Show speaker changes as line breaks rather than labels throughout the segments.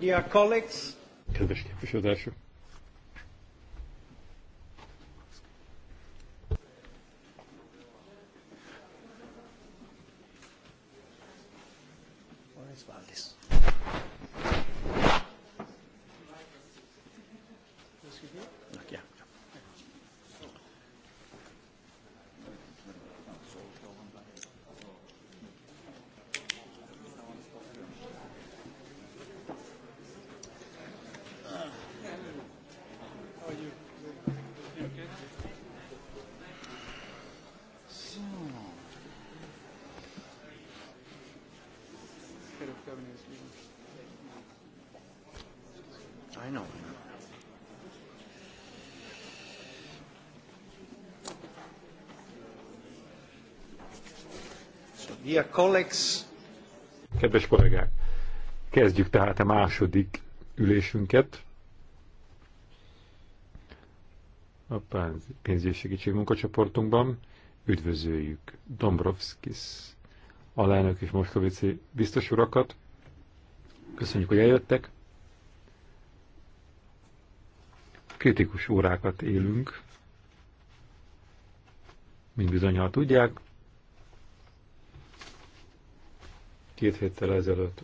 Dear
colleagues.
Kedves képviselőtársak! Kedves kollégák, kezdjük tehát a második ülésünket. A pénzügyi segítség munkacsoportunkban üdvözöljük Dombrovskis alelnök és Moskovici biztos urakat. Köszönjük, hogy eljöttek. Kritikus órákat élünk, mint bizonyal tudják, két héttel ezelőtt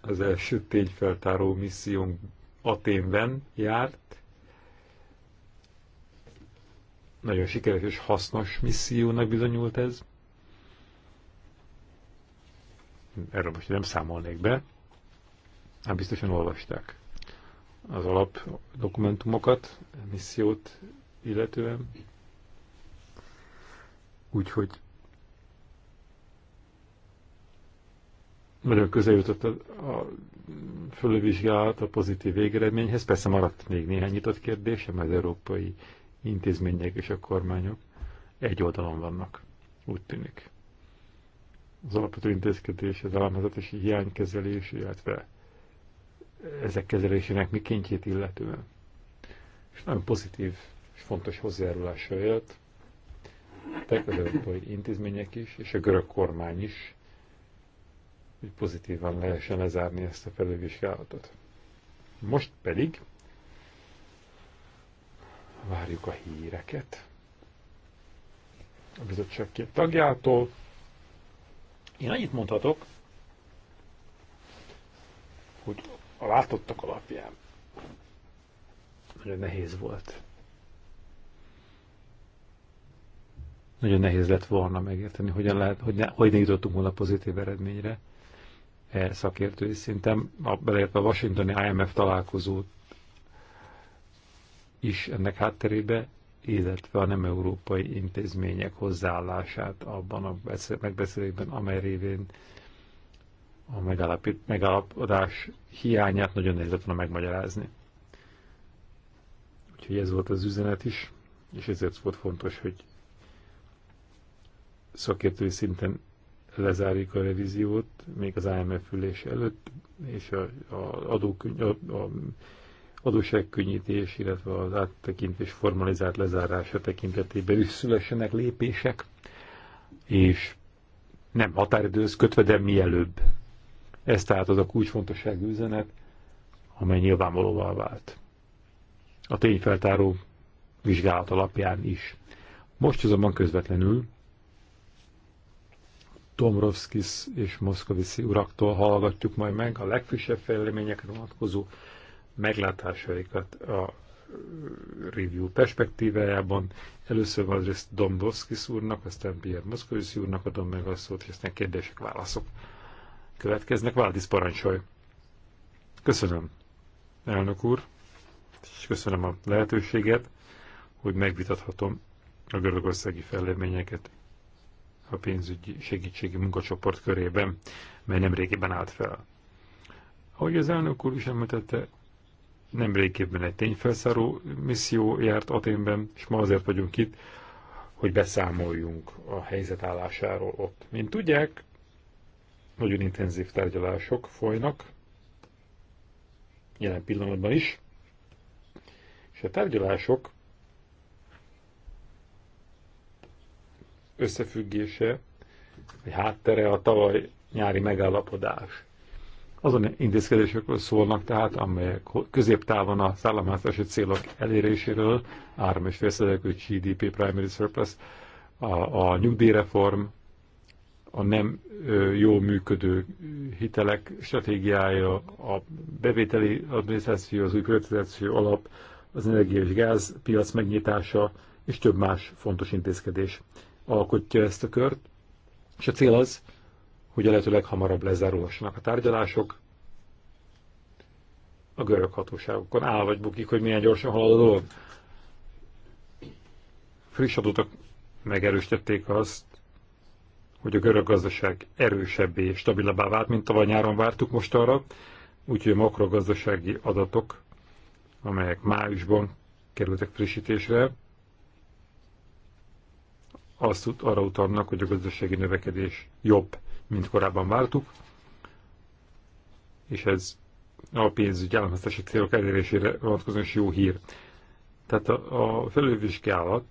az első tényfeltáró missziónk Aténben járt. Nagyon sikeres és hasznos missziónak bizonyult ez. Erről most nem számolnék be. Hát biztosan olvasták az alap dokumentumokat, missziót illetően. Úgyhogy nagyon közel jutott a, a fölvizsgálat a pozitív végeredményhez. Persze maradt még néhány nyitott kérdésem, az európai intézmények és a kormányok egy oldalon vannak, úgy tűnik. Az alapvető intézkedés, az államvezetési hiánykezelés, illetve ezek kezelésének mikéntjét illetően. És nagyon pozitív és fontos hozzájárulással élt, az európai intézmények is, és a görög kormány is hogy pozitívan lehessen lezárni ezt a felülvizsgálatot. Most pedig várjuk a híreket a bizottság két tagjától. Én annyit mondhatok, hogy a látottak alapján nagyon nehéz volt. Nagyon nehéz lett volna megérteni, hogyan lehet, hogy, ne, hogy ne jutottunk volna pozitív eredményre szakértői szinten, a, beleértve a washingtoni IMF találkozót is ennek hátterébe, illetve a nem európai intézmények hozzáállását abban a megbeszélésben, amely révén a megállapodás hiányát nagyon nehéz lett volna megmagyarázni. Úgyhogy ez volt az üzenet is, és ezért volt fontos, hogy szakértői szinten lezárjuk a revíziót, még az IMF ülés előtt, és a, a, adóküny, a, a adóságkönnyítés, illetve az áttekintés formalizált lezárása tekintetében is szülessenek lépések, és nem határidőhöz kötve, de mielőbb. Ez tehát az a kulcsfontosságú üzenet, amely nyilvánvalóvá vált. A tényfeltáró vizsgálat alapján is. Most azonban közvetlenül Tomrovskis és Moszkovici uraktól hallgatjuk majd meg a legfrissebb fejleményekre vonatkozó meglátásaikat a review perspektívájában. Először Vadrészt Dombrovskis úrnak, aztán Pierre Moszkovici úrnak adom meg a szót, és aztán kérdések, válaszok következnek. Váldisz parancsolj! Köszönöm, elnök úr, és köszönöm a lehetőséget, hogy megvitathatom a görögországi fejleményeket a pénzügyi segítségi munkacsoport körében, mely nemrégiben állt fel. Ahogy az elnök úr is említette, nemrégiben egy tényfelszáró misszió járt Aténben, és ma azért vagyunk itt, hogy beszámoljunk a helyzet állásáról ott. Mint tudják, nagyon intenzív tárgyalások folynak, jelen pillanatban is, és a tárgyalások összefüggése, vagy háttere a tavaly nyári megállapodás. Azon intézkedésekről szólnak tehát, amelyek középtávon a szállamháztási célok eléréséről, 35 GDP primary surplus, a, a nyugdíjreform, a nem jó működő hitelek stratégiája, a bevételi adminisztráció, az új privatizáció alap, az energia és gáz piac megnyitása, és több más fontos intézkedés alkotja ezt a kört, és a cél az, hogy a lehető leghamarabb lezárulhassanak a tárgyalások, a görög hatóságokon áll vagy bukik, hogy milyen gyorsan halad a dolog. Friss adótak megerősítették azt, hogy a görög gazdaság erősebbé és stabilabbá vált, mint tavaly nyáron vártuk most arra, úgyhogy a makrogazdasági adatok, amelyek májusban kerültek frissítésre, azt arra utalnak, hogy a gazdasági növekedés jobb, mint korábban vártuk, és ez a pénzügyi államháztási célok elérésére vonatkozóan is jó hír. Tehát a, a felülvizsgálat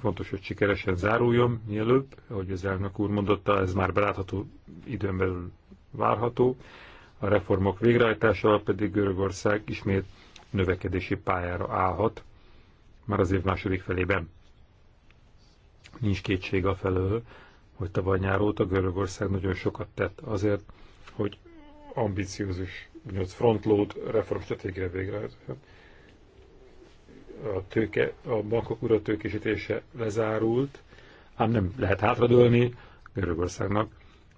fontos, hogy sikeresen záruljon mielőbb, ahogy az elnök úr mondotta, ez már belátható időn belül várható. A reformok végrehajtásával pedig Görögország ismét növekedési pályára állhat, már az év második felében. Nincs kétség a felől, hogy tavaly nyár óta Görögország nagyon sokat tett azért, hogy ambiciózus úgynevezett frontload reformstratégiára végrehajtja. A, tőke, a bankok tőkésítése lezárult, ám nem lehet hátradőlni Görögországnak.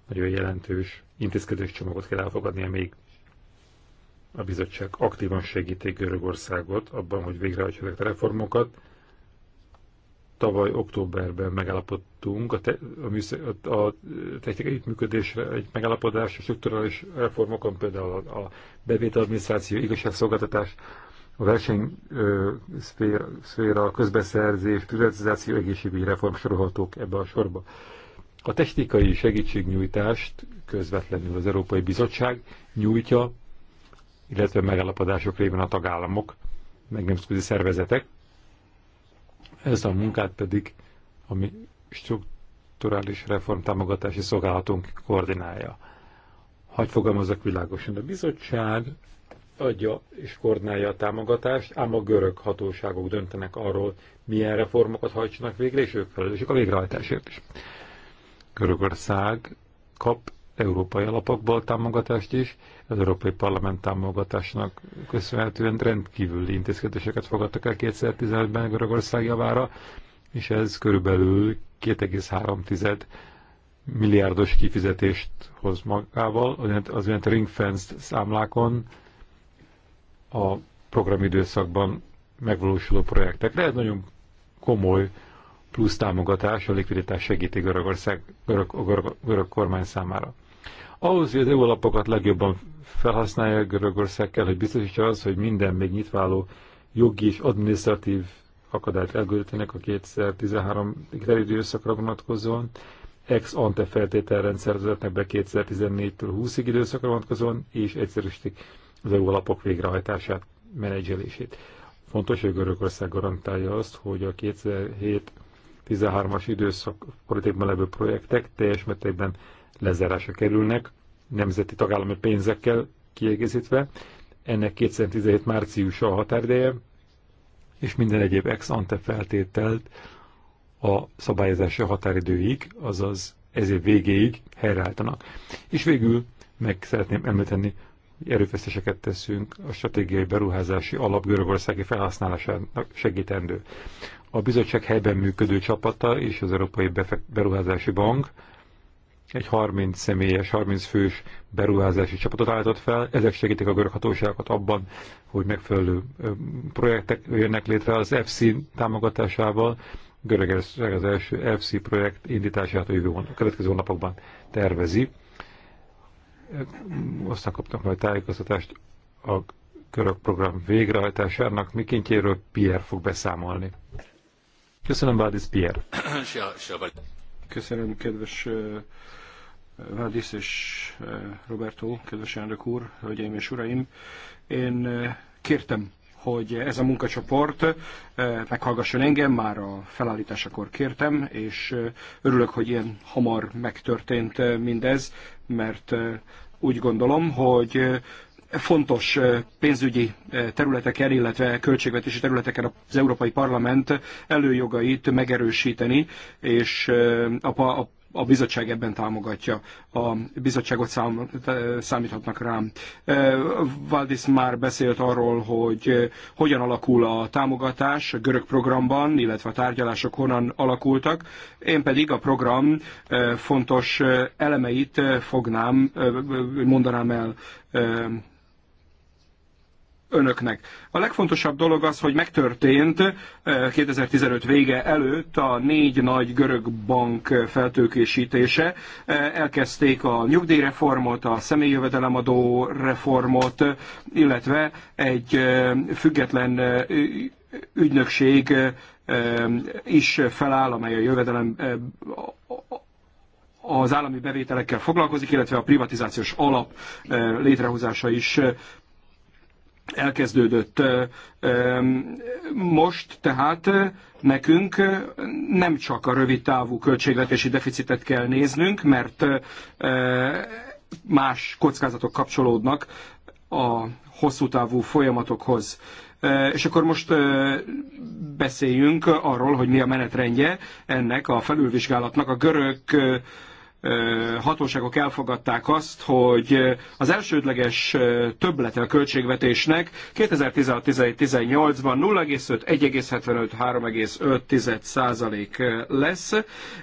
Nagyon jelentős intézkedés csomagot kell elfogadnia még. A bizottság aktívan segíti Görögországot abban, hogy végrehajtsa ezeket a reformokat, tavaly októberben megállapodtunk a, te, a, műsz, a, a technikai együttműködésre egy megállapodás, a strukturális reformokon, például a, a bevételadminisztráció, igazságszolgáltatás, a versenyszféra, a közbeszerzés, privatizáció, egészségügyi reform sorolhatók ebbe a sorba. A technikai segítségnyújtást közvetlenül az Európai Bizottság nyújtja, illetve megállapodások révén a tagállamok, meg nemzetközi szervezetek, ezt a munkát pedig a mi strukturális reform támogatási szolgálatunk koordinálja. Hagy fogalmazok világosan, a bizottság adja és koordinálja a támogatást, ám a görög hatóságok döntenek arról, milyen reformokat hajtsanak végre, és ők felelősek a végrehajtásért is. Görögország kap európai alapokból támogatást is, az Európai Parlament támogatásnak köszönhetően rendkívüli intézkedéseket fogadtak el 2015-ben Görögország javára, és ez körülbelül 2,3 milliárdos kifizetést hoz magával, az ilyen ring számlákon a programidőszakban megvalósuló projektekre. Ez nagyon komoly plusz támogatás a likviditás segíti Görögország, görög, görög, görög kormány számára. Ahhoz, hogy az EU alapokat legjobban felhasználja Görögország kell, hogy biztosítsa az, hogy minden még nyitváló jogi és adminisztratív akadályt elgörítenek a 2013 terjedő időszakra vonatkozóan, ex ante feltételrendszer vezetnek be 2014-től 20-ig időszakra vonatkozóan, és egyszerűsítik az EU alapok végrehajtását, menedzselését. Fontos, hogy Görögország garantálja azt, hogy a 2007-13-as időszak politikban levő projektek teljes mértékben lezárásra kerülnek, nemzeti tagállami pénzekkel kiegészítve. Ennek 2017 márciusa a határideje, és minden egyéb ex ante feltételt a szabályozási határidőig, azaz ez év végéig helyreálltanak. És végül meg szeretném említeni, hogy erőfeszteseket teszünk a stratégiai beruházási alap görögországi felhasználásának segítendő. A bizottság helyben működő csapata és az Európai Beruházási Bank egy 30 személyes, 30 fős beruházási csapatot állított fel. Ezek segítik a görög hatóságokat abban, hogy megfelelő projektek jönnek létre az FC támogatásával. Görögország az első FC projekt indítását a jövő hónap, következő hónapokban tervezi. Aztán kaptam majd tájékoztatást a görög program végrehajtásának mikintjéről Pierre fog beszámolni. Köszönöm, Bádis Pierre.
Köszönöm, kedves Valdis és eh, Roberto, kedves elnök úr, hölgyeim és uraim. Én eh, kértem hogy ez a munkacsoport eh, meghallgasson engem, már a felállításakor kértem, és örülök, hogy ilyen hamar megtörtént mindez, mert úgy gondolom, hogy fontos pénzügyi területeken, illetve költségvetési területeken az Európai Parlament előjogait megerősíteni, és a, a a bizottság ebben támogatja. A bizottságot szám, számíthatnak rám. E, Valdis már beszélt arról, hogy hogyan alakul a támogatás a görög programban, illetve a tárgyalások honnan alakultak. Én pedig a program e, fontos elemeit e, fognám, mondanám el önöknek. A legfontosabb dolog az, hogy megtörtént 2015 eh, vége előtt a négy nagy görög bank feltőkésítése. Eh, elkezdték a nyugdíjreformot, a személyjövedelemadó reformot, illetve egy eh, független ügynökség is feláll, amely a jövedelem az állami bevételekkel foglalkozik, illetve a privatizációs alap létrehozása is elkezdődött. Most tehát nekünk nem csak a rövid távú költségvetési deficitet kell néznünk, mert más kockázatok kapcsolódnak a hosszú távú folyamatokhoz. És akkor most beszéljünk arról, hogy mi a menetrendje ennek a felülvizsgálatnak. A görög hatóságok elfogadták azt, hogy az elsődleges többlete a költségvetésnek 2016-18-ban 0,5, 1,75, 3,5 százalék lesz,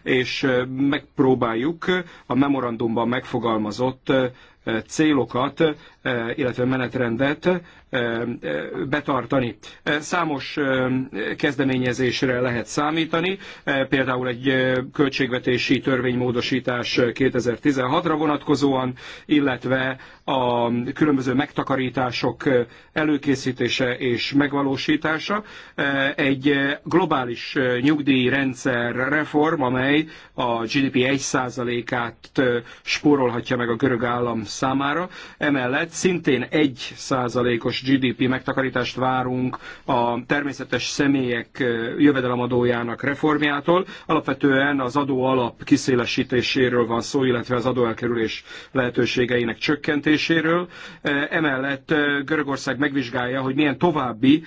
és megpróbáljuk a memorandumban megfogalmazott célokat, illetve menetrendet betartani. Számos kezdeményezésre lehet számítani, például egy költségvetési törvénymódosítás 2016-ra vonatkozóan, illetve a különböző megtakarítások előkészítése és megvalósítása, egy globális nyugdíjrendszer reform, amely a GDP 1%-át spórolhatja meg a görög állam számára, emellett szintén 1%-os százalékos GDP megtakarítást várunk a természetes személyek jövedelemadójának reformjától. Alapvetően az adóalap kiszélesítéséről van szó, illetve az adóelkerülés lehetőségeinek csökkentéséről. Emellett Görögország megvizsgálja, hogy milyen további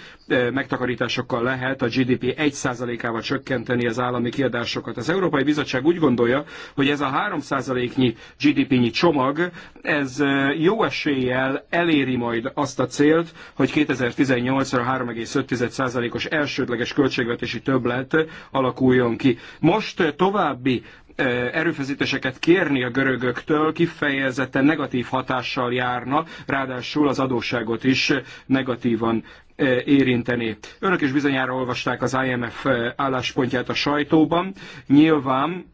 megtakarításokkal lehet a GDP 1%-ával csökkenteni az állami kiadásokat. Az Európai Bizottság úgy gondolja, hogy ez a 3%-nyi GDP-nyi csomag, ez jó eséllyel eléri majd azt a célt, célt, hogy 2018-ra 3,5%-os elsődleges költségvetési többlet alakuljon ki. Most eh, további eh, erőfeszítéseket kérni a görögöktől kifejezetten negatív hatással járna, ráadásul az adósságot is eh, negatívan érinteni. Önök is bizonyára olvasták az IMF álláspontját a sajtóban. Nyilván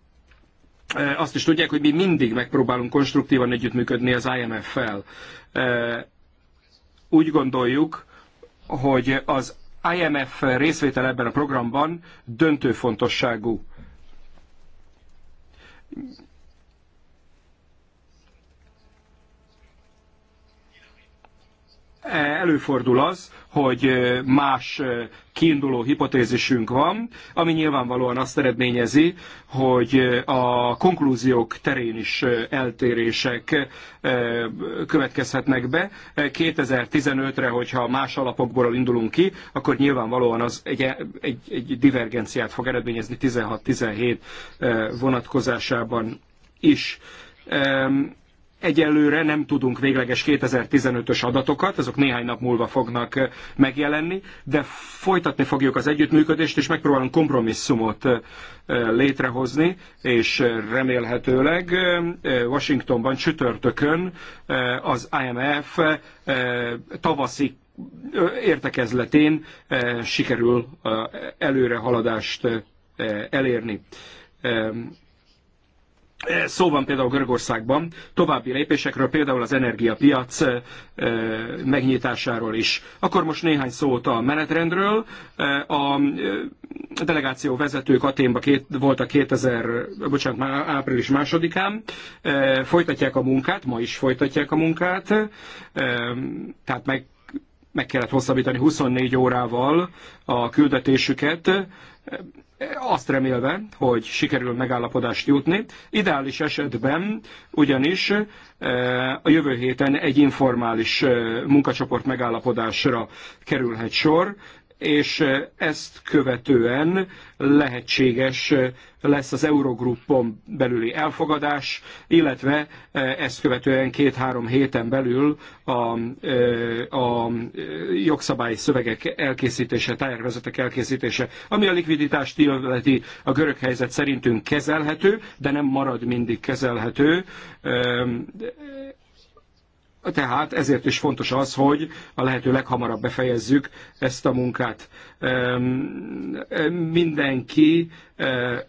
azt is tudják, hogy mi mindig megpróbálunk konstruktívan együttműködni az IMF-fel úgy gondoljuk, hogy az IMF részvétel ebben a programban döntő fontosságú. előfordul az, hogy más kiinduló hipotézisünk van, ami nyilvánvalóan azt eredményezi, hogy a konklúziók terén is eltérések következhetnek be. 2015-re, hogyha más alapokból indulunk ki, akkor nyilvánvalóan az egy, egy, egy divergenciát fog eredményezni 16-17 vonatkozásában is egyelőre nem tudunk végleges 2015-ös adatokat, azok néhány nap múlva fognak eh, megjelenni, de folytatni fogjuk az együttműködést, és megpróbálunk kompromisszumot eh, létrehozni, és remélhetőleg eh, Washingtonban csütörtökön az IMF tavaszi értekezletén sikerül előrehaladást elérni. Szó van például Görögországban további lépésekről, például az energiapiac megnyitásáról is. Akkor most néhány szót a menetrendről. A delegáció vezetők Aténba két, voltak 2000, bocsánat, már április másodikán. Folytatják a munkát, ma is folytatják a munkát. Tehát meg, meg kellett hosszabbítani 24 órával a küldetésüket azt remélve, hogy sikerül megállapodást jutni. Ideális esetben ugyanis e, a jövő héten egy informális e, munkacsoport megállapodásra kerülhet sor, és ezt követően lehetséges lesz az Eurogruppon belüli elfogadás, illetve ezt követően két-három héten belül a, a jogszabályi szövegek elkészítése, tájárvezetek elkészítése, ami a likviditást illeti a görög helyzet szerintünk kezelhető, de nem marad mindig kezelhető tehát ezért is fontos az, hogy a lehető leghamarabb befejezzük ezt a munkát. Mindenki eh,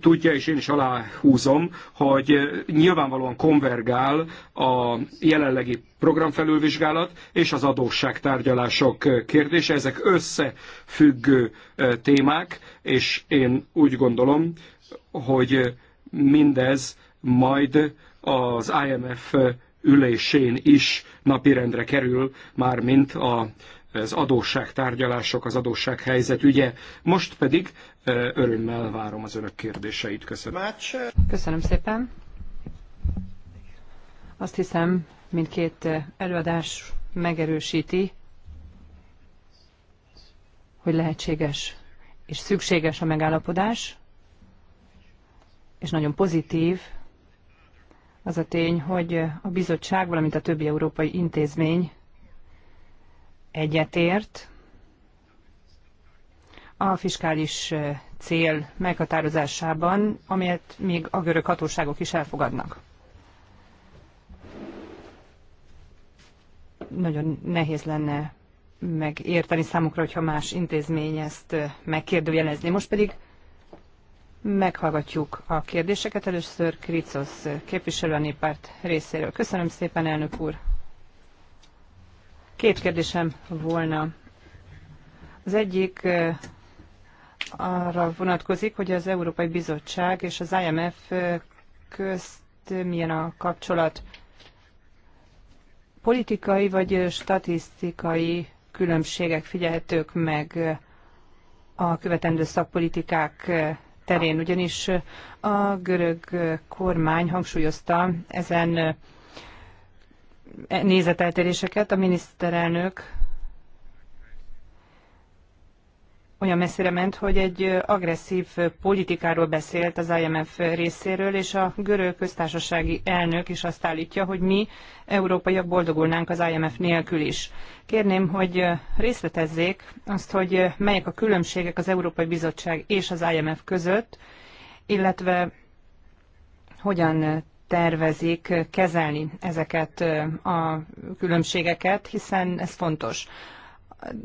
tudja, és én is aláhúzom, hogy eh, nyilvánvalóan konvergál a jelenlegi programfelülvizsgálat és az adósságtárgyalások kérdése. Ezek összefüggő eh, témák, és én úgy gondolom, hogy mindez majd az IMF ülésén is napirendre kerül, már mint a, az adósság tárgyalások, az adósság helyzet ügye. Most pedig örömmel várom az önök kérdéseit. Köszönöm.
Köszönöm szépen. Azt hiszem, mindkét előadás megerősíti, hogy lehetséges és szükséges a megállapodás, és nagyon pozitív az a tény, hogy a bizottság, valamint a többi európai intézmény egyetért a fiskális cél meghatározásában, amelyet még a görög hatóságok is elfogadnak. Nagyon nehéz lenne megérteni számukra, hogyha más intézmény ezt megkérdőjelezni. Most pedig Meghallgatjuk a kérdéseket. Először Kricosz képviselő a néppárt részéről. Köszönöm szépen, elnök úr. Két kérdésem volna. Az egyik arra vonatkozik, hogy az Európai Bizottság és az IMF közt milyen a kapcsolat. Politikai vagy statisztikai különbségek figyelhetők meg a követendő szakpolitikák terén, ugyanis a görög kormány hangsúlyozta ezen nézeteltéréseket, a miniszterelnök olyan messzire ment, hogy egy agresszív politikáról beszélt az IMF részéről, és a görög köztársasági elnök is azt állítja, hogy mi, európaiak boldogulnánk az IMF nélkül is. Kérném, hogy részletezzék azt, hogy melyek a különbségek az Európai Bizottság és az IMF között, illetve hogyan tervezik kezelni ezeket a különbségeket, hiszen ez fontos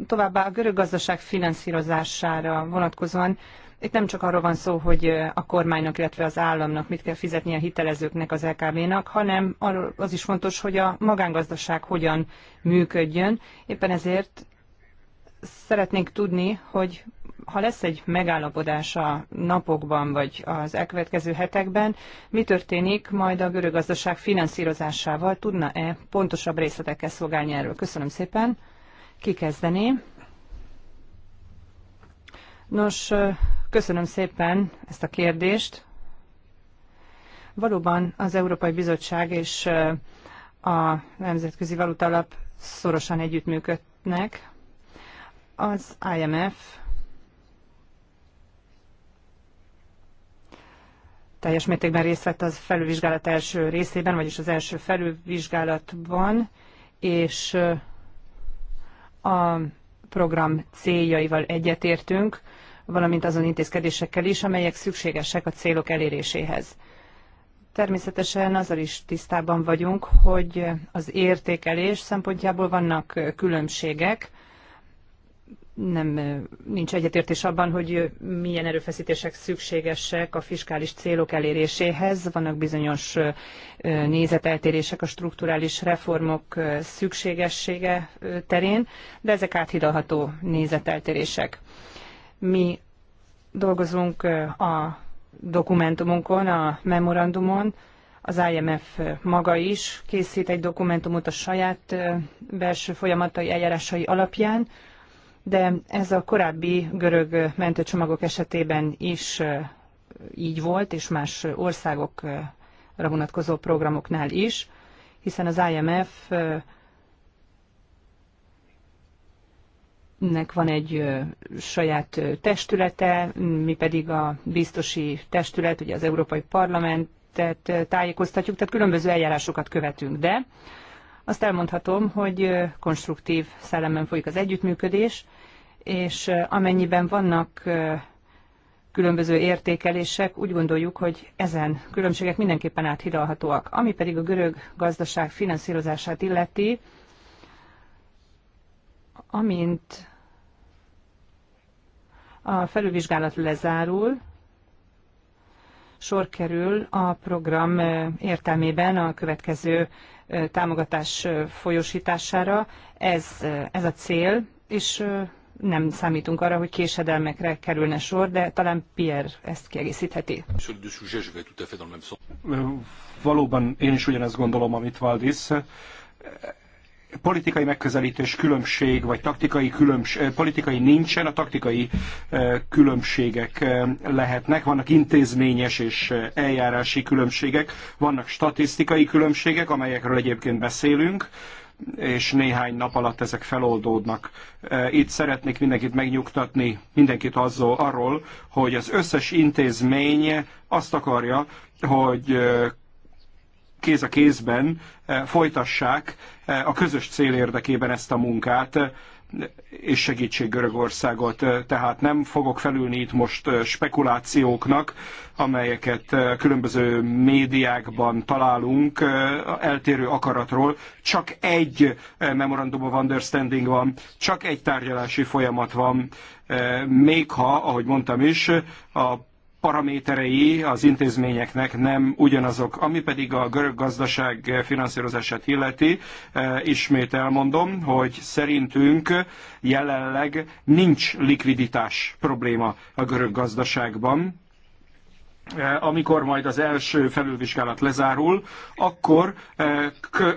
továbbá a görög gazdaság finanszírozására vonatkozóan itt nem csak arról van szó, hogy a kormánynak, illetve az államnak mit kell fizetni a hitelezőknek, az LKB-nak, hanem az is fontos, hogy a magángazdaság hogyan működjön. Éppen ezért szeretnénk tudni, hogy ha lesz egy megállapodás a napokban, vagy az elkövetkező hetekben, mi történik majd a görög gazdaság finanszírozásával? Tudna-e pontosabb részletekkel szolgálni erről? Köszönöm szépen. Kikezdeni. Nos, köszönöm szépen ezt a kérdést. Valóban az Európai Bizottság és a Nemzetközi Valutalap szorosan együttműködnek. Az IMF teljes mértékben részt vett az felülvizsgálat első részében, vagyis az első felülvizsgálatban, és a program céljaival egyetértünk, valamint azon intézkedésekkel is, amelyek szükségesek a célok eléréséhez. Természetesen azzal is tisztában vagyunk, hogy az értékelés szempontjából vannak különbségek, nem nincs egyetértés abban, hogy milyen erőfeszítések szükségesek a fiskális célok eléréséhez. Vannak bizonyos nézeteltérések a strukturális reformok szükségessége terén, de ezek áthidalható nézeteltérések. Mi dolgozunk a dokumentumunkon, a memorandumon, az IMF maga is készít egy dokumentumot a saját belső folyamatai eljárásai alapján, de ez a korábbi görög mentőcsomagok esetében is így volt, és más országokra vonatkozó programoknál is, hiszen az IMF nek van egy saját testülete, mi pedig a biztosi testület, ugye az Európai Parlamentet tájékoztatjuk, tehát különböző eljárásokat követünk, de azt elmondhatom, hogy konstruktív szellemben folyik az együttműködés, és amennyiben vannak különböző értékelések, úgy gondoljuk, hogy ezen különbségek mindenképpen áthidalhatóak. Ami pedig a görög gazdaság finanszírozását illeti, amint a felülvizsgálat lezárul, sor kerül a program értelmében a következő támogatás folyósítására. Ez, ez a cél, és nem számítunk arra, hogy késedelmekre kerülne sor, de talán Pierre ezt kiegészítheti.
Valóban én is ugyanezt gondolom, amit Valdis politikai megközelítés különbség, vagy taktikai különbség, eh, politikai nincsen, a taktikai eh, különbségek eh, lehetnek, vannak intézményes és eljárási különbségek, vannak statisztikai különbségek, amelyekről egyébként beszélünk, és néhány nap alatt ezek feloldódnak. E, itt szeretnék mindenkit megnyugtatni, mindenkit azzal, arról, hogy az összes intézmény azt akarja, hogy e, kéz a kézben e, folytassák a közös cél érdekében ezt a munkát, és segítség Görögországot. Tehát nem fogok felülni itt most spekulációknak, amelyeket különböző médiákban találunk eltérő akaratról. Csak egy memorandum of understanding van, csak egy tárgyalási folyamat van, még ha, ahogy mondtam is, a paraméterei az intézményeknek nem ugyanazok. Ami pedig a görög gazdaság finanszírozását illeti, e, ismét elmondom, hogy szerintünk jelenleg nincs likviditás probléma a görög gazdaságban. Eh, amikor majd az első felülvizsgálat lezárul, akkor eh,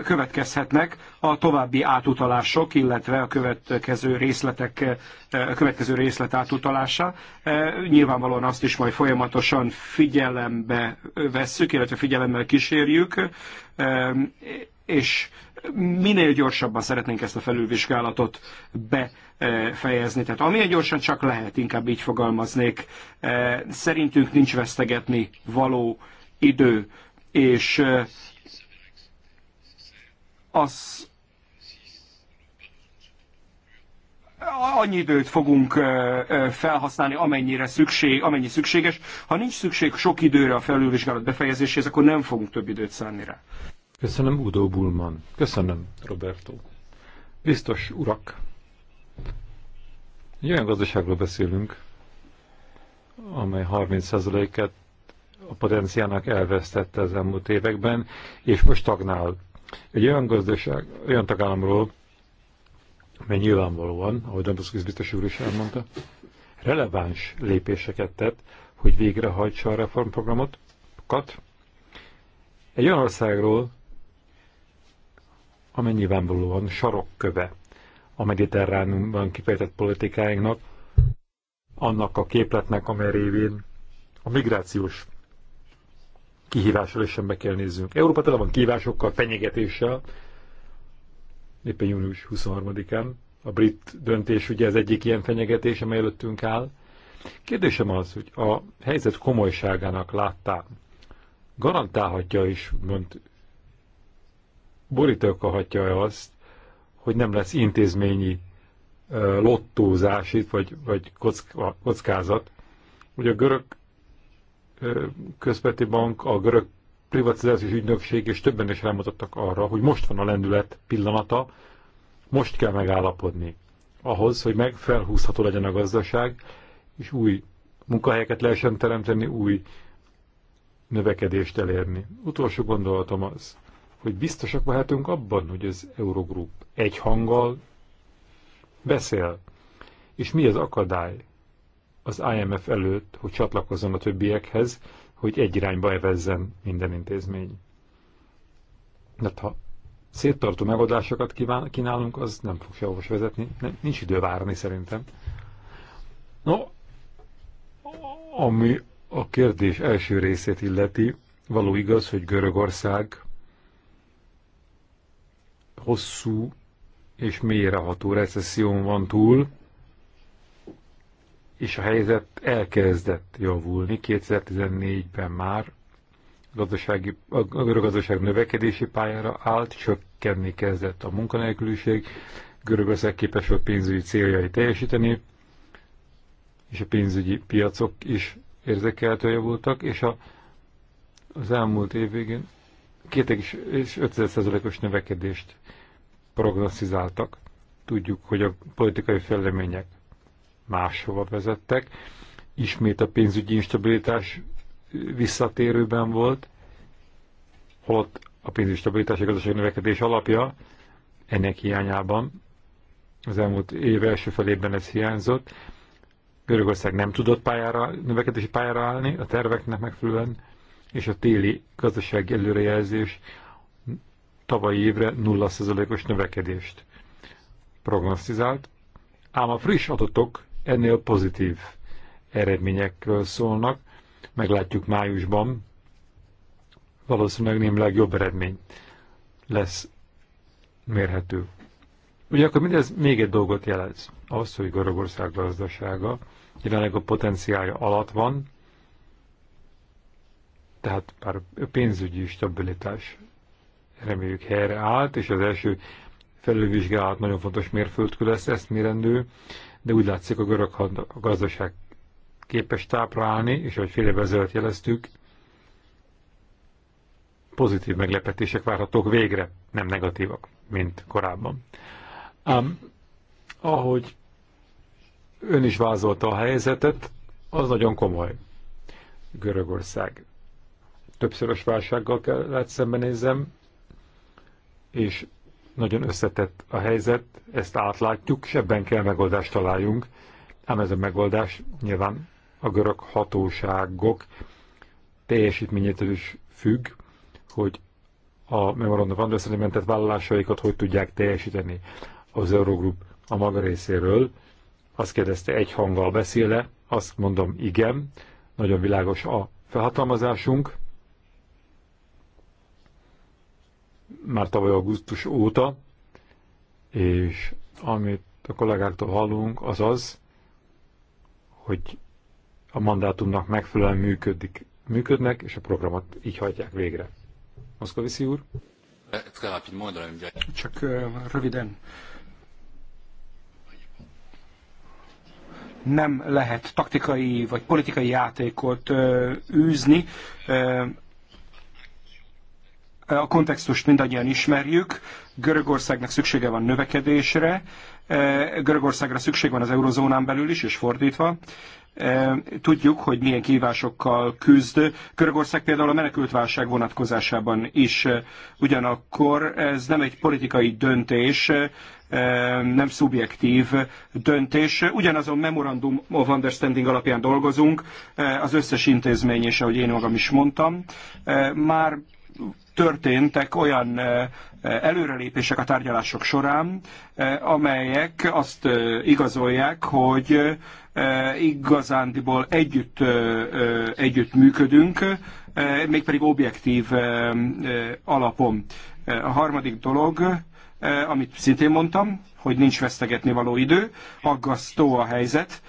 következhetnek a további átutalások, illetve a következő részletek, eh, a következő részlet átutalása. Nyilvánvalóan azt is majd folyamatosan figyelembe vesszük, illetve figyelemmel kísérjük, és minél gyorsabban szeretnénk ezt a felülvizsgálatot befejezni. Tehát amilyen gyorsan csak lehet, inkább így fogalmaznék. E, szerintünk nincs vesztegetni való idő, és e, az annyi időt fogunk e, felhasználni, amennyire szükség, amennyi szükséges. Ha nincs szükség sok időre a felülvizsgálat befejezéséhez, akkor nem fogunk több időt szánni rá.
Köszönöm, Udo Bulman. Köszönöm,
Roberto. Biztos urak.
Egy olyan gazdaságról beszélünk, amely 30%-et a potenciának elvesztette az elmúlt években, és most stagnál. Egy olyan gazdaság, olyan tagállamról, mely nyilvánvalóan, ahogy Dombrovskis biztos úr is elmondta, releváns lépéseket tett, hogy végrehajtsa a reformprogramot, kat. Egy olyan országról, amely nyilvánvalóan sarokköve a mediterránumban kifejtett politikáinknak, annak a képletnek, amely révén a migrációs kihívással is be kell nézzünk. Európa tele van kihívásokkal, fenyegetéssel, éppen június 23-án. A brit döntés ugye az egyik ilyen fenyegetés, amely előttünk áll. Kérdésem az, hogy a helyzet komolyságának láttál, garantálhatja is, mond borítókahatja e azt, hogy nem lesz intézményi lottózás itt, vagy, vagy kockázat. Ugye a görög közpeti bank, a görög privatizációs ügynökség és többen is rámutattak arra, hogy most van a lendület pillanata, most kell megállapodni ahhoz, hogy felhúzható legyen a gazdaság, és új munkahelyeket lehessen teremteni, új növekedést elérni. Utolsó gondolatom az, hogy biztosak lehetünk abban, hogy az Eurogroup egy hanggal beszél. És mi az akadály az IMF előtt, hogy csatlakozzon a többiekhez, hogy egy irányba evezzen minden intézmény. Mert ha széttartó megoldásokat kínálunk, az nem fog sehova vezetni. Nem, nincs idő várni szerintem. No, ami a kérdés első részét illeti, való igaz, hogy Görögország hosszú és mélyreható recesszión van túl, és a helyzet elkezdett javulni 2014-ben már, gazdasági, a görögazdaság növekedési pályára állt, csökkenni kezdett a munkanélküliség, Görögország képes volt pénzügyi céljai teljesíteni, és a pénzügyi piacok is érzékelhető javultak, és a, az elmúlt év végén 2,5%-os növekedést prognosztizáltak. Tudjuk, hogy a politikai fejlemények máshova vezettek. Ismét a pénzügyi instabilitás visszatérőben volt, holott a pénzügyi stabilitás a gazdaság növekedés alapja, ennek hiányában az elmúlt év első felében ez hiányzott. Görögország nem tudott pályára, növekedési pályára állni a terveknek megfelelően, és a téli gazdasági előrejelzés tavalyi évre 0%-os növekedést prognosztizált, ám a friss adatok ennél pozitív eredményekről szólnak. Meglátjuk májusban, valószínűleg némileg jobb eredmény lesz mérhető. Ugye akkor mindez még egy dolgot jelez. Az, hogy Görögország gazdasága jelenleg a potenciálja alatt van, tehát pár pénzügyi stabilitás reméljük állt, és az első felülvizsgálat nagyon fontos mérföldkő lesz eszmérendő, de úgy látszik a görög a gazdaság képes tápra állni, és ahogy fél évvel ezelőtt jeleztük, pozitív meglepetések várhatók végre, nem negatívak, mint korábban. Um, ahogy ön is vázolta a helyzetet, az nagyon komoly. Görögország többszörös válsággal kellett szembenézzem, és nagyon összetett a helyzet, ezt átlátjuk, és ebben kell megoldást találjunk. Ám ez a megoldás nyilván a görög hatóságok teljesítményétől is függ, hogy a memorandum understanding vállalásaikat hogy tudják teljesíteni az Eurogroup a maga részéről. Azt kérdezte, egy hanggal beszéle, azt mondom, igen, nagyon világos a felhatalmazásunk, már tavaly augusztus óta, és amit a kollégáktól hallunk, az az, hogy a mandátumnak megfelelően működik, működnek, és a programot így hajtják végre. Moszkoviszi úr?
Csak röviden. Nem lehet taktikai vagy politikai játékot űzni a kontextust mindannyian ismerjük, Görögországnak szüksége van növekedésre, e, Görögországra szükség van az eurozónán belül is, és fordítva. E, tudjuk, hogy milyen kívásokkal küzd. Görögország például a menekültválság vonatkozásában is. Ugyanakkor ez nem egy politikai döntés, e, nem szubjektív döntés. Ugyanazon Memorandum of Understanding alapján dolgozunk, az összes intézmény, és ahogy én magam is mondtam, már történtek olyan előrelépések a tárgyalások során, amelyek azt igazolják, hogy igazándiból együtt, együtt működünk, mégpedig objektív alapon. A harmadik dolog, amit szintén mondtam, hogy nincs vesztegetni való idő, aggasztó a helyzet,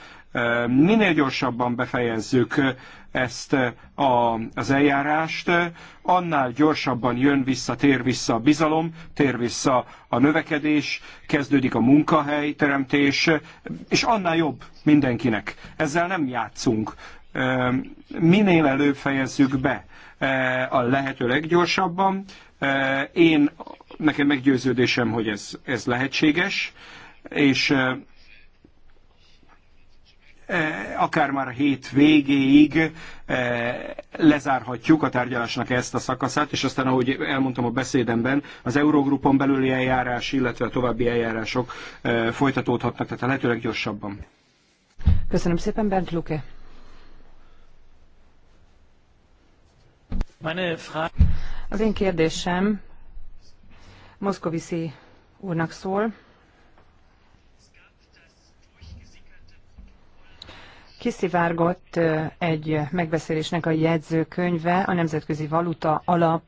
minél gyorsabban befejezzük ezt eh, a, az eljárást, annál gyorsabban jön vissza, tér vissza a bizalom, tér vissza a növekedés, kezdődik a munkahelyteremtés, és annál jobb mindenkinek. Ezzel nem játszunk. Ehm, minél előbb fejezzük be eh, a lehető leggyorsabban. Eh, én, nekem meggyőződésem, hogy ez, ez lehetséges, és Eh, akár már a hét végéig eh, lezárhatjuk a tárgyalásnak ezt a szakaszát, és aztán, ahogy elmondtam a beszédemben, az Eurogrupon belüli eljárás, illetve a további eljárások eh, folytatódhatnak, tehát a lehetőleg gyorsabban.
Köszönöm szépen, Bernd Luke. Az én kérdésem Moszkoviszi úrnak szól. kiszivárgott egy megbeszélésnek a jegyzőkönyve a Nemzetközi Valuta Alap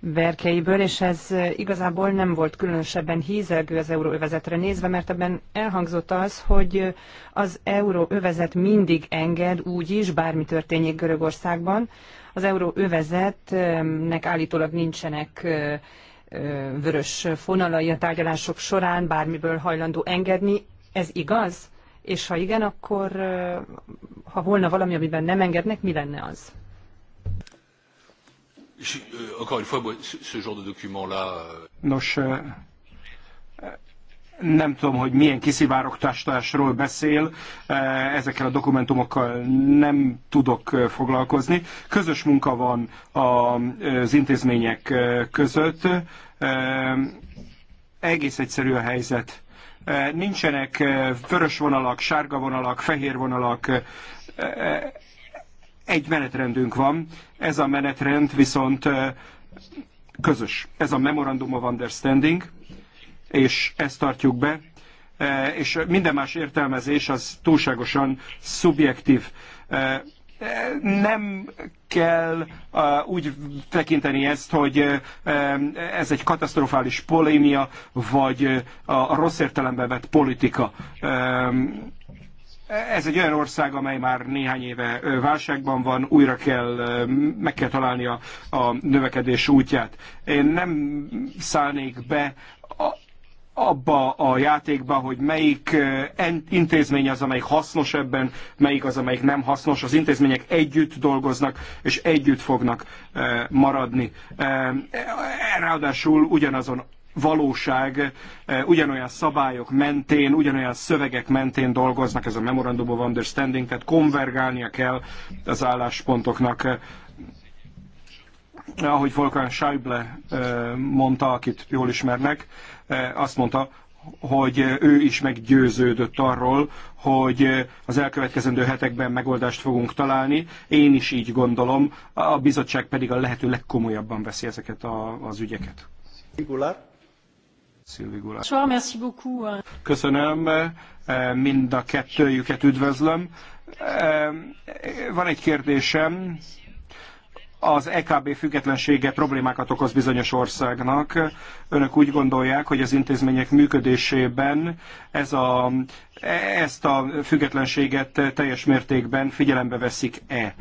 verkeiből, és ez igazából nem volt különösebben hízelgő az euróövezetre nézve, mert ebben elhangzott az, hogy az euróövezet mindig enged úgy is, bármi történjék Görögországban. Az euróövezetnek állítólag nincsenek vörös fonalai a tárgyalások során, bármiből hajlandó engedni. Ez igaz? És ha igen, akkor ha volna valami, amiben nem engednek, mi lenne az? Euh,
Nos, nem tudom, hogy milyen kiszivárogtástásról beszél, ezekkel a dokumentumokkal nem tudok foglalkozni. Közös munka van az intézmények között. Egész egyszerű a helyzet. Eh, nincsenek eh, vörös vonalak, sárga vonalak, fehér vonalak, eh, egy menetrendünk van, ez a menetrend viszont közös. Ez a Memorandum of Understanding, és ezt tartjuk be, és minden más értelmezés az túlságosan szubjektív nem kell uh, úgy tekinteni ezt, hogy uh, um, ez egy katasztrofális polémia, vagy uh, a rossz értelembe vett politika. Um, ez egy olyan ország, amely már néhány éve válságban van, újra kell, meg kell találni a, a növekedés útját. Én nem szállnék be abba a játékba, hogy melyik intézmény az, amelyik hasznos ebben, melyik az, amelyik nem hasznos. Az intézmények együtt dolgoznak, és együtt fognak maradni. E, ráadásul ugyanazon valóság, ugyanolyan szabályok mentén, ugyanolyan szövegek mentén dolgoznak, ez a Memorandum of Understanding, tehát konvergálnia kell az álláspontoknak ahogy Volkan Schäuble mondta, akit jól ismernek, Eh, azt mondta, hogy ő is meggyőződött arról, hogy az elkövetkezendő hetekben megoldást fogunk találni. Én is így gondolom, a bizottság pedig a lehető legkomolyabban veszi ezeket a, az ügyeket. Singular. Köszönöm, eh, mind a kettőjüket üdvözlöm. Eh, van egy kérdésem az EKB függetlensége problémákat okoz bizonyos országnak. Önök úgy gondolják, hogy az intézmények működésében ez a, ezt a függetlenséget teljes mértékben figyelembe veszik-e?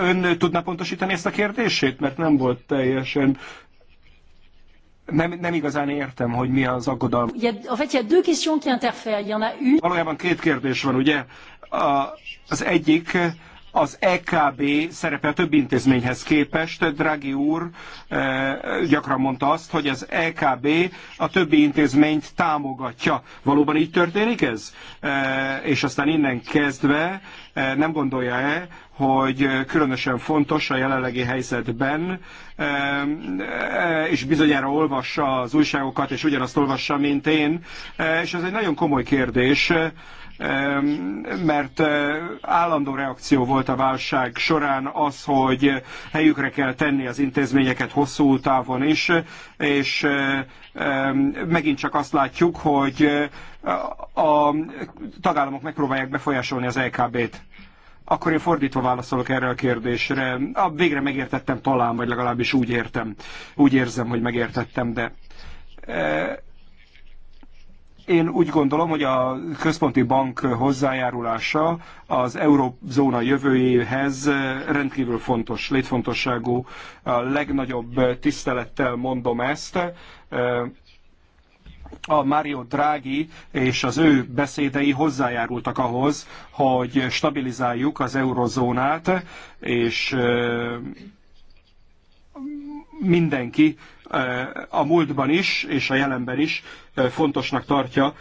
Ön tudná pontosítani ezt a kérdését, mert nem volt teljesen nem, nem igazán értem, hogy mi az aggodalom.
En fait, il y a deux questions qui interfèrent. Il y en a une.
Valójában két kérdés van, ugye? A, az egyik az EKB szerepe a több intézményhez képest, Draghi úr eh, gyakran mondta azt, hogy az EKB a többi intézményt támogatja. Valóban így történik ez? Eh, és aztán innen kezdve eh, nem gondolja-e, hogy különösen fontos a jelenlegi helyzetben, és bizonyára olvassa az újságokat, és ugyanazt olvassa, mint én, és ez egy nagyon komoly kérdés, mert eh, állandó reakció volt a válság során az, hogy helyükre kell tenni az intézményeket hosszú távon is, és eh, megint csak azt látjuk, hogy eh, a tagállamok megpróbálják befolyásolni az LKB-t. E Akkor én fordítva válaszolok erre a kérdésre. A végre megértettem talán, vagy legalábbis úgy értem. Úgy érzem, hogy megértettem, de én úgy gondolom, hogy a központi bank hozzájárulása az eurózóna jövőjéhez rendkívül fontos, létfontosságú. A legnagyobb tisztelettel mondom ezt a Mario Draghi és az ő beszédei hozzájárultak ahhoz, hogy stabilizáljuk az eurozónát, és mindenki a múltban is és a jelenben is fontosnak tartja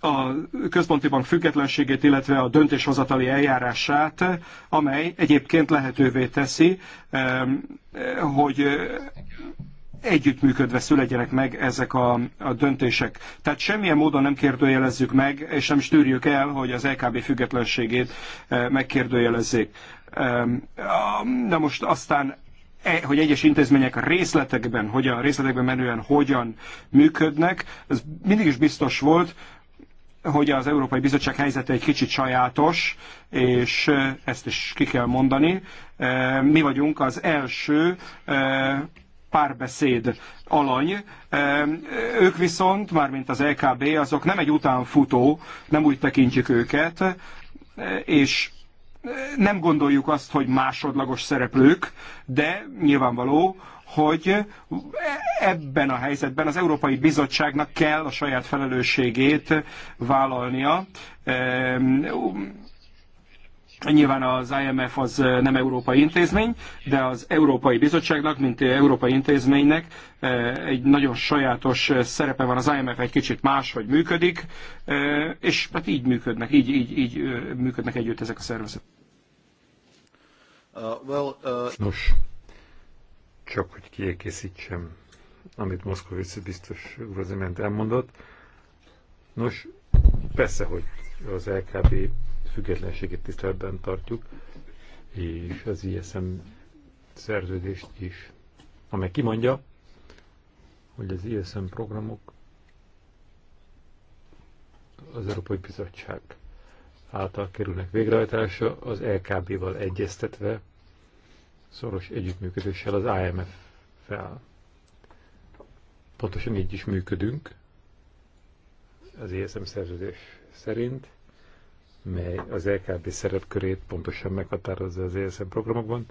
a központi bank függetlenségét, illetve a döntéshozatali eljárását, amely egyébként lehetővé teszi, hogy együttműködve szülegyenek meg ezek a, a döntések. Tehát semmilyen módon nem kérdőjelezzük meg, és nem is tűrjük el, hogy az LKB függetlenségét megkérdőjelezzék. Na most aztán E, hogy egyes intézmények részletekben, hogyan, részletekben menően hogyan működnek. Ez mindig is biztos volt, hogy az Európai Bizottság helyzete egy kicsit sajátos, és e, ezt is ki kell mondani. E, mi vagyunk az első párbeszéd alany. Ők viszont, mármint az LKB, azok nem egy utánfutó, nem úgy tekintjük őket, és nem gondoljuk azt, hogy másodlagos szereplők, de nyilvánvaló, hogy ebben a helyzetben az Európai Bizottságnak kell a saját felelősségét vállalnia Nyilván az IMF az nem európai intézmény, de az Európai Bizottságnak, mint európai intézménynek egy nagyon sajátos szerepe van. Az IMF egy kicsit máshogy működik, és hát így működnek, így, így, így működnek együtt ezek a szervezetek. Uh, well, uh...
Nos, csak hogy kiegészítsem, amit Moszkovici biztos úr az imént elmondott. Nos, persze, hogy az LKB függetlenségét tiszteletben tartjuk, és az ISM szerződést is, amely kimondja, hogy az ISM programok az Európai Bizottság által kerülnek végrehajtásra, az LKB-val egyeztetve, szoros együttműködéssel az IMF-fel. Pontosan így is működünk, az ESM szerződés szerint, mely az LKB e szerepkörét pontosan meghatározza az ESM programokban,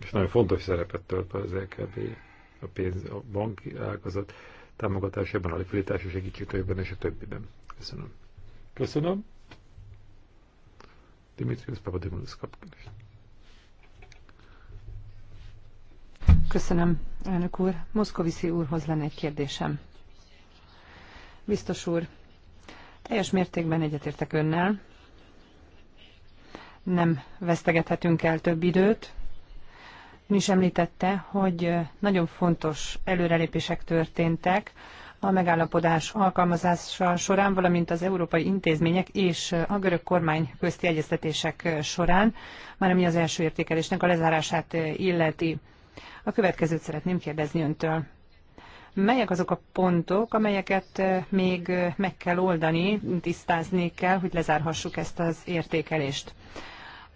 és nagyon fontos szerepet tölt az LKB e a pénz, a banki ágazat támogatásában, a likviditási segítségtőjében és a többiben. Köszönöm. Köszönöm. Dimitrius Papadimulus kapcsolatban.
Köszönöm, elnök úr. Moszkoviszi úrhoz lenne egy kérdésem. Biztos úr, teljes mértékben egyetértek önnel. Nem vesztegethetünk el több időt. Ön is említette, hogy nagyon fontos előrelépések történtek a megállapodás alkalmazása során, valamint az európai intézmények és a görög kormány közti egyeztetések során, már ami az első értékelésnek a lezárását illeti. A következőt szeretném kérdezni öntől. Melyek azok a pontok, amelyeket még meg kell oldani, tisztázni kell, hogy lezárhassuk ezt az értékelést?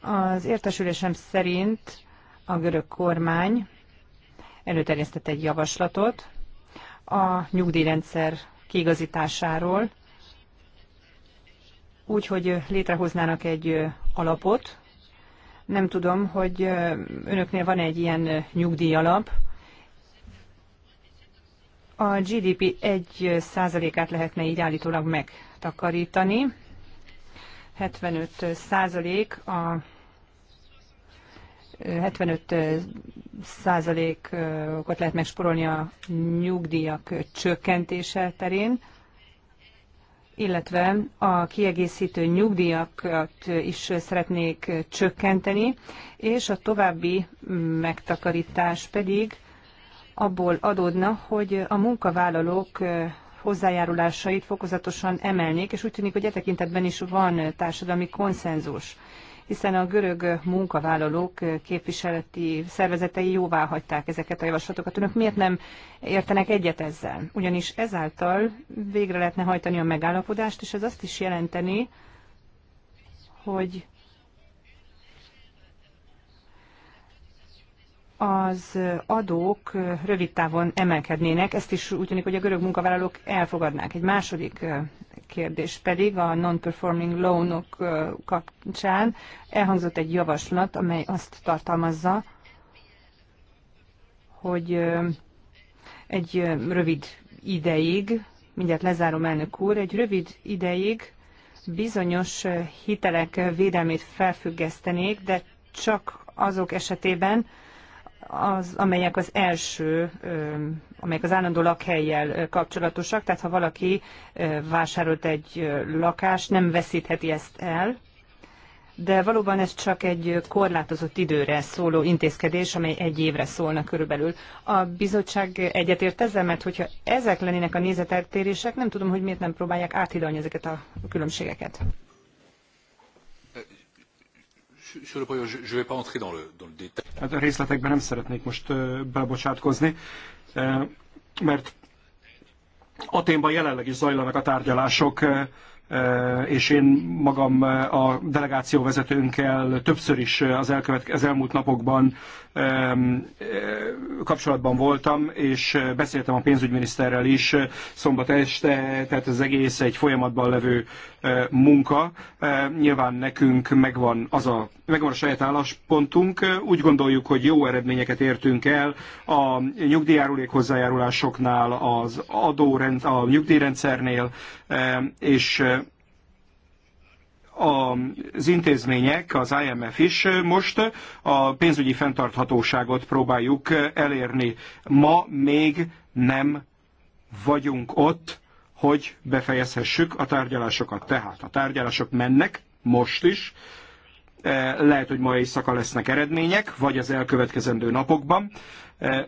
Az értesülésem szerint a görög kormány előterjesztett egy javaslatot a nyugdíjrendszer kiigazításáról, úgy, hogy létrehoznának egy alapot. Nem tudom, hogy önöknél van egy ilyen nyugdíjalap, a GDP 1%-át lehetne így állítólag megtakarítani. 75 százalék a 75 százalékot lehet megsporolni a nyugdíjak csökkentése terén, illetve a kiegészítő nyugdíjakat is szeretnék csökkenteni, és a további megtakarítás pedig abból adódna, hogy a munkavállalók hozzájárulásait fokozatosan emelnék, és úgy tűnik, hogy e tekintetben is van társadalmi konszenzus hiszen a görög munkavállalók képviseleti szervezetei jóvá hagyták ezeket a javaslatokat. Önök miért nem értenek egyet ezzel? Ugyanis ezáltal végre lehetne hajtani a megállapodást, és ez azt is jelenteni, hogy az adók rövid távon emelkednének, ezt is úgy tűnik, hogy a görög munkavállalók elfogadnák. Egy második kérdés pedig a non-performing loanok -ok kapcsán elhangzott egy javaslat, amely azt tartalmazza, hogy egy rövid ideig, mindjárt lezárom elnök úr, egy rövid ideig bizonyos hitelek védelmét felfüggesztenék, de csak azok esetében, az, amelyek az első, amelyek az állandó lakhelyjel kapcsolatosak, tehát ha valaki vásárolt egy lakást, nem veszítheti ezt el, de valóban ez csak egy korlátozott időre szóló intézkedés, amely egy évre szólna körülbelül. A bizottság egyetért ezzel, mert hogyha ezek lennének a nézeteltérések, nem tudom, hogy miért nem próbálják áthidalni ezeket a különbségeket. Hát a részletekben nem szeretnék most
bebocsátkozni, mert Aténban jelenleg is zajlanak a tárgyalások, és én magam a delegáció vezetőnkkel többször is az, az elmúlt napokban kapcsolatban voltam, és beszéltem a pénzügyminiszterrel is szombat este, tehát az egész egy folyamatban levő munka. Nyilván nekünk megvan, az a, megvan a saját álláspontunk. Úgy gondoljuk, hogy jó eredményeket értünk el a nyugdíjárulék hozzájárulásoknál, az adórend, a nyugdíjrendszernél, és az intézmények, az IMF is most a pénzügyi fenntarthatóságot próbáljuk elérni. Ma még nem vagyunk ott, hogy befejezhessük a tárgyalásokat. Tehát a tárgyalások mennek most is, eh, lehet, hogy ma éjszaka lesznek eredmények, vagy az elkövetkezendő napokban. Eh,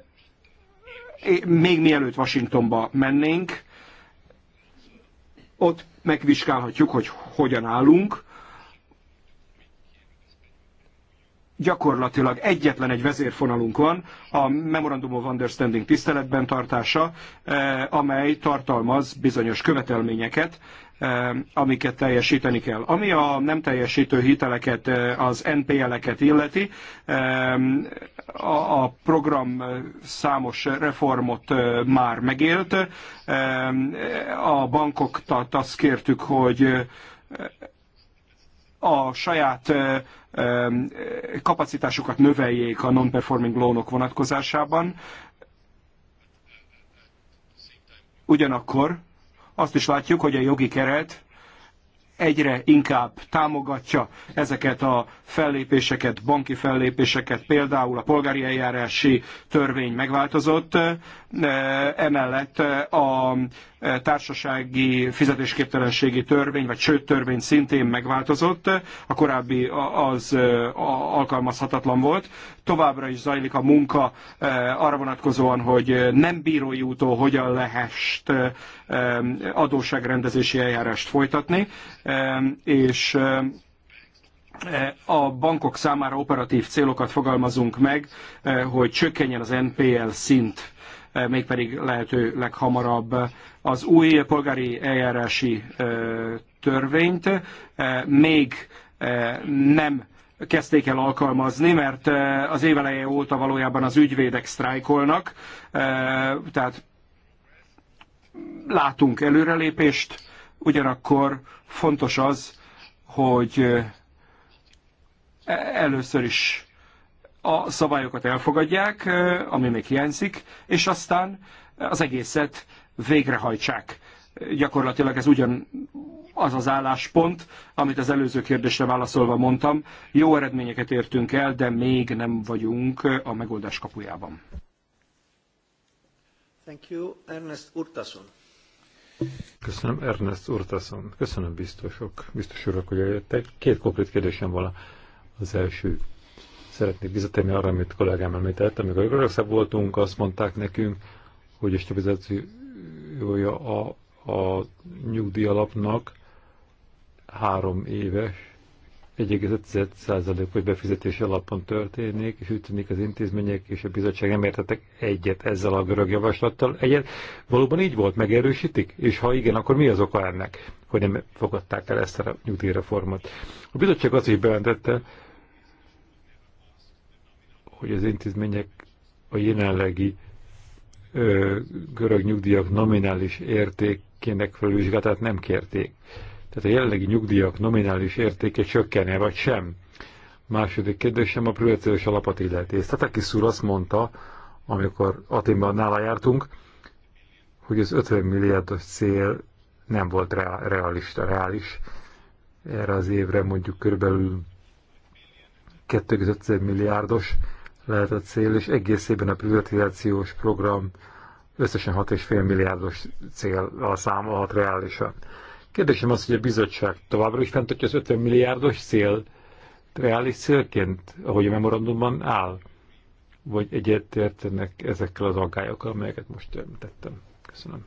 még mielőtt Washingtonba mennénk, ott megvizsgálhatjuk, hogy hogyan állunk, gyakorlatilag egyetlen egy vezérfonalunk van, a Memorandum of Understanding tiszteletben tartása, eh, amely tartalmaz bizonyos követelményeket, eh, amiket teljesíteni kell. Ami a nem teljesítő hiteleket, eh, az NPL-eket illeti, a program számos reformot már megélt. A bankokat azt kértük, hogy a saját kapacitásukat növeljék a non-performing lónok vonatkozásában. Ugyanakkor azt is látjuk, hogy a jogi keret egyre inkább támogatja ezeket a fellépéseket, banki fellépéseket, például a polgári eljárási törvény megváltozott, e, emellett e, a e, társasági fizetésképtelenségi törvény, vagy sőt törvény szintén megváltozott, a korábbi az alkalmazhatatlan volt, továbbra is zajlik a munka eh, arra vonatkozóan, hogy eh, nem bírói úton hogyan lehest eh, adósságrendezési eljárást folytatni, és a bankok számára operatív célokat fogalmazunk meg, hogy csökkenjen az NPL szint mégpedig lehető leghamarabb az új polgári eljárási törvényt még nem kezdték el alkalmazni, mert az éveleje óta valójában az ügyvédek sztrájkolnak, tehát látunk előrelépést, ugyanakkor fontos az, hogy e, először is a szabályokat elfogadják, ami még hiányzik, és aztán az egészet végrehajtsák gyakorlatilag ez ugyan az az álláspont, amit az előző kérdésre válaszolva mondtam. Jó eredményeket értünk el, de még nem vagyunk a megoldás kapujában.
Thank you, Ernest Urtason.
Köszönöm, Ernest Urtason. Köszönöm, biztosok, biztos urak, hogy eljöttek. Két konkrét kérdésem van. Az első, szeretnék visszatérni arra, amit kollégám említett. Amikor Görögországban voltunk, azt mondták nekünk, hogy a stabilizációja a a nyugdíjalapnak három éves 1,5%-os befizetési alapon történik, és úgy tűnik az intézmények és a bizottság nem értettek egyet ezzel a görög javaslattal. Egyet valóban így volt, megerősítik? És ha igen, akkor mi az oka ennek, hogy nem fogadták el ezt a nyugdíjreformot? A bizottság azt is bejelentette, hogy az intézmények a jelenlegi ö, görög nyugdíjak nominális érték kének felvizsgálatát nem kérték. Tehát a jelenlegi nyugdíjak nominális értéke csökkene, vagy sem. Második kérdésem a privatizációs alapot illeti. És Tataki szúr azt mondta, amikor Atinban nála jártunk, hogy az 50 milliárdos cél nem volt realista, reális. Erre az évre mondjuk körülbelül 2,5 milliárdos lehet a cél, és egész évben a privatizációs program összesen 6,5 milliárdos cél számolhat reálisan. Kérdésem az, hogy a bizottság továbbra is fenntartja az 50 milliárdos cél reális célként, ahogy a memorandumban áll? Vagy egyetértenek ezekkel az aggályokkal, amelyeket most tettem? Köszönöm.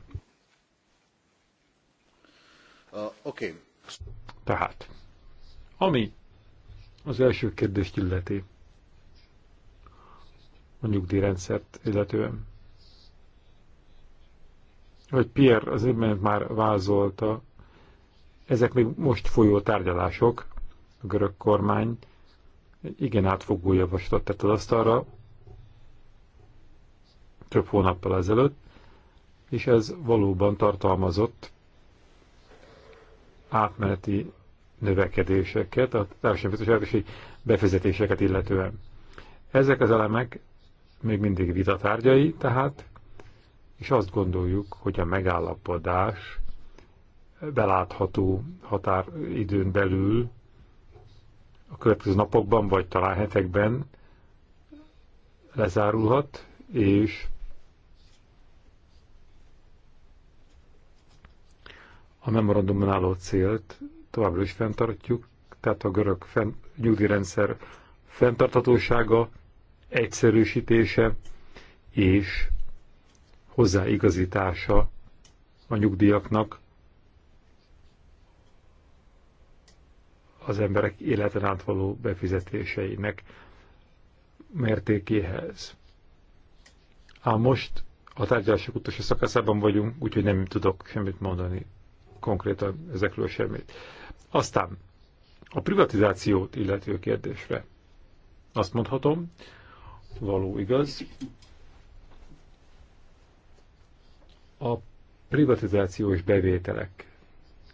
Uh, Oké. Okay. Tehát, ami az első kérdést illeti, a nyugdíjrendszert illetően hogy Pierre az imént már vázolta, ezek még most folyó tárgyalások, a görög kormány igen átfogó javaslat tett az asztalra több hónappal ezelőtt, és ez valóban tartalmazott átmeneti növekedéseket, a társadalmi befizetéseket illetően. Ezek az elemek még mindig vita tárgyai, tehát és azt gondoljuk, hogy a megállapodás belátható határidőn belül a következő napokban, vagy talán hetekben lezárulhat, és a memorandumban álló célt továbbra is fenntartjuk, tehát a görög fent, nyugdíjrendszer fenntarthatósága, egyszerűsítése és hozzáigazítása a nyugdíjaknak az emberek életen át való befizetéseinek mértékéhez. Ám most a tárgyalások utolsó szakaszában vagyunk, úgyhogy nem tudok semmit mondani konkrétan ezekről semmit. Aztán a privatizációt illető kérdésre azt mondhatom, való igaz, A privatizációs bevételek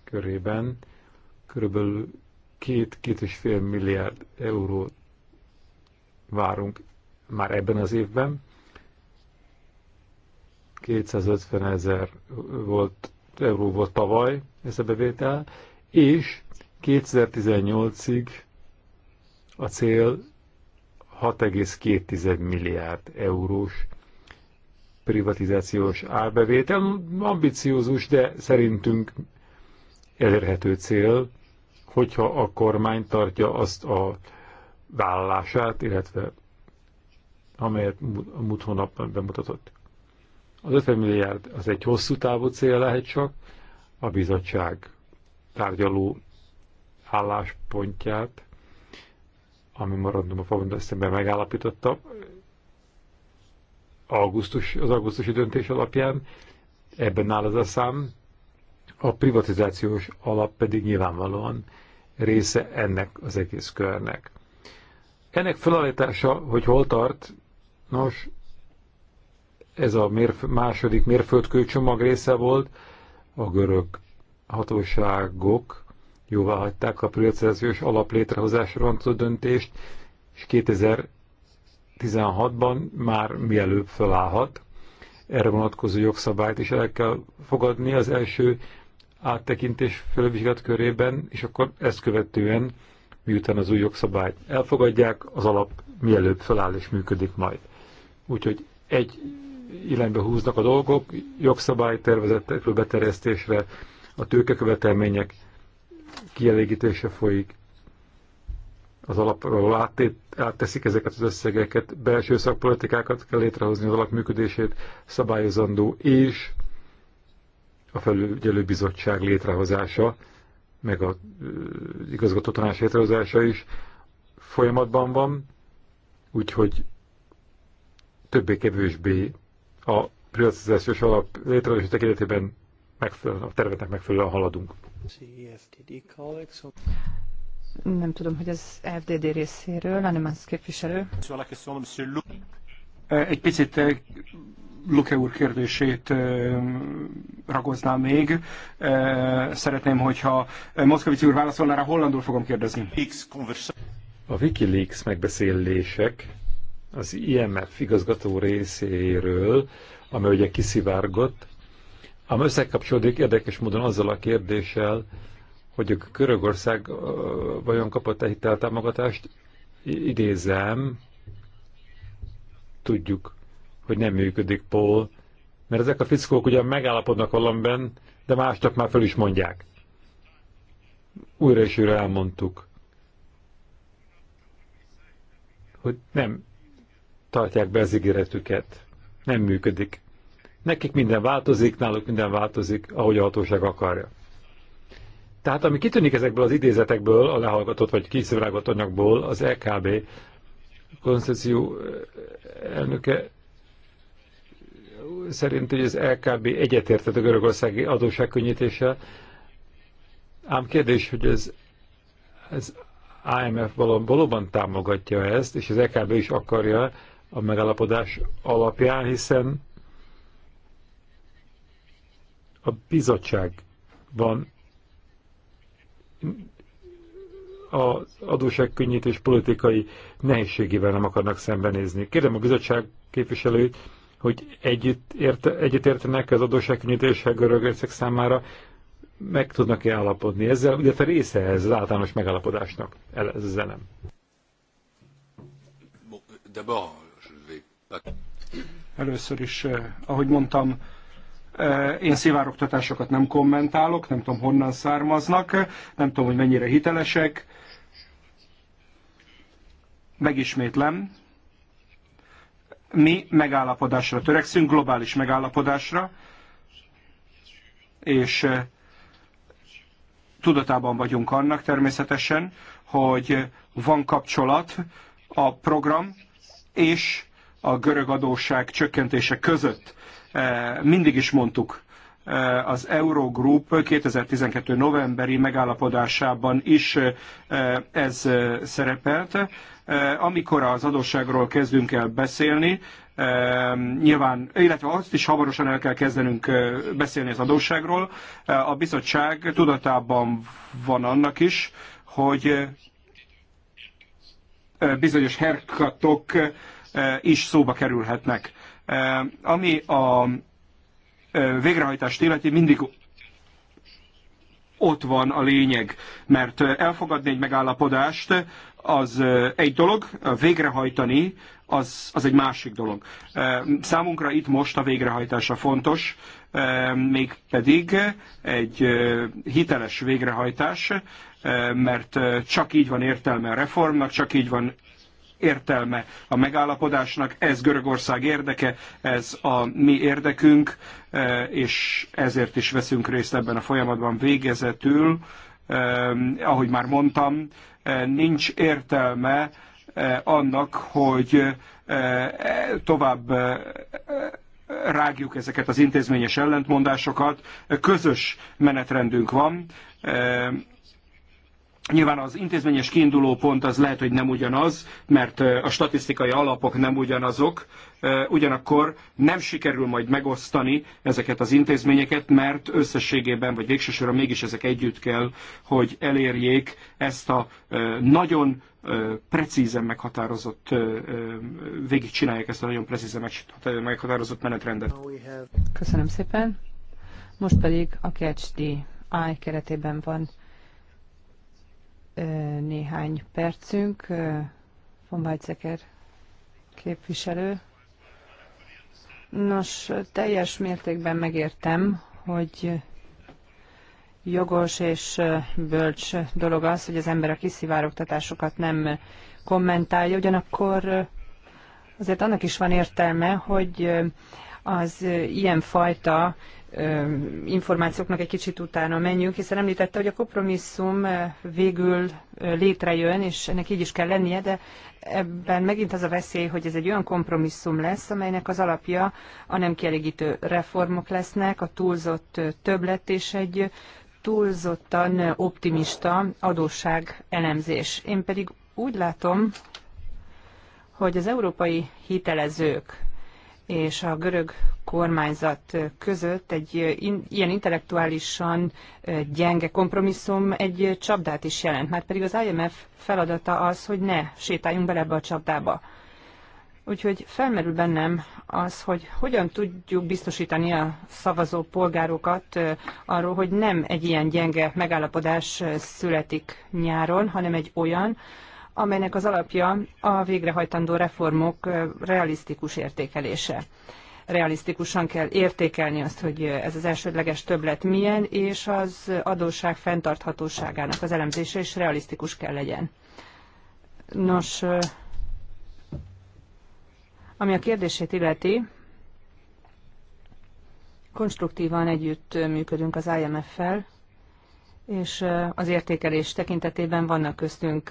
körében körülbelül két-két és fél milliárd eurót várunk már ebben az évben. 250 ezer volt, euró volt tavaly ez a bevétel, és 2018-ig a cél 6,2 milliárd eurós privatizációs árbevétel. Ambiciózus, de szerintünk elérhető cél, hogyha a kormány tartja azt a vállását, illetve amelyet a múlt hónapban bemutatott. Az 50 milliárd az egy hosszú távú cél lehet csak, a bizottság tárgyaló álláspontját, ami maradom a fogom eszembe megállapította, augusztus, az augusztusi döntés alapján, ebben áll az a szám, a privatizációs alap pedig nyilvánvalóan része ennek az egész körnek. Ennek felállítása, hogy hol tart, nos, ez a mérf- második mérföldkőcsomag része volt, a görög hatóságok jóvá hagyták a privatizációs alap létrehozásra vonatkozó döntést, és 2000 16-ban már mielőbb felállhat. Erre vonatkozó jogszabályt is el kell fogadni az első áttekintés fölvizsgálat körében, és akkor ezt követően, miután az új jogszabályt elfogadják, az alap mielőbb feláll és működik majd. Úgyhogy egy irányba húznak a dolgok, tervezetekről beterjesztésre, a tőkekövetelmények kielégítése folyik, az alapról áttét, átteszik ezeket az összegeket, belső szakpolitikákat kell létrehozni az alap működését, szabályozandó és a bizottság létrehozása, meg az igazgató tanács létrehozása is folyamatban van, úgyhogy többé-kevésbé a privatizációs alap létrehozása tekintetében megfelelő, a tervetnek megfelelően haladunk.
Nem tudom, hogy az FDD részéről, hanem az képviselő.
Egy picit Luke úr kérdését ragoznám még. Szeretném, hogyha Moszkvici úr válaszolná rá, hollandul fogom kérdezni.
A Wikileaks megbeszélések az IMF igazgató részéről, amely ugye kiszivárgott, ami összekapcsolódik érdekes módon azzal a kérdéssel, hogy a körögország vajon kapott-e hiteltámogatást, idézem, tudjuk, hogy nem működik Paul, mert ezek a fickók ugyan megállapodnak valamiben, de másnap már föl is mondják. Újra és újra elmondtuk, hogy nem tartják be az ígéretüket. Nem működik. Nekik minden változik, náluk minden változik, ahogy a hatóság akarja. Tehát ami kitűnik ezekből az idézetekből, a lehallgatott vagy kiszivrágott anyagból, az LKB e koncesszió eh, elnöke szerint, hogy az LKB e egyetértett a görögországi adósságkönnyítéssel. Ám kérdés, hogy ez, ez IMF valóban támogatja ezt, és az EKB is akarja a megállapodás alapján, hiszen a bizottság van az adóságkönnyítés politikai nehézségével nem akarnak szembenézni. Kérem a bizottság képviselőit, hogy együtt, érte, együtt értenek az adóságkönnyítéssel görögösszeg számára, meg tudnak-e állapodni ezzel, a része ez az általános megállapodásnak, ez az elem.
Először is, eh, ahogy mondtam, én szivárogtatásokat nem kommentálok, nem tudom honnan származnak, nem tudom, hogy mennyire hitelesek. Megismétlem, mi megállapodásra törekszünk, globális megállapodásra, és tudatában vagyunk annak természetesen, hogy van kapcsolat a program és a görög adósság csökkentése között. Eh, mindig is mondtuk, eh, az Eurogroup 2012. novemberi megállapodásában is eh, ez szerepelt. Amikor az adósságról kezdünk el beszélni, nyilván, illetve azt is hamarosan el kell kezdenünk beszélni az adósságról, a bizottság tudatában van annak is, hogy bizonyos herkatok is szóba kerülhetnek. Ami a végrehajtást illeti, mindig ott van a lényeg, mert elfogadni egy megállapodást az egy dolog, végrehajtani az, az egy másik dolog. Számunkra itt most a végrehajtása fontos, mégpedig egy hiteles végrehajtás, mert csak így van értelme a reformnak, csak így van értelme a megállapodásnak, ez Görögország érdeke, ez a mi érdekünk, e, és ezért is veszünk részt ebben a folyamatban végezetül. E, ahogy már mondtam, e, nincs értelme annak, hogy tovább rágjuk ezeket az intézményes ellentmondásokat. Közös menetrendünk van, Nyilván az intézményes kiinduló pont az lehet, hogy nem ugyanaz, mert a statisztikai alapok nem ugyanazok, ugyanakkor nem sikerül majd megosztani ezeket az intézményeket, mert összességében vagy végsősorban mégis ezek együtt kell, hogy elérjék ezt a nagyon precízen meghatározott, végigcsinálják ezt a nagyon precízen meghatározott menetrendet.
Köszönöm szépen. Most pedig a KHD I keretében van néhány percünk. Von Weizsäcker képviselő. Nos, teljes mértékben megértem, hogy jogos és bölcs dolog az, hogy az ember a kiszivárogtatásokat nem kommentálja, ugyanakkor azért annak is van értelme, hogy az ilyenfajta fajta információknak egy kicsit utána menjünk, hiszen említette, hogy a kompromisszum végül létrejön, és ennek így is kell lennie, de ebben megint az a veszély, hogy ez egy olyan kompromisszum lesz, amelynek az alapja a nem kielégítő reformok lesznek, a túlzott többlet és egy túlzottan optimista adósság elemzés. Én pedig úgy látom, hogy az európai hitelezők és a görög kormányzat között egy ilyen intellektuálisan gyenge kompromisszum egy csapdát is jelent, mert pedig az IMF feladata az, hogy ne sétáljunk bele ebbe a csapdába. Úgyhogy felmerül bennem az, hogy hogyan tudjuk biztosítani a szavazó polgárokat arról, hogy nem egy ilyen gyenge megállapodás születik nyáron, hanem egy olyan, amelynek az alapja a végrehajtandó reformok realisztikus értékelése. Realisztikusan kell értékelni azt, hogy ez az elsődleges többlet milyen, és az adósság fenntarthatóságának az elemzése is realisztikus kell legyen. Nos, ami a kérdését illeti, konstruktívan együtt működünk az IMF-fel, és az értékelés tekintetében vannak köztünk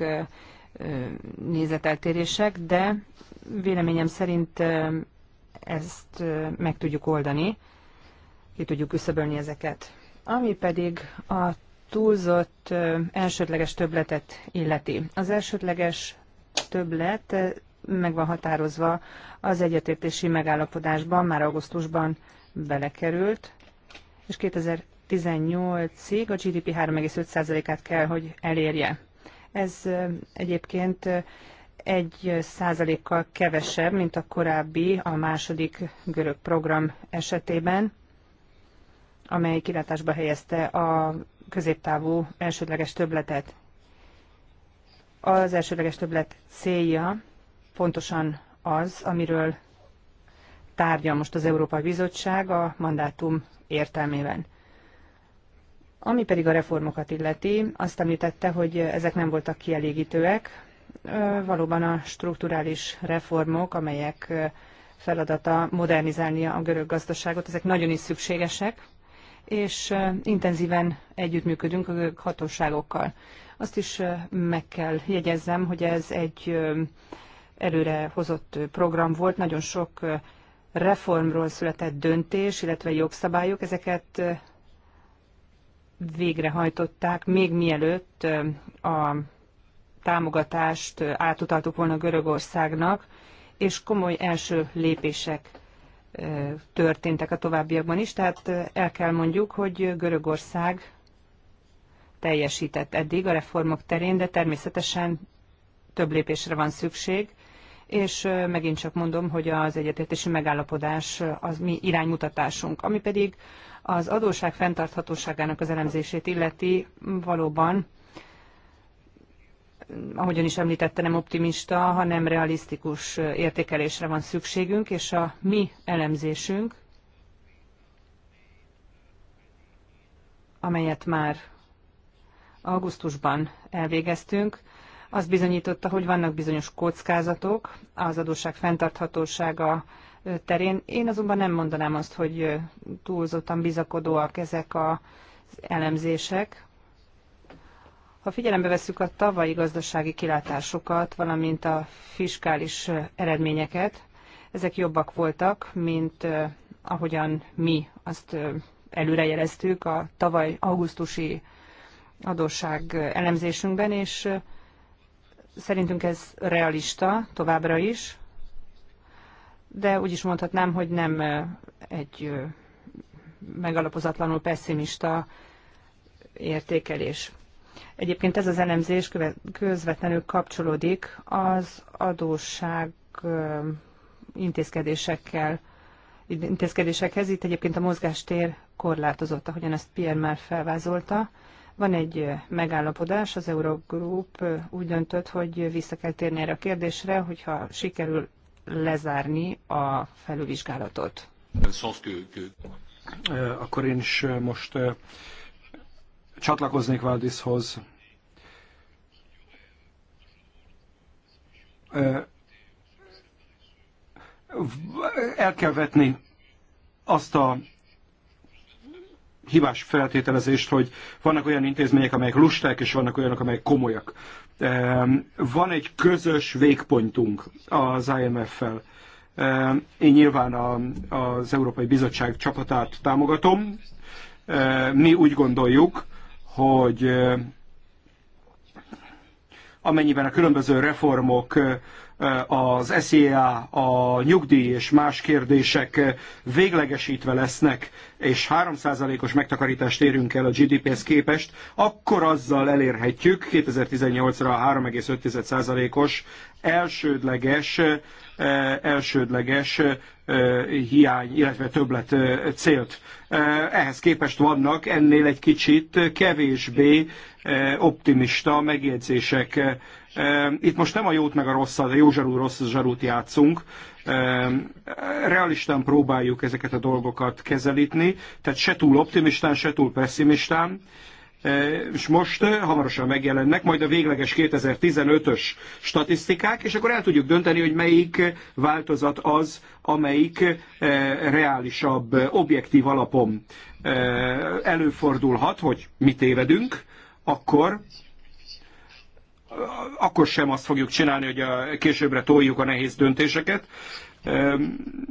nézeteltérések, de véleményem szerint ezt meg tudjuk oldani, ki tudjuk küszöbölni ezeket. Ami pedig a túlzott elsődleges töbletet illeti. Az elsődleges többlet meg van határozva az egyetértési megállapodásban, már augusztusban belekerült, és 2018-ig a GDP 3,5%-át kell, hogy elérje. Ez egyébként egy százalékkal kevesebb, mint a korábbi, a második görög program esetében, amely kilátásba helyezte a középtávú elsődleges töbletet. Az elsődleges töblet célja pontosan az, amiről tárgyal most az Európai Bizottság a mandátum értelmében. Ami pedig a reformokat illeti, azt említette, hogy ezek nem voltak kielégítőek. Valóban a strukturális reformok, amelyek feladata modernizálni a görög gazdaságot, ezek nagyon is szükségesek, és intenzíven együttműködünk a görög hatóságokkal. Azt is meg kell jegyezzem, hogy ez egy előre hozott program volt, nagyon sok reformról született döntés, illetve jogszabályok, ezeket végrehajtották, még mielőtt a támogatást átutaltuk volna Görögországnak, és komoly első lépések történtek a továbbiakban is, tehát el kell mondjuk, hogy Görögország teljesített eddig a reformok terén, de természetesen több lépésre van szükség, és megint csak mondom, hogy az egyetértési megállapodás az mi iránymutatásunk, ami pedig az adóság fenntarthatóságának az elemzését illeti, valóban, ahogyan is említette, nem optimista, hanem realisztikus értékelésre van szükségünk, és a mi elemzésünk, amelyet már augusztusban elvégeztünk, az bizonyította, hogy vannak bizonyos kockázatok, az adósság fenntarthatósága, terén. Én azonban nem mondanám azt, hogy túlzottan bizakodóak ezek az elemzések. Ha figyelembe vesszük a tavalyi gazdasági kilátásokat, valamint a fiskális eredményeket, ezek jobbak voltak, mint ahogyan mi azt előrejeleztük a tavaly augusztusi adósság elemzésünkben, és szerintünk ez realista továbbra is, de úgy is mondhatnám, hogy nem egy megalapozatlanul pessimista értékelés. Egyébként ez az elemzés közvetlenül kapcsolódik az adósság intézkedésekkel, intézkedésekhez. Itt egyébként a mozgástér korlátozott, ahogyan ezt Pierre már felvázolta. Van egy megállapodás, az Eurogroup úgy döntött, hogy vissza kell térni erre a kérdésre, hogyha sikerül lezárni a felülvizsgálatot. Eh,
akkor én is eh, most eh, csatlakoznék Valdishoz. El kell vetni azt a hibás feltételezést, hogy vannak olyan intézmények, amelyek lusták, és vannak olyanok, amelyek komolyak. Van egy közös végpontunk az IMF-fel. Én nyilván a, az Európai Bizottság csapatát támogatom. Mi úgy gondoljuk, hogy amennyiben a különböző reformok, az SZIA, e a nyugdíj és más kérdések véglegesítve lesznek, és 3%-os megtakarítást érünk el a GDP-hez képest, akkor azzal elérhetjük 2018-ra a 3,5%-os elsődleges E, elsődleges e, e, hiány, illetve többlet célt. Ehhez képest vannak ennél egy kicsit kevésbé optimista megjegyzések. Itt most nem a jót meg a rosszat, a jó zsarú, rossz zsarút játszunk, realistán próbáljuk ezeket a dolgokat kezelítni, tehát se túl optimistán, se túl pessimistán E, és most e, hamarosan megjelennek majd a végleges 2015-ös statisztikák, és akkor el tudjuk dönteni, hogy melyik változat az, amelyik e, reálisabb, objektív alapon előfordulhat, hogy mi tévedünk, akkor akkor sem azt fogjuk csinálni, hogy a későbbre toljuk a nehéz döntéseket,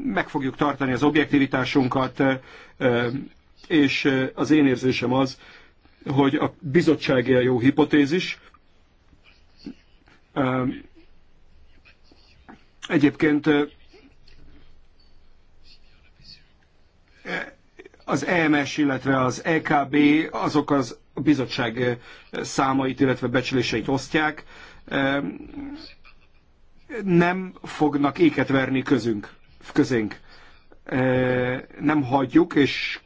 meg fogjuk tartani az objektivitásunkat, és az én érzésem az, hogy a bizottsági a jó hipotézis. Egyébként az EMS, illetve az EKB, azok az bizottság számait, illetve becsléseit osztják, nem fognak éket verni közünk, közénk. Nem hagyjuk, és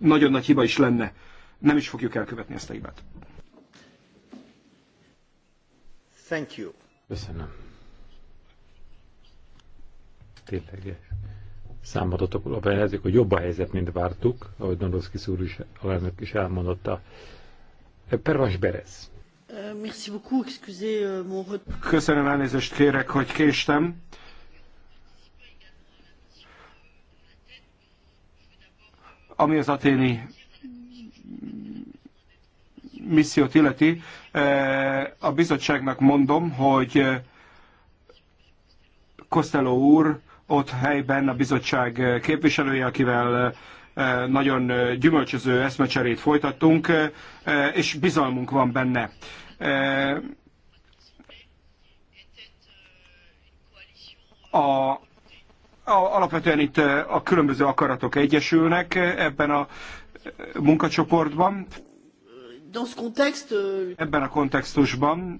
nagyon nagy hiba is lenne, nem is fogjuk elkövetni ezt a hibát.
Thank you. Köszönöm. Tényleg eh, számadatok lehetők, hogy jobb a helyzet, mint vártuk, ahogy Donoszki úr is, alelnök is elmondotta.
Eh, Pervas Berez.
Eh, merci beaucoup, excusez mon
Köszönöm, elnézést kérek, hogy késtem. Ami az aténi missziót illeti, eh, a bizottságnak mondom, hogy eh, Costello úr ott helyben a bizottság eh, képviselője, akivel nagyon gyümölcsöző eszmecserét folytattunk, és bizalmunk van benne. A alapvetően itt a különböző akaratok egyesülnek ebben a munkacsoportban. Euh, Ebben a kontextusban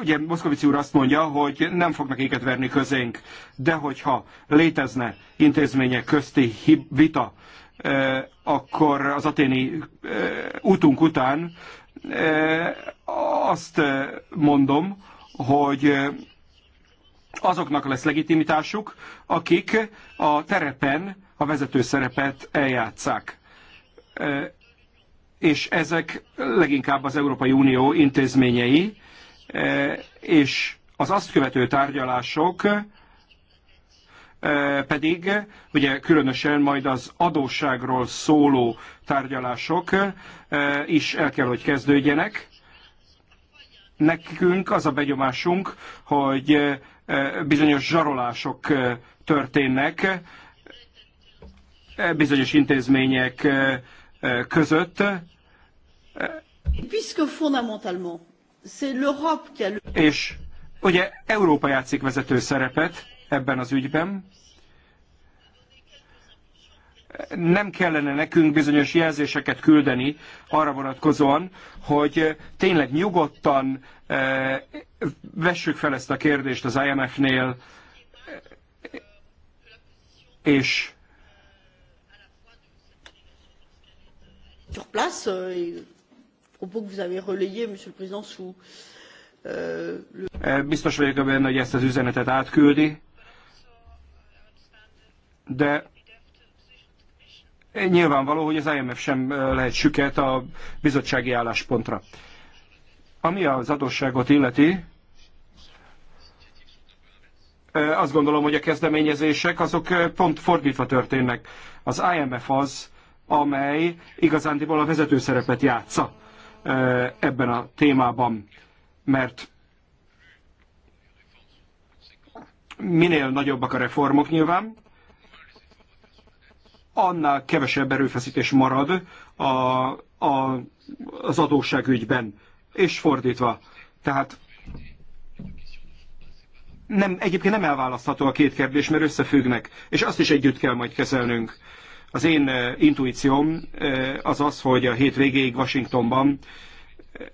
ugye Moszkovici úr azt mondja, hogy nem fognak éket verni közénk, de hogyha létezne intézmények közti vita, akkor az aténi útunk után azt mondom, hogy azoknak lesz legitimitásuk, akik a terepen a vezető szerepet eljátszák. És ezek leginkább az Európai Unió intézményei, és az azt követő tárgyalások pedig, ugye különösen majd az adósságról szóló tárgyalások is el kell, hogy kezdődjenek. Nekünk az a begyomásunk, hogy bizonyos zsarolások történnek bizonyos intézmények között.
Puisque fondamentalement, c'est l'Europe qui a le...
És ugye Európa játszik vezető szerepet ebben az ügyben, nem kellene nekünk bizonyos jelzéseket küldeni arra vonatkozóan, hogy tényleg nyugodtan eh, vessük fel ezt a kérdést az IMF-nél, eh, és
sur place euh, propos que vous avez Monsieur le Président, sous euh,
eh, Biztos vagyok benne, hogy ezt az üzenetet átküldi, de Nyilvánvaló, hogy az IMF sem lehet süket a bizottsági álláspontra. Ami az adósságot illeti, azt gondolom, hogy a kezdeményezések azok pont fordítva történnek. Az IMF az, amely igazándiból a vezető szerepet játsza ebben a témában, mert minél nagyobbak a reformok nyilván, annál kevesebb erőfeszítés marad a, a, az adósságügyben, és fordítva. Tehát nem, egyébként nem elválasztható a két kérdés, mert összefüggnek, és azt is együtt kell majd kezelnünk. Az én eh, intuícióm eh, az az, hogy a hét végéig Washingtonban eh,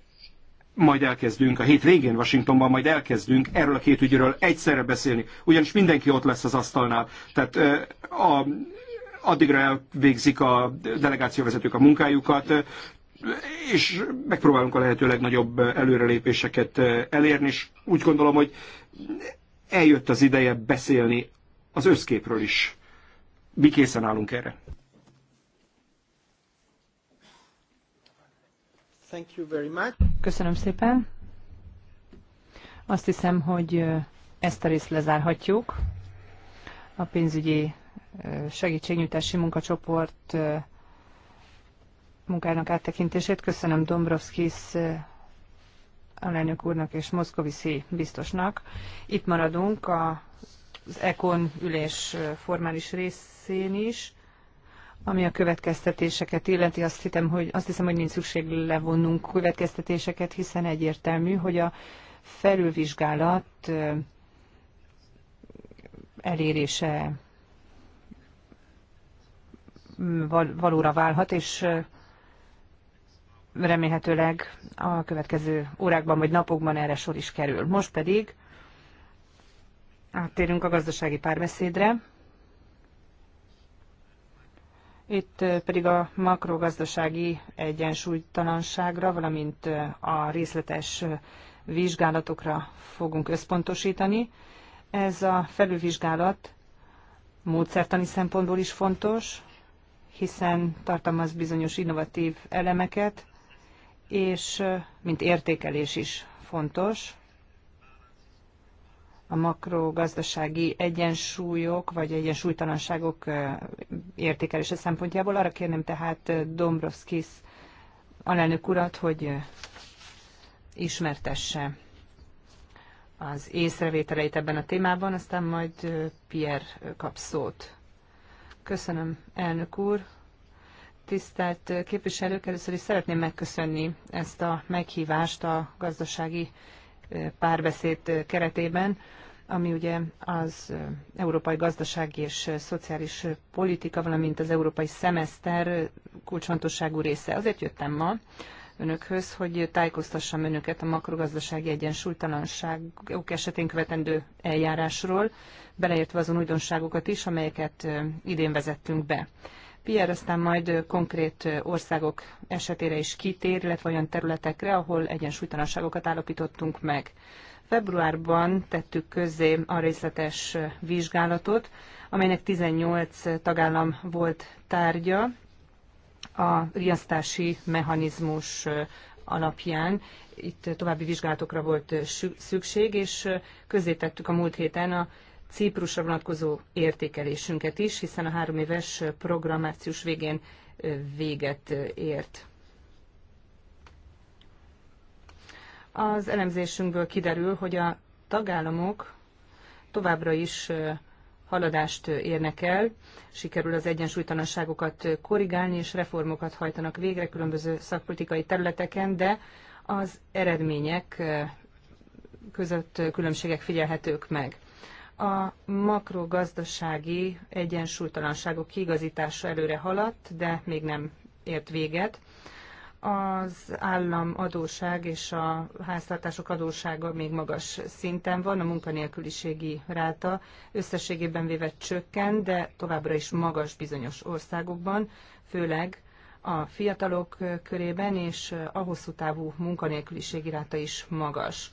majd elkezdünk, a hét végén Washingtonban majd elkezdünk erről a két ügyről egyszerre beszélni, ugyanis mindenki ott lesz az asztalnál. Tehát a addigra elvégzik a delegációvezetők a munkájukat, és megpróbálunk a lehető legnagyobb előrelépéseket elérni, és úgy gondolom, hogy eljött az ideje beszélni az összképről is. Mi készen állunk erre?
Köszönöm szépen. Azt hiszem, hogy ezt a részt lezárhatjuk. A pénzügyi segítségnyújtási munkacsoport munkának áttekintését. Köszönöm Dombrovskis alelnök úrnak és Moszkoviszi biztosnak. Itt maradunk az ECON ülés formális részén is. Ami a következtetéseket illeti, azt, hittem hogy, azt hiszem, hogy nincs szükség levonnunk következtetéseket, hiszen egyértelmű, hogy a felülvizsgálat elérése valóra válhat, és remélhetőleg a következő órákban vagy napokban erre sor is kerül. Most pedig áttérünk a gazdasági párbeszédre. Itt pedig a makrogazdasági egyensúlytalanságra, valamint a részletes vizsgálatokra fogunk összpontosítani. Ez a felülvizsgálat módszertani szempontból is fontos, hiszen tartalmaz bizonyos innovatív elemeket, és mint értékelés is fontos. A makrogazdasági egyensúlyok vagy egyensúlytalanságok értékelése szempontjából arra kérném tehát Dombrovskis alelnök urat, hogy ismertesse az észrevételeit ebben a témában, aztán majd Pierre kap szót. Köszönöm, elnök úr. Tisztelt képviselők, először is szeretném megköszönni ezt a meghívást a gazdasági párbeszéd keretében, ami ugye az európai gazdasági és szociális politika, valamint az európai szemeszter kulcsfontosságú része. Azért jöttem ma, önökhöz, hogy tájékoztassam önöket a makrogazdasági egyensúlytalanságok esetén követendő eljárásról, beleértve azon újdonságokat is, amelyeket idén vezettünk be. Pierre aztán majd konkrét országok esetére is kitér, illetve olyan területekre, ahol egyensúlytalanságokat állapítottunk meg. Februárban tettük közzé a részletes vizsgálatot, amelynek 18 tagállam volt tárgya, a riasztási mechanizmus alapján. Itt további vizsgálatokra volt szükség, és közzétettük a múlt héten a Ciprusra vonatkozó értékelésünket is, hiszen a három éves program március végén véget ért. Az elemzésünkből kiderül, hogy a tagállamok továbbra is haladást érnek el, sikerül az egyensúlytalanságokat korrigálni, és reformokat hajtanak végre különböző szakpolitikai területeken, de az eredmények között különbségek figyelhetők meg. A makrogazdasági egyensúlytalanságok kiigazítása előre haladt, de még nem ért véget az állam adóság és a háztartások adósága még magas szinten van, a munkanélküliségi ráta összességében véve csökken, de továbbra is magas bizonyos országokban, főleg a fiatalok körében, és a hosszú távú munkanélküliségi ráta is magas.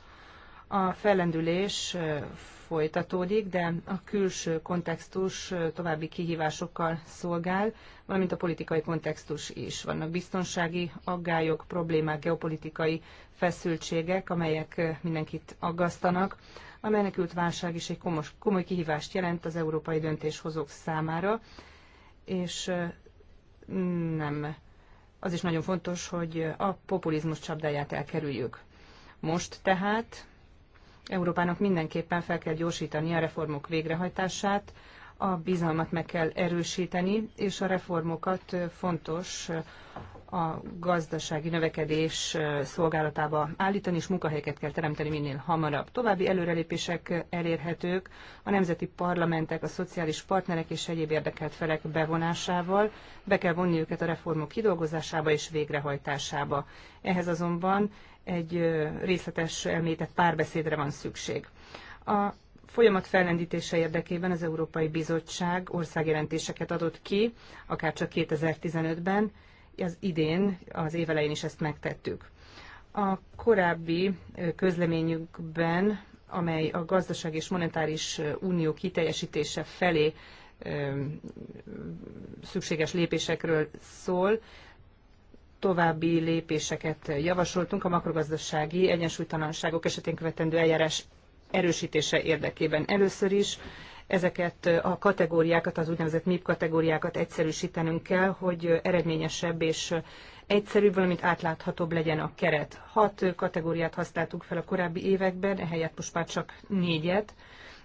A fellendülés folytatódik, de a külső kontextus további kihívásokkal szolgál, valamint a politikai kontextus is. Vannak biztonsági aggályok, problémák, geopolitikai feszültségek, amelyek mindenkit aggasztanak. A menekült válság is egy komos, komoly kihívást jelent az európai döntéshozók számára, és nem. Az is nagyon fontos, hogy a populizmus csapdáját elkerüljük. Most tehát Európának mindenképpen fel kell gyorsítani a reformok végrehajtását, a bizalmat meg kell erősíteni, és a reformokat fontos a gazdasági növekedés szolgálatába állítani, és munkahelyeket kell teremteni minél hamarabb. További előrelépések elérhetők a nemzeti parlamentek, a szociális partnerek és egyéb érdekelt felek bevonásával. Be kell vonni őket a reformok kidolgozásába és végrehajtásába. Ehhez azonban egy részletes elmétett párbeszédre van szükség. A folyamat fellendítése érdekében az Európai Bizottság országjelentéseket adott ki, akár csak 2015-ben, az idén, az évelején is ezt megtettük. A korábbi közleményükben, amely a gazdaság és monetáris unió kiteljesítése felé szükséges lépésekről szól, további lépéseket javasoltunk a makrogazdasági egyensúlytalanságok esetén követendő eljárás erősítése érdekében. Először is ezeket a kategóriákat, az úgynevezett MIP kategóriákat egyszerűsítenünk kell, hogy eredményesebb és egyszerűbb, valamint átláthatóbb legyen a keret. Hat kategóriát használtunk fel a korábbi években, ehelyett most már csak négyet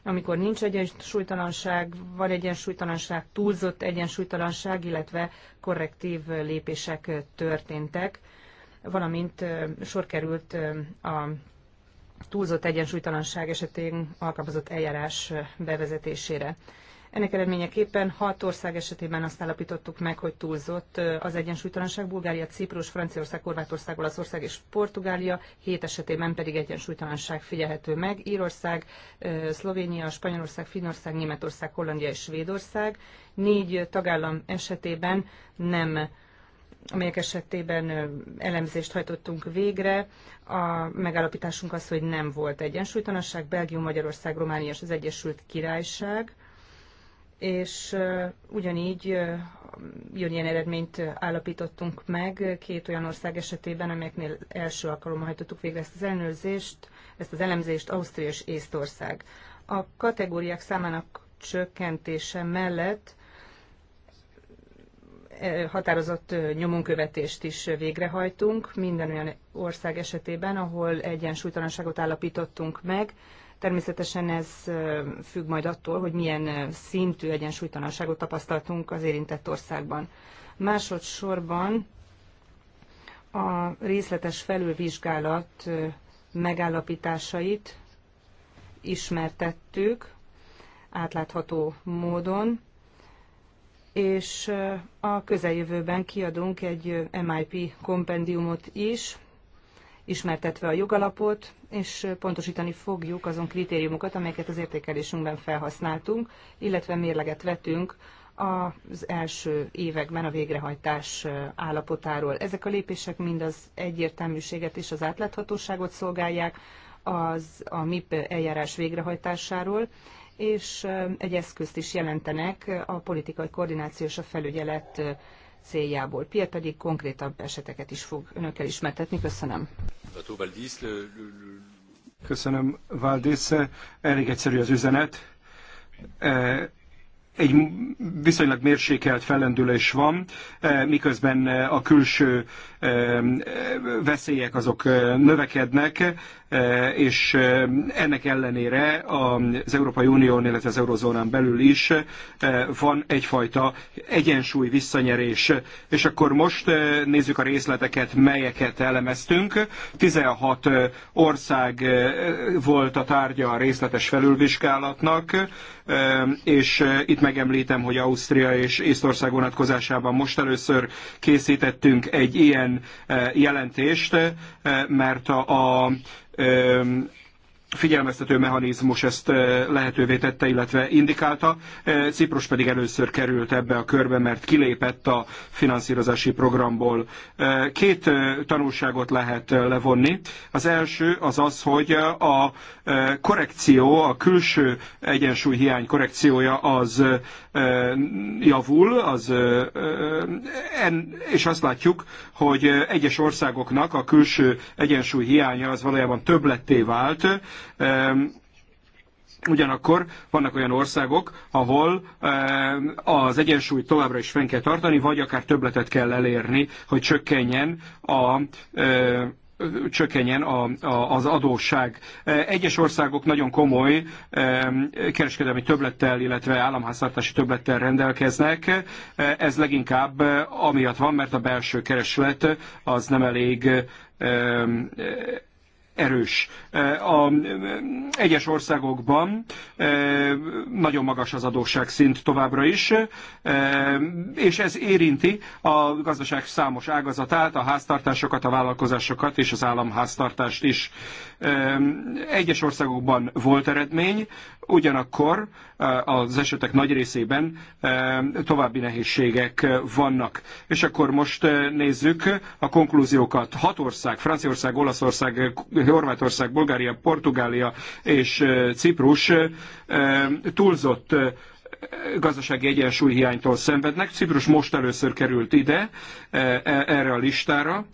amikor nincs egyensúlytalanság, van egyensúlytalanság, túlzott egyensúlytalanság, illetve korrektív lépések történtek, valamint sor került a túlzott egyensúlytalanság esetén alkalmazott eljárás bevezetésére. Ennek eredményeképpen hat ország esetében azt állapítottuk meg, hogy túlzott az egyensúlytalanság. Bulgária, Ciprus, Franciaország, Horvátország, Olaszország és Portugália, hét esetében pedig egyensúlytalanság figyelhető meg. Írország, Szlovénia, Spanyolország, Finnország, Németország, Hollandia és Svédország. Négy tagállam esetében nem amelyek esetében elemzést hajtottunk végre. A megállapításunk az, hogy nem volt egyensúlytalanság. Belgium, Magyarország, Románia és az Egyesült Királyság és ugyanígy jön ilyen eredményt állapítottunk meg két olyan ország esetében, amelyeknél első alkalommal hajtottuk végre ezt az ellenőrzést, ezt az elemzést, Ausztria és Észtország. A kategóriák számának csökkentése mellett határozott nyomonkövetést is végrehajtunk minden olyan ország esetében, ahol egyensúlytalanságot állapítottunk meg, Természetesen ez függ majd attól, hogy milyen szintű egyensúlytalanságot tapasztaltunk az érintett országban. Másodszorban a részletes felülvizsgálat megállapításait ismertettük átlátható módon, és a közeljövőben kiadunk egy MIP kompendiumot is, ismertetve a jogalapot, és pontosítani fogjuk azon kritériumokat, amelyeket az értékelésünkben felhasználtunk, illetve mérleget vetünk az első években a végrehajtás állapotáról. Ezek a lépések mind az egyértelműséget és az átláthatóságot szolgálják az a MIP eljárás végrehajtásáról, és egy eszközt is jelentenek a politikai koordináció és a felügyelet céljából. Pierre pedig konkrétabb eseteket is fog önökkel ismertetni. Köszönöm. Köszönöm, Valdis.
Elég egyszerű az üzenet. E, egy viszonylag mérsékelt fellendülés van, e, miközben a külső veszélyek azok növekednek, és ennek ellenére az Európai Unión, illetve az Eurozónán belül is van egyfajta egyensúly visszanyerés. És akkor most nézzük a részleteket, melyeket elemeztünk. 16 ország volt a tárgya a részletes felülvizsgálatnak, és itt megemlítem, hogy Ausztria és Észtország vonatkozásában most először készítettünk egy ilyen Eh, jelentést, eh, mert a, a figyelmeztető mechanizmus ezt eh, lehetővé tette, illetve indikálta. Ciprus pedig először került ebbe a körbe, mert kilépett a finanszírozási programból. Két tanulságot lehet levonni. Az első az az, hogy a korrekció, a külső egyensúlyhiány korrekciója az javul, az, és azt látjuk, hogy egyes országoknak a külső egyensúly hiánya az valójában többletté vált, Ugyanakkor vannak olyan országok, ahol az egyensúlyt továbbra is fenn kell tartani, vagy akár többletet kell elérni, hogy csökkenjen a csökkenjen a, a, az adósság. E, egyes országok nagyon komoly e, kereskedelmi töblettel, illetve államháztartási töblettel rendelkeznek. E, ez leginkább amiatt van, mert a belső kereslet az nem elég erős. E, a e, egyes országokban e, nagyon magas az adósság szint továbbra is, és ez érinti a gazdaság számos ágazatát, a háztartásokat, a vállalkozásokat és az államháztartást is. Egyes országokban volt eredmény, ugyanakkor az esetek nagy részében további nehézségek vannak. És akkor most nézzük a konklúziókat. Hat ország, Franciaország, Olaszország, Horvátország, Bulgária, Portugália és Ciprus túlzott gazdasági egyensúlyhiánytól szenvednek. Ciprus most először került ide, e, erre a listára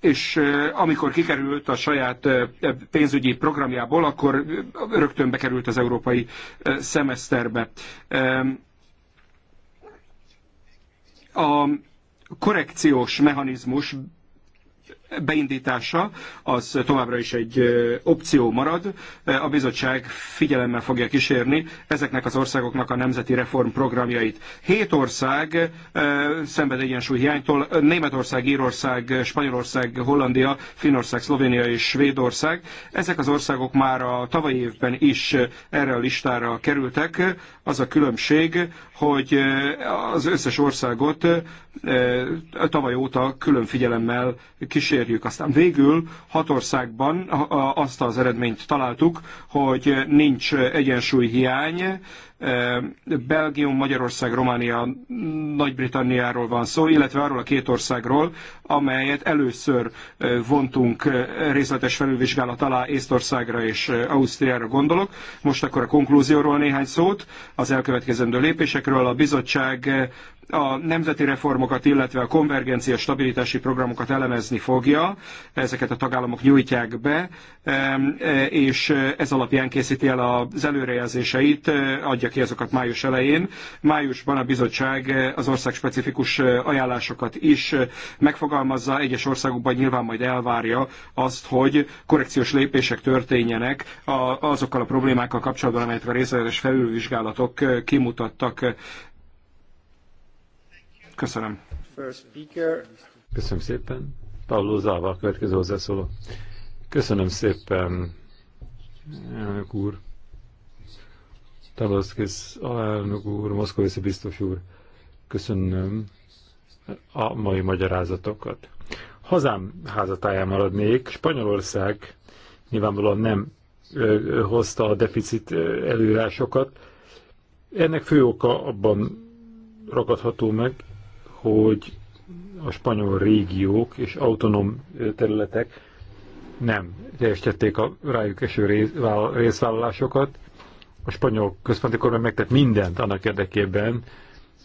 és amikor kikerült a saját e, pénzügyi programjából, akkor rögtön bekerült az európai szemeszterbe. A korrekciós mechanizmus beindítása az továbbra is egy opció marad. A bizottság figyelemmel fogja kísérni ezeknek az országoknak a nemzeti reformprogramjait. Hét ország szenved egyensúly hiánytól, Németország, Írország, Spanyolország, Hollandia, Finnország, Szlovénia és Svédország. Ezek az országok már a tavalyi évben is erre a listára kerültek. Az a különbség, hogy az összes országot tavaly óta külön figyelemmel kísér kísérjük. Aztán végül hat országban azt az eredményt találtuk, hogy nincs egyensúlyhiány, Belgium, Magyarország, Románia, Nagy-Britanniáról van szó, illetve arról a két országról, amelyet először vontunk részletes felülvizsgálat alá Észtországra és Ausztriára gondolok. Most akkor a konklúzióról néhány szót, az elkövetkezendő lépésekről. A bizottság a nemzeti reformokat, illetve a konvergencia stabilitási programokat elemezni fogja. Ezeket a tagállamok nyújtják be, és ez alapján készíti el az előrejelzéseit, adja alakítja ki azokat május elején. Májusban a bizottság eh, az ország specifikus eh, ajánlásokat is eh, megfogalmazza, egyes országokban nyilván majd elvárja azt, hogy korrekciós lépések történjenek azokkal a problémákkal kapcsolatban, amelyet a részletes felülvizsgálatok kimutattak. Köszönöm.
Köszönöm szépen. Pablo Zával következő hozzászóló. Köszönöm szépen, elnök úr. Tabaszkész alelnök úr, Moszkvészi biztos úr, köszönöm a mai magyarázatokat. Hazám házatáján maradnék. Spanyolország nyilvánvalóan nem hozta a deficit előírásokat. Ennek fő oka abban ragadható meg, hogy a spanyol régiók és autonóm területek nem teljesítették a rájuk eső részvállalásokat, a spanyol központi kormány megtett mindent annak érdekében,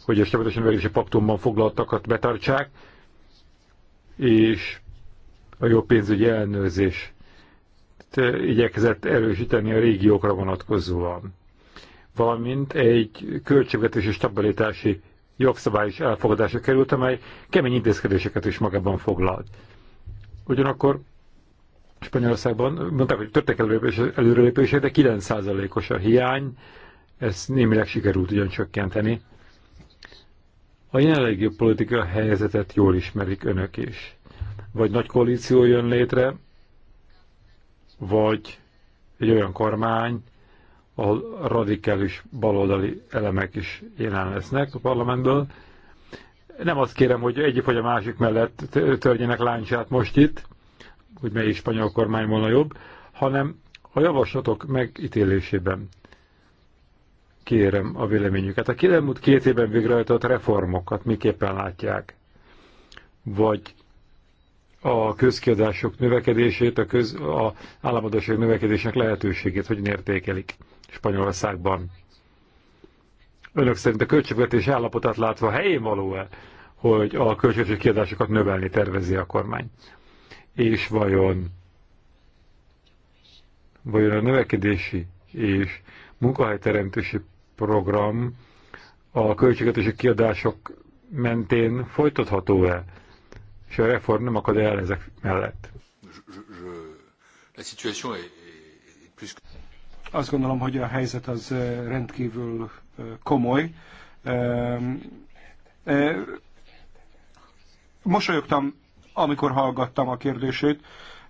hogy a stabilitási növelési paktumban foglaltakat betartsák, és a jó pénzügyi ellenőrzés igyekezett erősíteni a régiókra vonatkozóan. Valamint egy költségvetési stabilitási jogszabály is elfogadásra került, amely kemény intézkedéseket is magában foglalt. Ugyanakkor Spanyolországban mondták, hogy történt előrelépések, de 9%-os a hiány, ezt némileg sikerült ugyan csökkenteni. A jelenlegi politika helyzetet jól ismerik önök is. Vagy nagy koalíció jön létre, vagy egy olyan kormány, ahol radikális baloldali elemek is jelen lesznek a parlamentből. Nem azt kérem, hogy egyik vagy a másik mellett törjenek láncsát most itt, hogy melyik spanyol kormány volna jobb, hanem a javaslatok megítélésében kérem a véleményüket. A kilemúlt két évben végrehajtott reformokat miképpen látják? Vagy a közkiadások növekedését, a, köz, a államadóság növekedésnek lehetőségét hogyan értékelik Spanyolországban? Önök szerint a költségvetés állapotát látva helyén való-e, hogy a költségvetési kiadásokat növelni tervezi a kormány? és vajon, vajon a növekedési és munkahelyteremtési program a költségvetési kiadások mentén folytatható-e, és a reform nem akad el ezek mellett?
Azt gondolom, hogy a helyzet az rendkívül komoly. Mosolyogtam amikor hallgattam a kérdését,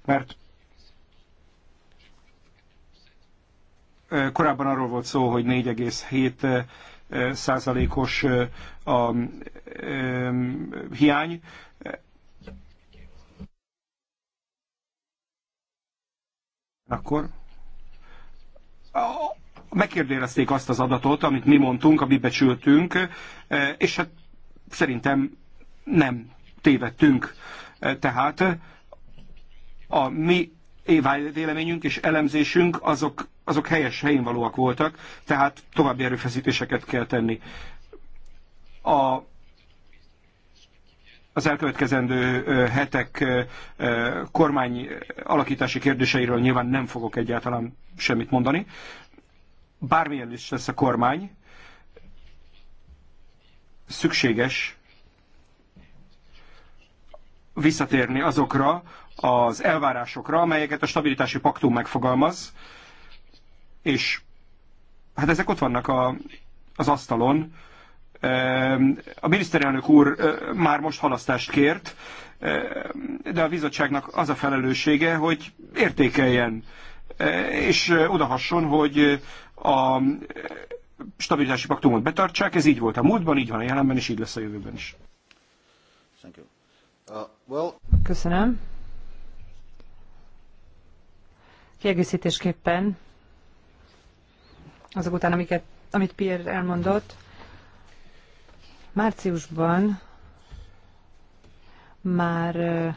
mert korábban arról volt szó, hogy 4,7 százalékos a hiány. Akkor megkérdőjelezték azt az adatot, amit mi mondtunk, amit becsültünk, és hát szerintem nem tévedtünk. Tehát a mi véleményünk és elemzésünk azok, azok helyes helyén valóak voltak, tehát további erőfeszítéseket kell tenni. A, az elkövetkezendő hetek kormány alakítási kérdéseiről nyilván nem fogok egyáltalán semmit mondani. Bármilyen is lesz a kormány, szükséges visszatérni azokra az elvárásokra, amelyeket a stabilitási paktum megfogalmaz, és hát ezek ott vannak a, az asztalon. Ehm, a miniszterelnök úr már most halasztást kért, ehm, de a bizottságnak az a felelőssége, hogy értékeljen, e, és odahasson, hogy a stabilitási paktumot betartsák. Ez így volt a múltban, így van a jelenben, és így lesz a jövőben is.
Thank you. Uh, Köszönöm. Kiegészítésképpen azok után, amiket, amit Pierre elmondott, márciusban már uh,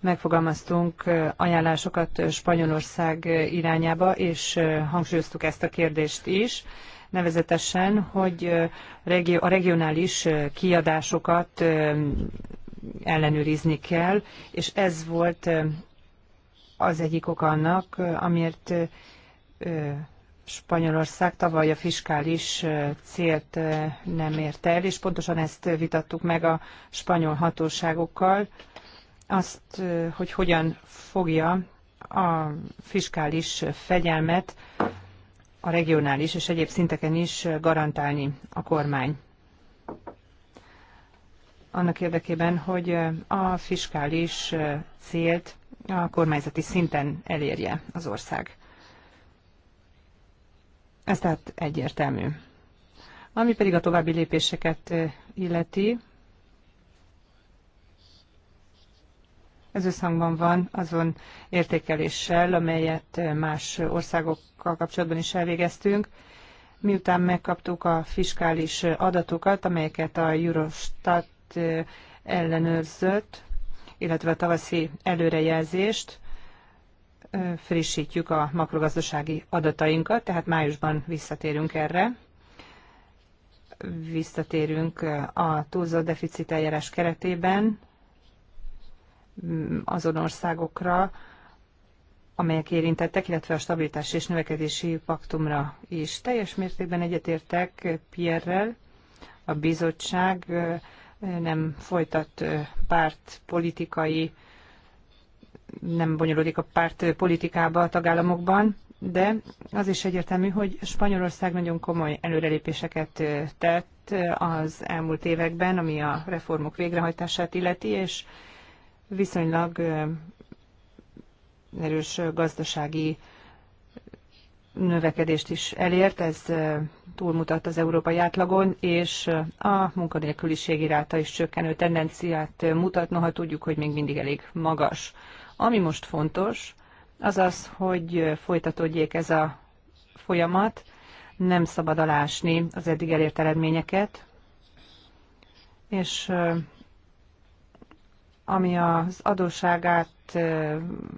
megfogalmaztunk uh, ajánlásokat Spanyolország irányába, és hangsúlyoztuk ezt a kérdést is, nevezetesen, hogy a regionális kiadásokat um, ellenőrizni kell, és ez volt az egyik ok annak, amiért Spanyolország tavaly a fiskális célt nem ért el, és pontosan ezt vitattuk meg a spanyol hatóságokkal, azt, hogy hogyan fogja a fiskális fegyelmet a regionális és egyéb szinteken is garantálni a kormány annak érdekében, hogy a fiskális célt a kormányzati szinten elérje az ország. Ez tehát egyértelmű. Ami pedig a további lépéseket illeti, Ez összhangban van azon értékeléssel, amelyet más országokkal kapcsolatban is elvégeztünk, miután megkaptuk a fiskális adatokat, amelyeket a Eurostat ellenőrzött, illetve a tavaszi előrejelzést frissítjük a makrogazdasági adatainkat, tehát májusban visszatérünk erre. Visszatérünk a túlzott deficit eljárás keretében azon országokra, amelyek érintettek, illetve a stabilitás és növekedési paktumra is. Teljes mértékben egyetértek Pierrel, a bizottság nem folytat politikai, nem bonyolódik a politikába a tagállamokban, de az is egyértelmű, hogy Spanyolország nagyon komoly előrelépéseket tett az elmúlt években, ami a reformok végrehajtását illeti, és viszonylag erős gazdasági növekedést is elért, ez túlmutat az európai átlagon, és a munkanélküliség iráta is csökkenő tendenciát mutat, noha tudjuk, hogy még mindig elég magas. Ami most fontos, az az, hogy folytatódjék ez a folyamat, nem szabad alásni az eddig elért eredményeket, és ami az adósságát,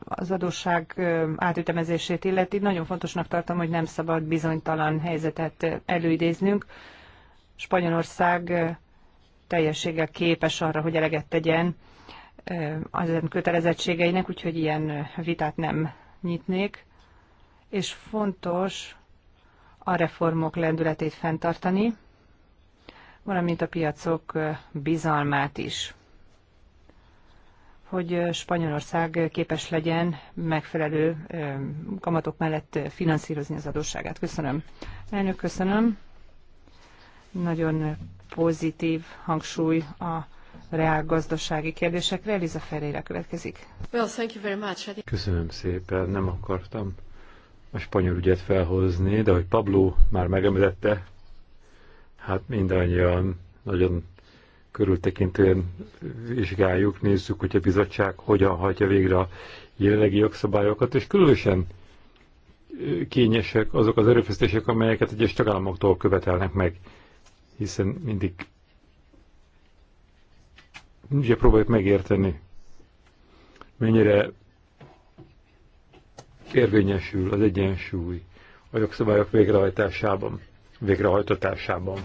az adósság átütemezését illeti. Nagyon fontosnak tartom, hogy nem szabad bizonytalan helyzetet előidéznünk. Spanyolország teljességgel képes arra, hogy eleget tegyen az kötelezettségeinek, úgyhogy ilyen vitát nem nyitnék. És fontos a reformok lendületét fenntartani, valamint a piacok bizalmát is hogy Spanyolország képes legyen megfelelő kamatok mellett finanszírozni az adósságát. Köszönöm. Elnök, köszönöm. Nagyon pozitív hangsúly a reál gazdasági kérdésekre. Eliza Ferreira következik. Well,
thank you very much.
Köszönöm szépen, nem akartam a spanyol ügyet felhozni, de hogy Pablo már megemlítette, hát mindannyian nagyon körültekintően vizsgáljuk, nézzük, hogy a bizottság hogyan hagyja végre a jelenlegi jogszabályokat, és különösen kényesek azok az erőfeszítések, amelyeket egyes tagállamoktól követelnek meg, hiszen mindig ugye próbáljuk megérteni, mennyire érvényesül az egyensúly a jogszabályok végrehajtásában, végrehajtatásában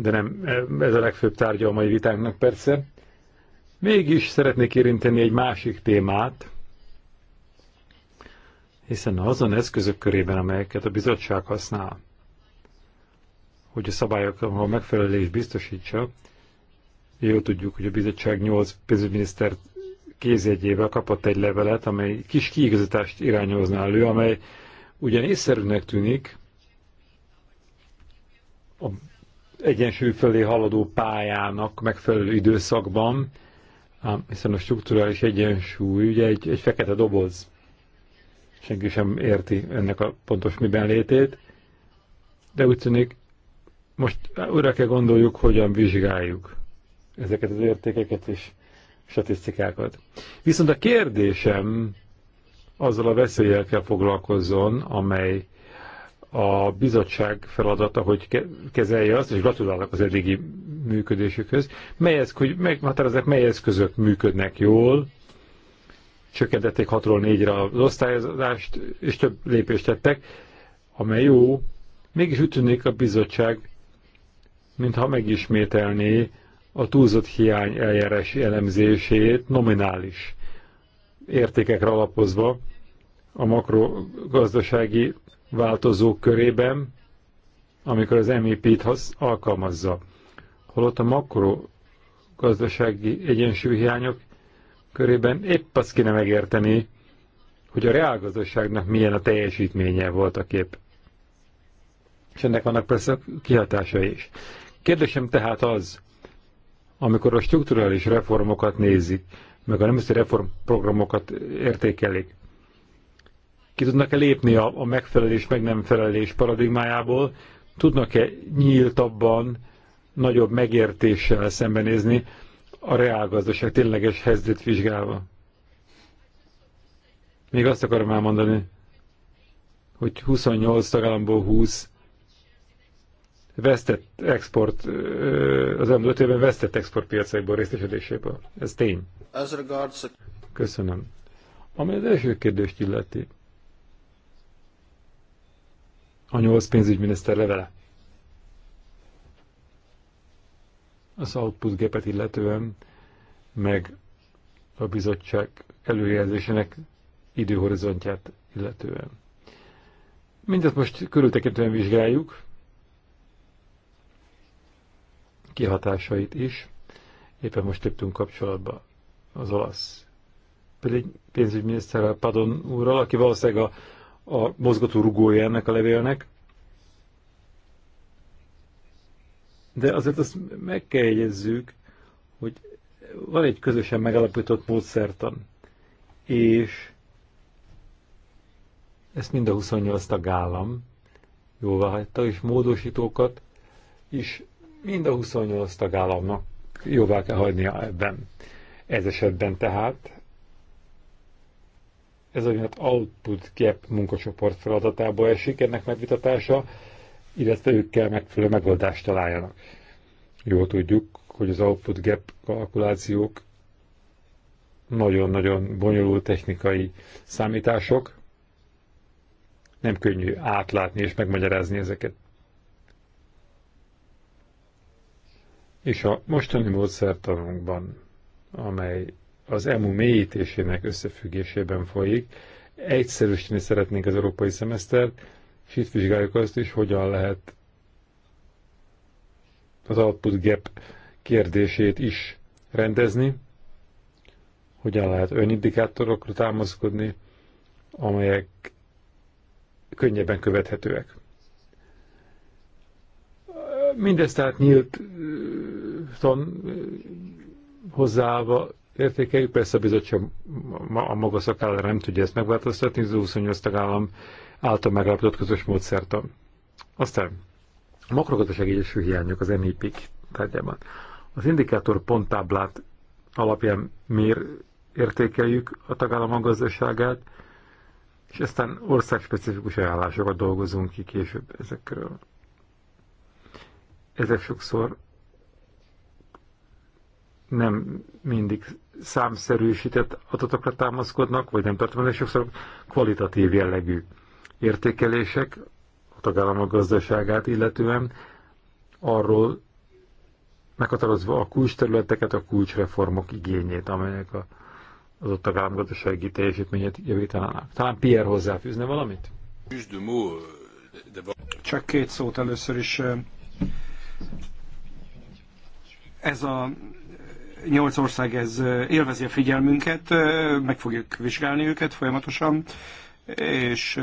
de nem e, ez a legfőbb tárgya a mai vitánknak persze. Mégis szeretnék érinteni egy másik témát, hiszen azon eszközök körében, amelyeket a bizottság használ, hogy a szabályok a megfelelés biztosítsa, jó tudjuk, hogy a bizottság 8 pénzügyminiszter kézjegyével kapott egy levelet, amely kis kiigazítást irányozna elő, amely ugyan észszerűnek tűnik, a egyensúly felé haladó pályának megfelelő időszakban, hiszen a strukturális egyensúly ugye egy, egy fekete doboz. Senki sem érti ennek a pontos miben létét, de úgy tűnik, most újra kell gondoljuk, hogyan vizsgáljuk ezeket az értékeket és statisztikákat. Viszont a kérdésem azzal a veszélyekkel foglalkozzon, amely a bizottság feladata, hogy kezelje azt, és gratulálok az eddigi működésükhöz, mely eszk, hogy meghatározzák, mely eszközök működnek jól, csökkentették 6-ról 4-re az osztályozást, és több lépést tettek, amely jó, mégis úgy tűnik a bizottság, mintha megismételné a túlzott hiány eljárás elemzését nominális értékekre alapozva a makrogazdasági változók körében, amikor az MEP-t alkalmazza. Holott a makro gazdasági egyensúlyhiányok körében épp azt kéne megérteni, hogy a reálgazdaságnak milyen a teljesítménye volt a kép. És ennek vannak persze kihatása is. Kérdésem tehát az, amikor a strukturális reformokat nézik, meg a nemzeti reformprogramokat értékelik, ki tudnak-e lépni a, a megfelelés, meg nem felelés paradigmájából, tudnak-e nyíltabban, nagyobb megértéssel szembenézni a reálgazdaság tényleges helyzetét vizsgálva. Még azt akarom elmondani, hogy 28 tagállamból 20 vesztett export, az elmúlt 5 évben vesztett exportpiacokból részesedéséből. Ez tény. Köszönöm.
Ami az első
kérdést illeti, a nyolc pénzügyminiszter levele. Az output gépet illetően, meg a bizottság előjelzésének időhorizontját illetően. Mindezt most körültekintően vizsgáljuk, kihatásait is. Éppen most léptünk kapcsolatba az olasz pénzügyminiszterrel Padon úrral, aki valószínűleg a a mozgató rugója ennek a levélnek. De azért azt meg kell jegyezzük, hogy van egy közösen megalapított módszertan, és ezt mind a 28 tagállam jóvá hagyta, és módosítókat is mind a 28 tagállamnak jóvá kell hagynia ebben. Ez esetben tehát ez a output gap munkacsoport feladatába esik ennek megvitatása, illetve ők kell megfelelő megoldást találjanak. Jól tudjuk, hogy az output gap kalkulációk nagyon-nagyon bonyolult technikai számítások, nem könnyű átlátni és megmagyarázni ezeket. És a mostani módszertanunkban, amely az EMU mélyítésének összefüggésében folyik. Egyszerűsíteni szeretnénk az európai szemesztert, és itt vizsgáljuk azt is, hogyan lehet az output gap kérdését is rendezni, hogyan lehet önindikátorokra támaszkodni, amelyek könnyebben követhetőek. Mindezt tehát nyílt hozzáállva értékeljük. Persze a bizottság a maga szakállára nem tudja ezt megváltoztatni, az 28 tagállam által megállapodott közös módszertan. Aztán a makrogazdasági egyesül hiányok az MIP-k tárgyában. Az indikátor ponttáblát alapján mér értékeljük a tagállamok gazdaságát, és aztán országspecifikus ajánlásokat dolgozunk ki később ezekről. Ezek sokszor nem mindig számszerűsített adatokra támaszkodnak, vagy nem tartományos, sokszor kvalitatív jellegű értékelések a tagállamok gazdaságát illetően, arról meghatározva a kulcsterületeket, a kulcsreformok igényét, amelyek a, az ott a gazdasági teljesítményét javítanának. Talán Pierre hozzáfűzne
valamit? Csak két szót először is. Ez a nyolc ország ez élvezi a figyelmünket, meg fogjuk vizsgálni őket folyamatosan, és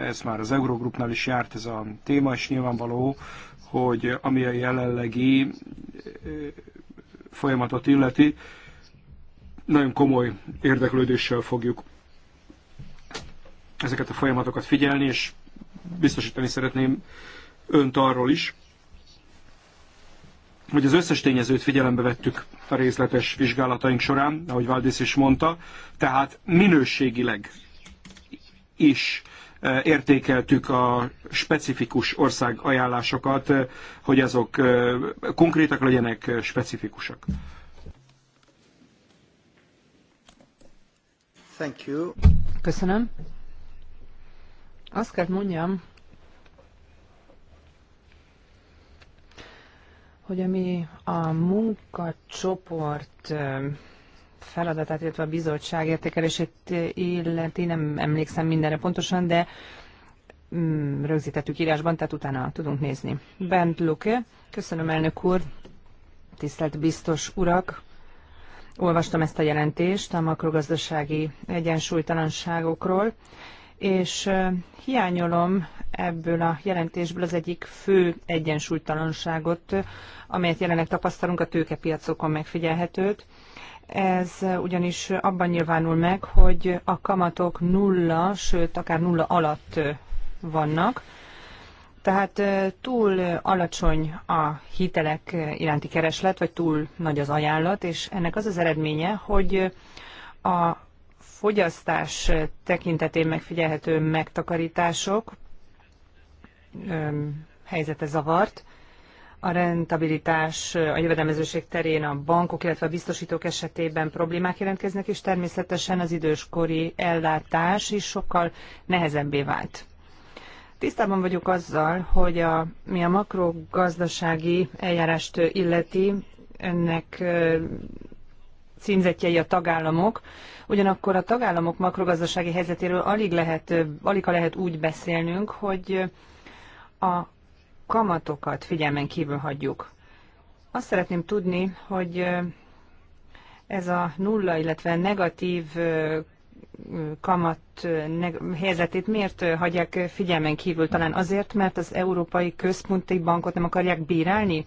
ez már az Eurogrupnál is járt ez a téma, és nyilvánvaló, hogy ami a jelenlegi folyamatot illeti, nagyon komoly érdeklődéssel fogjuk ezeket a folyamatokat figyelni, és biztosítani szeretném önt arról is, hogy az összes tényezőt figyelembe vettük a részletes vizsgálataink során, ahogy Valdis is mondta, tehát minőségileg is e, értékeltük a specifikus ország ajánlásokat, e, hogy azok e, konkrétak legyenek, specifikusak.
Thank you. Köszönöm. Azt kell mondjam, hogy ami a munkacsoport feladatát, illetve a bizottság értékelését illeti, nem emlékszem mindenre pontosan, de mm, rögzítettük írásban, tehát utána tudunk nézni. Bent Luke, köszönöm elnök úr, tisztelt biztos urak, olvastam ezt a jelentést a makrogazdasági egyensúlytalanságokról, és hiányolom ebből a jelentésből az egyik fő egyensúlytalanságot, amelyet jelenleg tapasztalunk a tőkepiacokon megfigyelhetőt. Ez ugyanis abban nyilvánul meg, hogy a kamatok nulla, sőt akár nulla alatt vannak, tehát túl alacsony a hitelek iránti kereslet, vagy túl nagy az ajánlat, és ennek az az eredménye, hogy a fogyasztás tekintetén megfigyelhető megtakarítások helyzete zavart. A rentabilitás a jövedelmezőség terén a bankok, illetve a biztosítók esetében problémák jelentkeznek, és természetesen az időskori ellátás is sokkal nehezebbé vált. Tisztában vagyok azzal, hogy a, mi a makrogazdasági eljárást illeti, ennek címzetjei a tagállamok, ugyanakkor a tagállamok makrogazdasági helyzetéről alig lehet, alig lehet úgy beszélnünk, hogy a kamatokat figyelmen kívül hagyjuk. Azt szeretném tudni, hogy ez a nulla, illetve negatív kamat helyzetét miért hagyják figyelmen kívül? Talán azért, mert az Európai Központi Bankot nem akarják bírálni?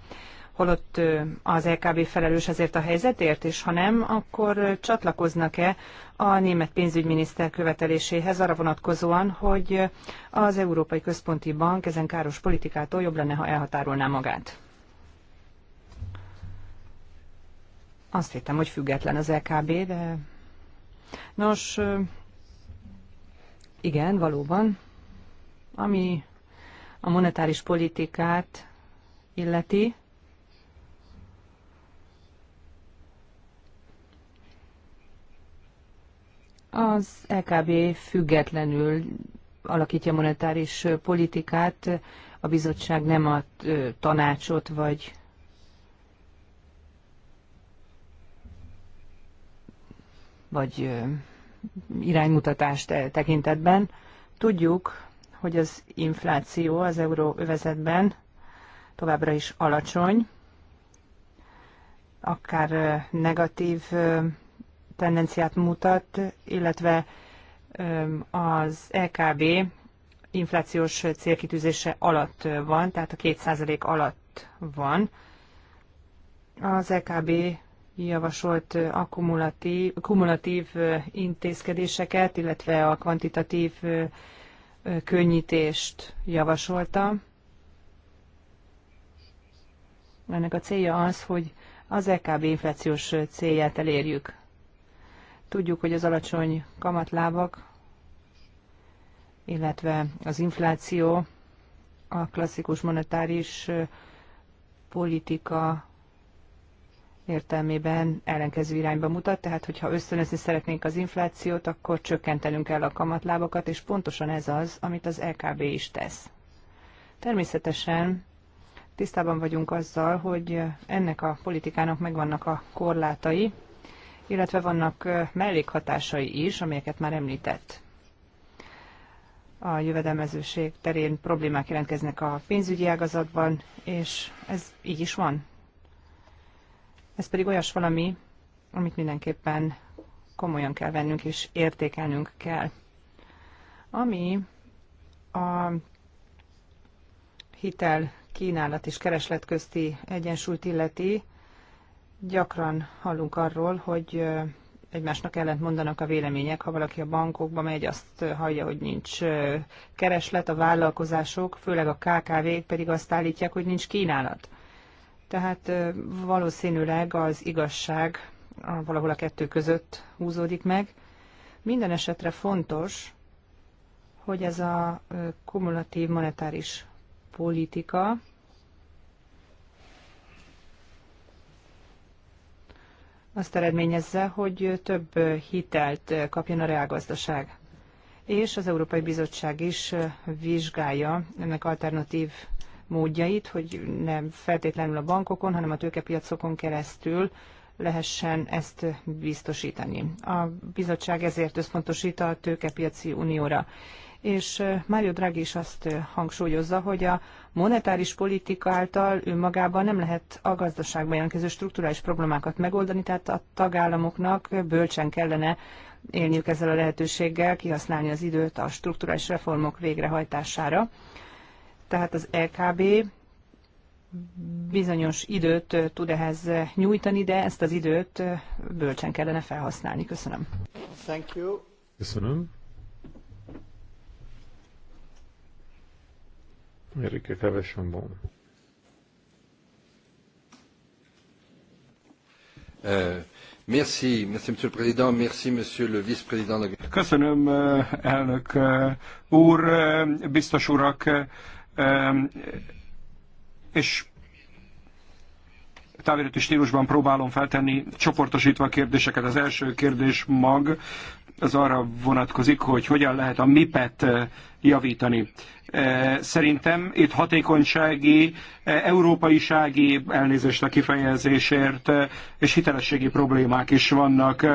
holott az LKB e felelős ezért a helyzetért, és ha nem, akkor csatlakoznak-e a német pénzügyminiszter követeléséhez arra vonatkozóan, hogy az Európai Központi Bank ezen káros politikától jobb lenne, ha elhatárolná magát? Azt hittem, hogy független az LKB, e de... Nos, igen, valóban. Ami a monetáris politikát illeti, Az LKB függetlenül alakítja monetáris politikát, a bizottság nem ad tanácsot vagy vagy iránymutatást e tekintetben. Tudjuk, hogy az infláció az euróövezetben továbbra is alacsony, akár negatív tendenciát mutat, illetve az LKB e inflációs célkitűzése alatt van, tehát a 2% alatt van. Az LKB e javasolt akkumulatív, kumulatív intézkedéseket, illetve a kvantitatív könnyítést javasolta. Ennek a célja az, hogy az EKB inflációs célját elérjük. Tudjuk, hogy az alacsony kamatlábak, illetve az infláció a klasszikus monetáris politika értelmében ellenkező irányba mutat, tehát hogyha ösztönözni szeretnénk az inflációt, akkor csökkentenünk kell a kamatlábakat, és pontosan ez az, amit az LKB is tesz. Természetesen tisztában vagyunk azzal, hogy ennek a politikának megvannak a korlátai, illetve vannak mellékhatásai is, amelyeket már említett. A jövedelmezőség terén problémák jelentkeznek a pénzügyi ágazatban, és ez így is van. Ez pedig olyas valami, amit mindenképpen komolyan kell vennünk és értékelnünk kell. Ami a hitel kínálat és kereslet közti egyensúlyt illeti, Gyakran hallunk arról, hogy egymásnak ellent mondanak a vélemények. Ha valaki a bankokba megy, azt hallja, hogy nincs kereslet, a vállalkozások, főleg a KKV-k pedig azt állítják, hogy nincs kínálat. Tehát valószínűleg az igazság valahol a kettő között húzódik meg. Minden esetre fontos, hogy ez a kumulatív monetáris politika azt eredményezze, hogy több hitelt kapjon a reálgazdaság. És az Európai Bizottság is vizsgálja ennek alternatív módjait, hogy nem feltétlenül a bankokon, hanem a tőkepiacokon keresztül lehessen ezt biztosítani. A bizottság ezért összpontosít a tőkepiaci unióra. És eh, Mário Draghi is azt eh, hangsúlyozza, hogy a monetáris politika által önmagában nem lehet a gazdaságban jelentkező strukturális problémákat megoldani, tehát a tagállamoknak bölcsen kellene élniük ezzel a lehetőséggel, kihasználni az időt a strukturális reformok végrehajtására. Tehát az EKB bizonyos időt tud ehhez nyújtani, de ezt az időt bölcsen kellene felhasználni. Köszönöm. Thank you.
Köszönöm. Erika Kevesambon.
Euh, merci, merci, Monsieur le Président, merci, Monsieur le Vice-président.
Köszönöm, elnök úr, biztos urak és távirati stílusban próbálom feltenni csoportosítva a kérdéseket. Az első kérdés mag az arra vonatkozik, hogy hogyan lehet a MIPET eh, javítani. Eh, szerintem itt hatékonysági, eh, európaisági, elnézést a kifejezésért, és hitelességi problémák is vannak.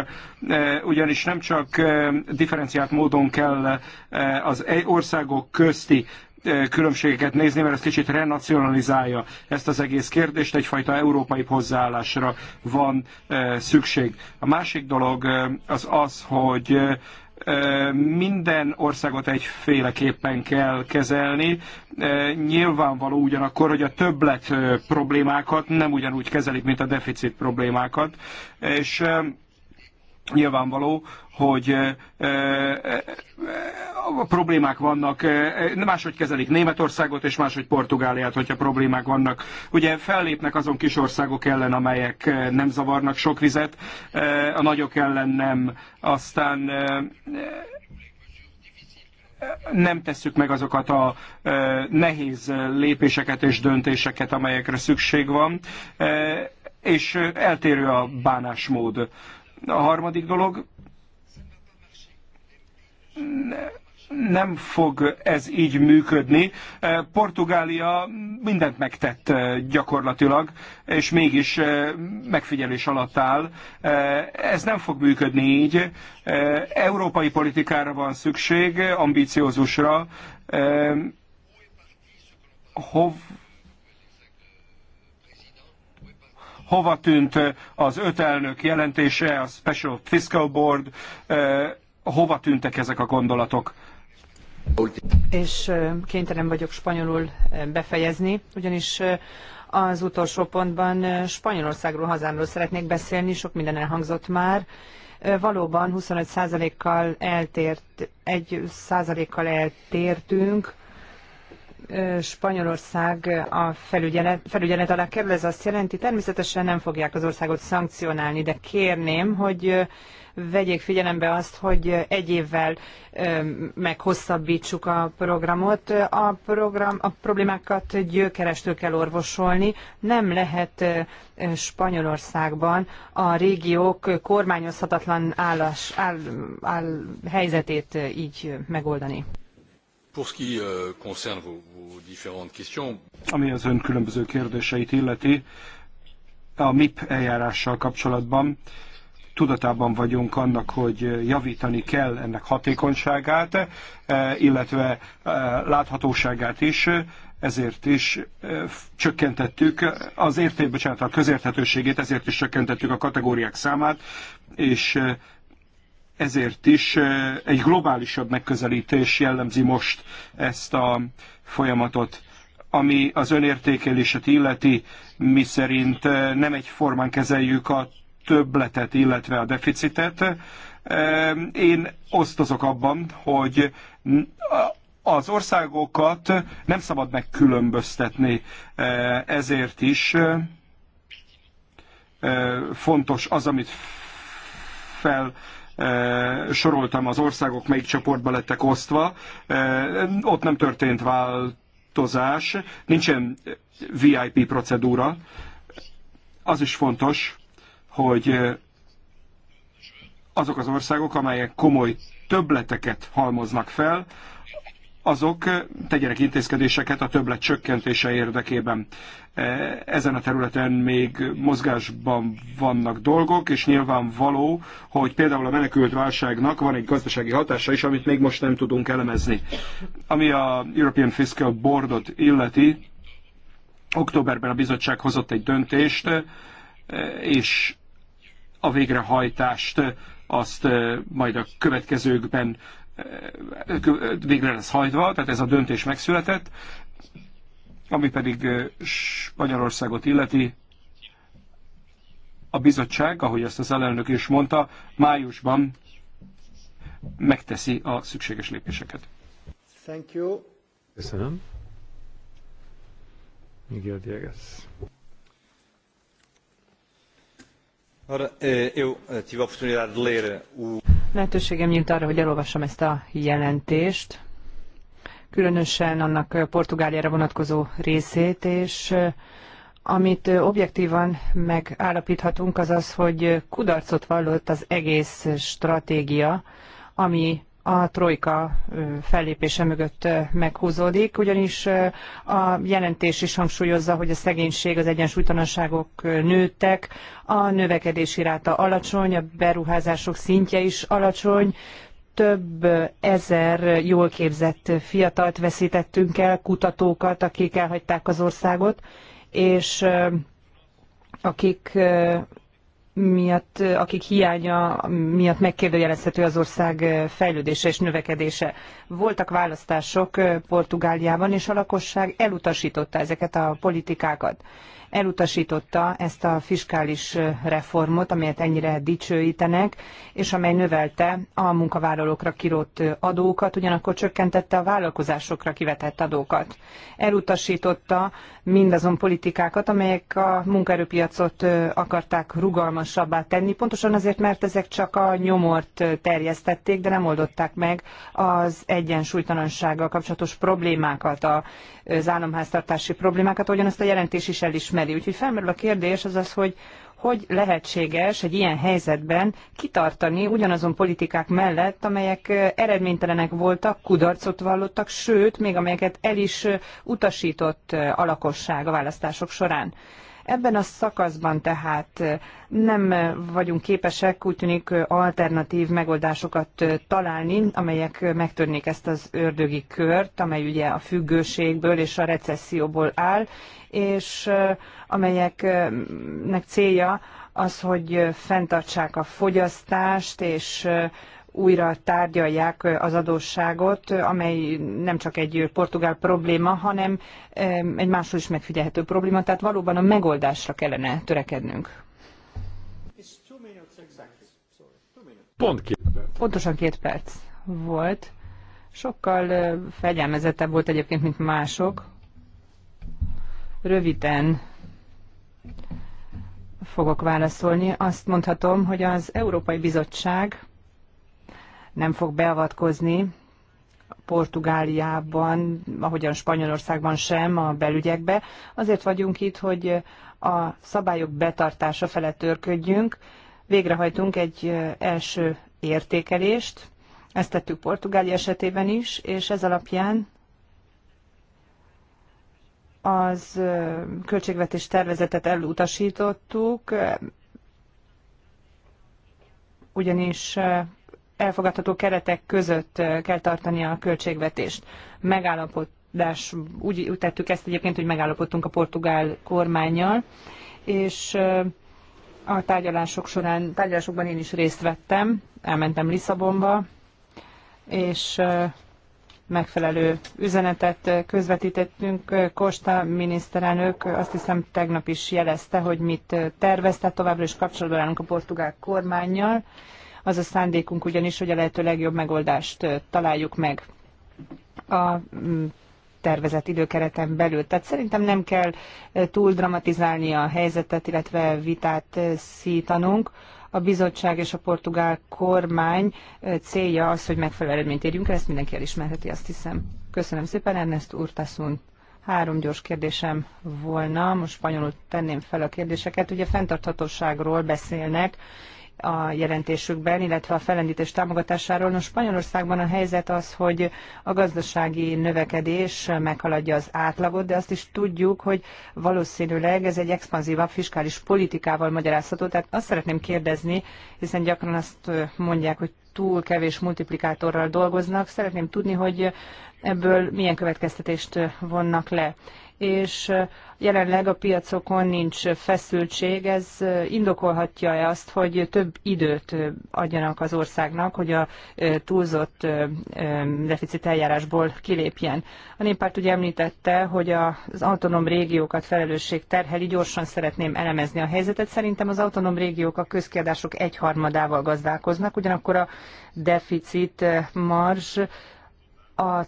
Ugyanis nem csak differenciált módon kell az e-, országok közti Eh, különbségeket nézni, mert ez kicsit renacionalizálja ezt az egész kérdést, egyfajta európai hozzáállásra van eh, szükség. A másik dolog eh, az az, hogy minden országot egyféleképpen kell kezelni. Nyilvánvaló ugyanakkor, hogy a többlet problémákat nem ugyanúgy kezelik, mint a deficit problémákat. És nyilvánvaló, hogy eh, eh, problémák vannak, eh, máshogy kezelik Németországot és máshogy Portugáliát, hogyha problémák vannak. Ugye fellépnek azon kis országok ellen, amelyek nem zavarnak sok vizet, a nagyok ellen nem. Aztán nem tesszük meg azokat a nehéz lépéseket és döntéseket, amelyekre szükség van, és eltérő a bánásmód a harmadik dolog, nem fog ez így működni. E, Portugália mindent megtett e, gyakorlatilag, és mégis e, megfigyelés alatt áll. Ez nem fog működni így. Európai politikára van szükség, ambíciózusra. Hov hova tűnt eh, az öt elnök jelentése, a Special Fiscal Board, eh, hova tűntek ezek a gondolatok?
És eh, kénytelen vagyok spanyolul befejezni, ugyanis az utolsó pontban Spanyolországról, hazámról szeretnék beszélni, sok minden elhangzott már. Valóban 25%-kal eltért, 1%-kal eltértünk Spanyolország a felügyelet, felügyelet alá kerül, ez azt jelenti, természetesen nem fogják az országot szankcionálni, de kérném, hogy vegyék figyelembe azt, hogy egy évvel meghosszabbítsuk a programot. A, program, a problémákat gyökerestől kell orvosolni. Nem lehet Spanyolországban a régiók kormányozhatatlan állás, áll, áll, helyzetét így megoldani.
Pour ce qui euh, concerne vos, ami az ön különböző kérdéseit illeti, a MIP eljárással kapcsolatban tudatában vagyunk annak, hogy javítani kell ennek hatékonyságát, eh, illetve eh, láthatóságát is, ezért is eh, csökkentettük az érték, bocsánat, a közérthetőségét, ezért is csökkentettük a kategóriák számát, és ezért is egy globálisabb megközelítés jellemzi most ezt a folyamatot, ami az önértékelését illeti, mi szerint eh, nem egyformán kezeljük a többletet, illetve a deficitet. Eh, én osztozok abban, hogy az országokat nem szabad megkülönböztetni, eh, ezért is fontos az, amit fel soroltam az országok, melyik csoportba lettek osztva, ott nem történt változás, nincsen VIP procedúra. Az is fontos, hogy azok az országok, amelyek komoly többleteket halmoznak fel, azok tegyenek intézkedéseket a többlet csökkentése érdekében. Ezen a területen még mozgásban vannak dolgok, és nyilvánvaló, hogy például a menekült válságnak van egy gazdasági hatása is, amit még most nem tudunk elemezni. Ami a European Fiscal Boardot illeti, októberben a bizottság hozott egy döntést, és a végrehajtást azt majd a következőkben végre lesz hajtva, tehát ez a döntés megszületett, ami pedig Spanyolországot illeti, a bizottság, ahogy ezt az elnök is mondta, májusban megteszi a szükséges lépéseket.
Thank you. Köszönöm. Miguel Diegas.
Ora, eh, eu eh, tive a oportunidade de ler eh, o
lehetőségem nyílt arra, hogy elolvassam ezt a jelentést, különösen annak Portugáliára vonatkozó részét, és eh, amit eh, objektívan megállapíthatunk, az az, hogy kudarcot vallott az egész stratégia, ami a trojka fellépése mögött meghúzódik, ugyanis a jelentés is hangsúlyozza, hogy a szegénység, az egyensúlytalanságok nőttek, a növekedési ráta alacsony, a beruházások szintje is alacsony, több ezer jól képzett fiatalt veszítettünk el, kutatókat, akik elhagyták az országot, és akik miatt, akik hiánya miatt megkérdőjelezhető az ország fejlődése és növekedése. Voltak választások Portugáliában, és a lakosság elutasította ezeket a politikákat elutasította ezt a fiskális reformot, amelyet ennyire dicsőítenek, és amely növelte a munkavállalókra kirótt adókat, ugyanakkor csökkentette a vállalkozásokra kivetett adókat. Elutasította mindazon politikákat, amelyek a munkaerőpiacot akarták rugalmasabbá tenni, pontosan azért, mert ezek csak a nyomort terjesztették, de nem oldották meg az egyensúlytalansággal kapcsolatos problémákat, az államháztartási problémákat, ahogyan ezt a jelentés is elismeri ismeri. Úgyhogy felmerül a kérdés az az, hogy hogy lehetséges egy ilyen helyzetben kitartani ugyanazon politikák mellett, amelyek eredménytelenek voltak, kudarcot vallottak, sőt, még amelyeket el is utasított a lakosság a választások során. Ebben a szakaszban tehát nem vagyunk képesek úgy tűnik alternatív megoldásokat találni, amelyek megtörnék ezt az ördögi kört, amely ugye a függőségből és a recesszióból áll, és amelyeknek célja az, hogy fenntartsák a fogyasztást, és újra tárgyalják az adósságot, amely nem csak egy portugál probléma, hanem egy máshol is megfigyelhető probléma, tehát valóban a megoldásra kellene törekednünk. Pont két perc. Pontosan két perc volt. Sokkal fegyelmezettebb volt egyébként, mint mások. Röviden fogok válaszolni. Azt mondhatom, hogy az Európai Bizottság nem fog beavatkozni Portugáliában, ahogyan Spanyolországban sem a belügyekbe. Azért vagyunk itt, hogy a szabályok betartása felett törködjünk. Végrehajtunk egy első értékelést, ezt tettük Portugália esetében is, és ez alapján az költségvetés tervezetet elutasítottuk, ugyanis elfogadható keretek között kell tartani a költségvetést. Megállapodás, úgy, tettük ezt egyébként, hogy megállapodtunk a portugál kormányjal, és a tárgyalások során, tárgyalásokban én is részt vettem, elmentem Lisszabonba, és megfelelő üzenetet közvetítettünk. Kosta miniszterelnök azt hiszem tegnap is jelezte, hogy mit tervez, továbbra is kapcsolatban állunk a portugál kormányjal, az a szándékunk ugyanis, hogy a lehető legjobb megoldást találjuk meg a mm, tervezett időkereten belül. Tehát szerintem nem kell túl dramatizálni a helyzetet, illetve vitát szítanunk. A bizottság és a portugál kormány célja az, hogy megfelelő eredményt érjünk el, ezt mindenki elismerheti, azt hiszem. Köszönöm szépen, Ernest Urtasun. Három gyors kérdésem volna, most spanyolul tenném fel a kérdéseket. Ugye fenntarthatóságról beszélnek, a jelentésükben, illetve a felendítés támogatásáról. Nos, Spanyolországban a helyzet az, hogy a gazdasági növekedés meghaladja az átlagot, de azt is tudjuk, hogy valószínűleg ez egy expanzívabb fiskális politikával magyarázható. Tehát azt szeretném kérdezni, hiszen gyakran azt mondják, hogy túl kevés multiplikátorral dolgoznak. Szeretném tudni, hogy ebből milyen következtetést vonnak le és jelenleg a piacokon nincs feszültség. Ez indokolhatja-e azt, hogy több időt adjanak az országnak, hogy a túlzott deficit eljárásból kilépjen? A néppárt ugye említette, hogy az autonóm régiókat felelősség terheli, gyorsan szeretném elemezni a helyzetet. Szerintem az autonóm régiók a közkiadások egyharmadával gazdálkoznak, ugyanakkor a deficit marzs a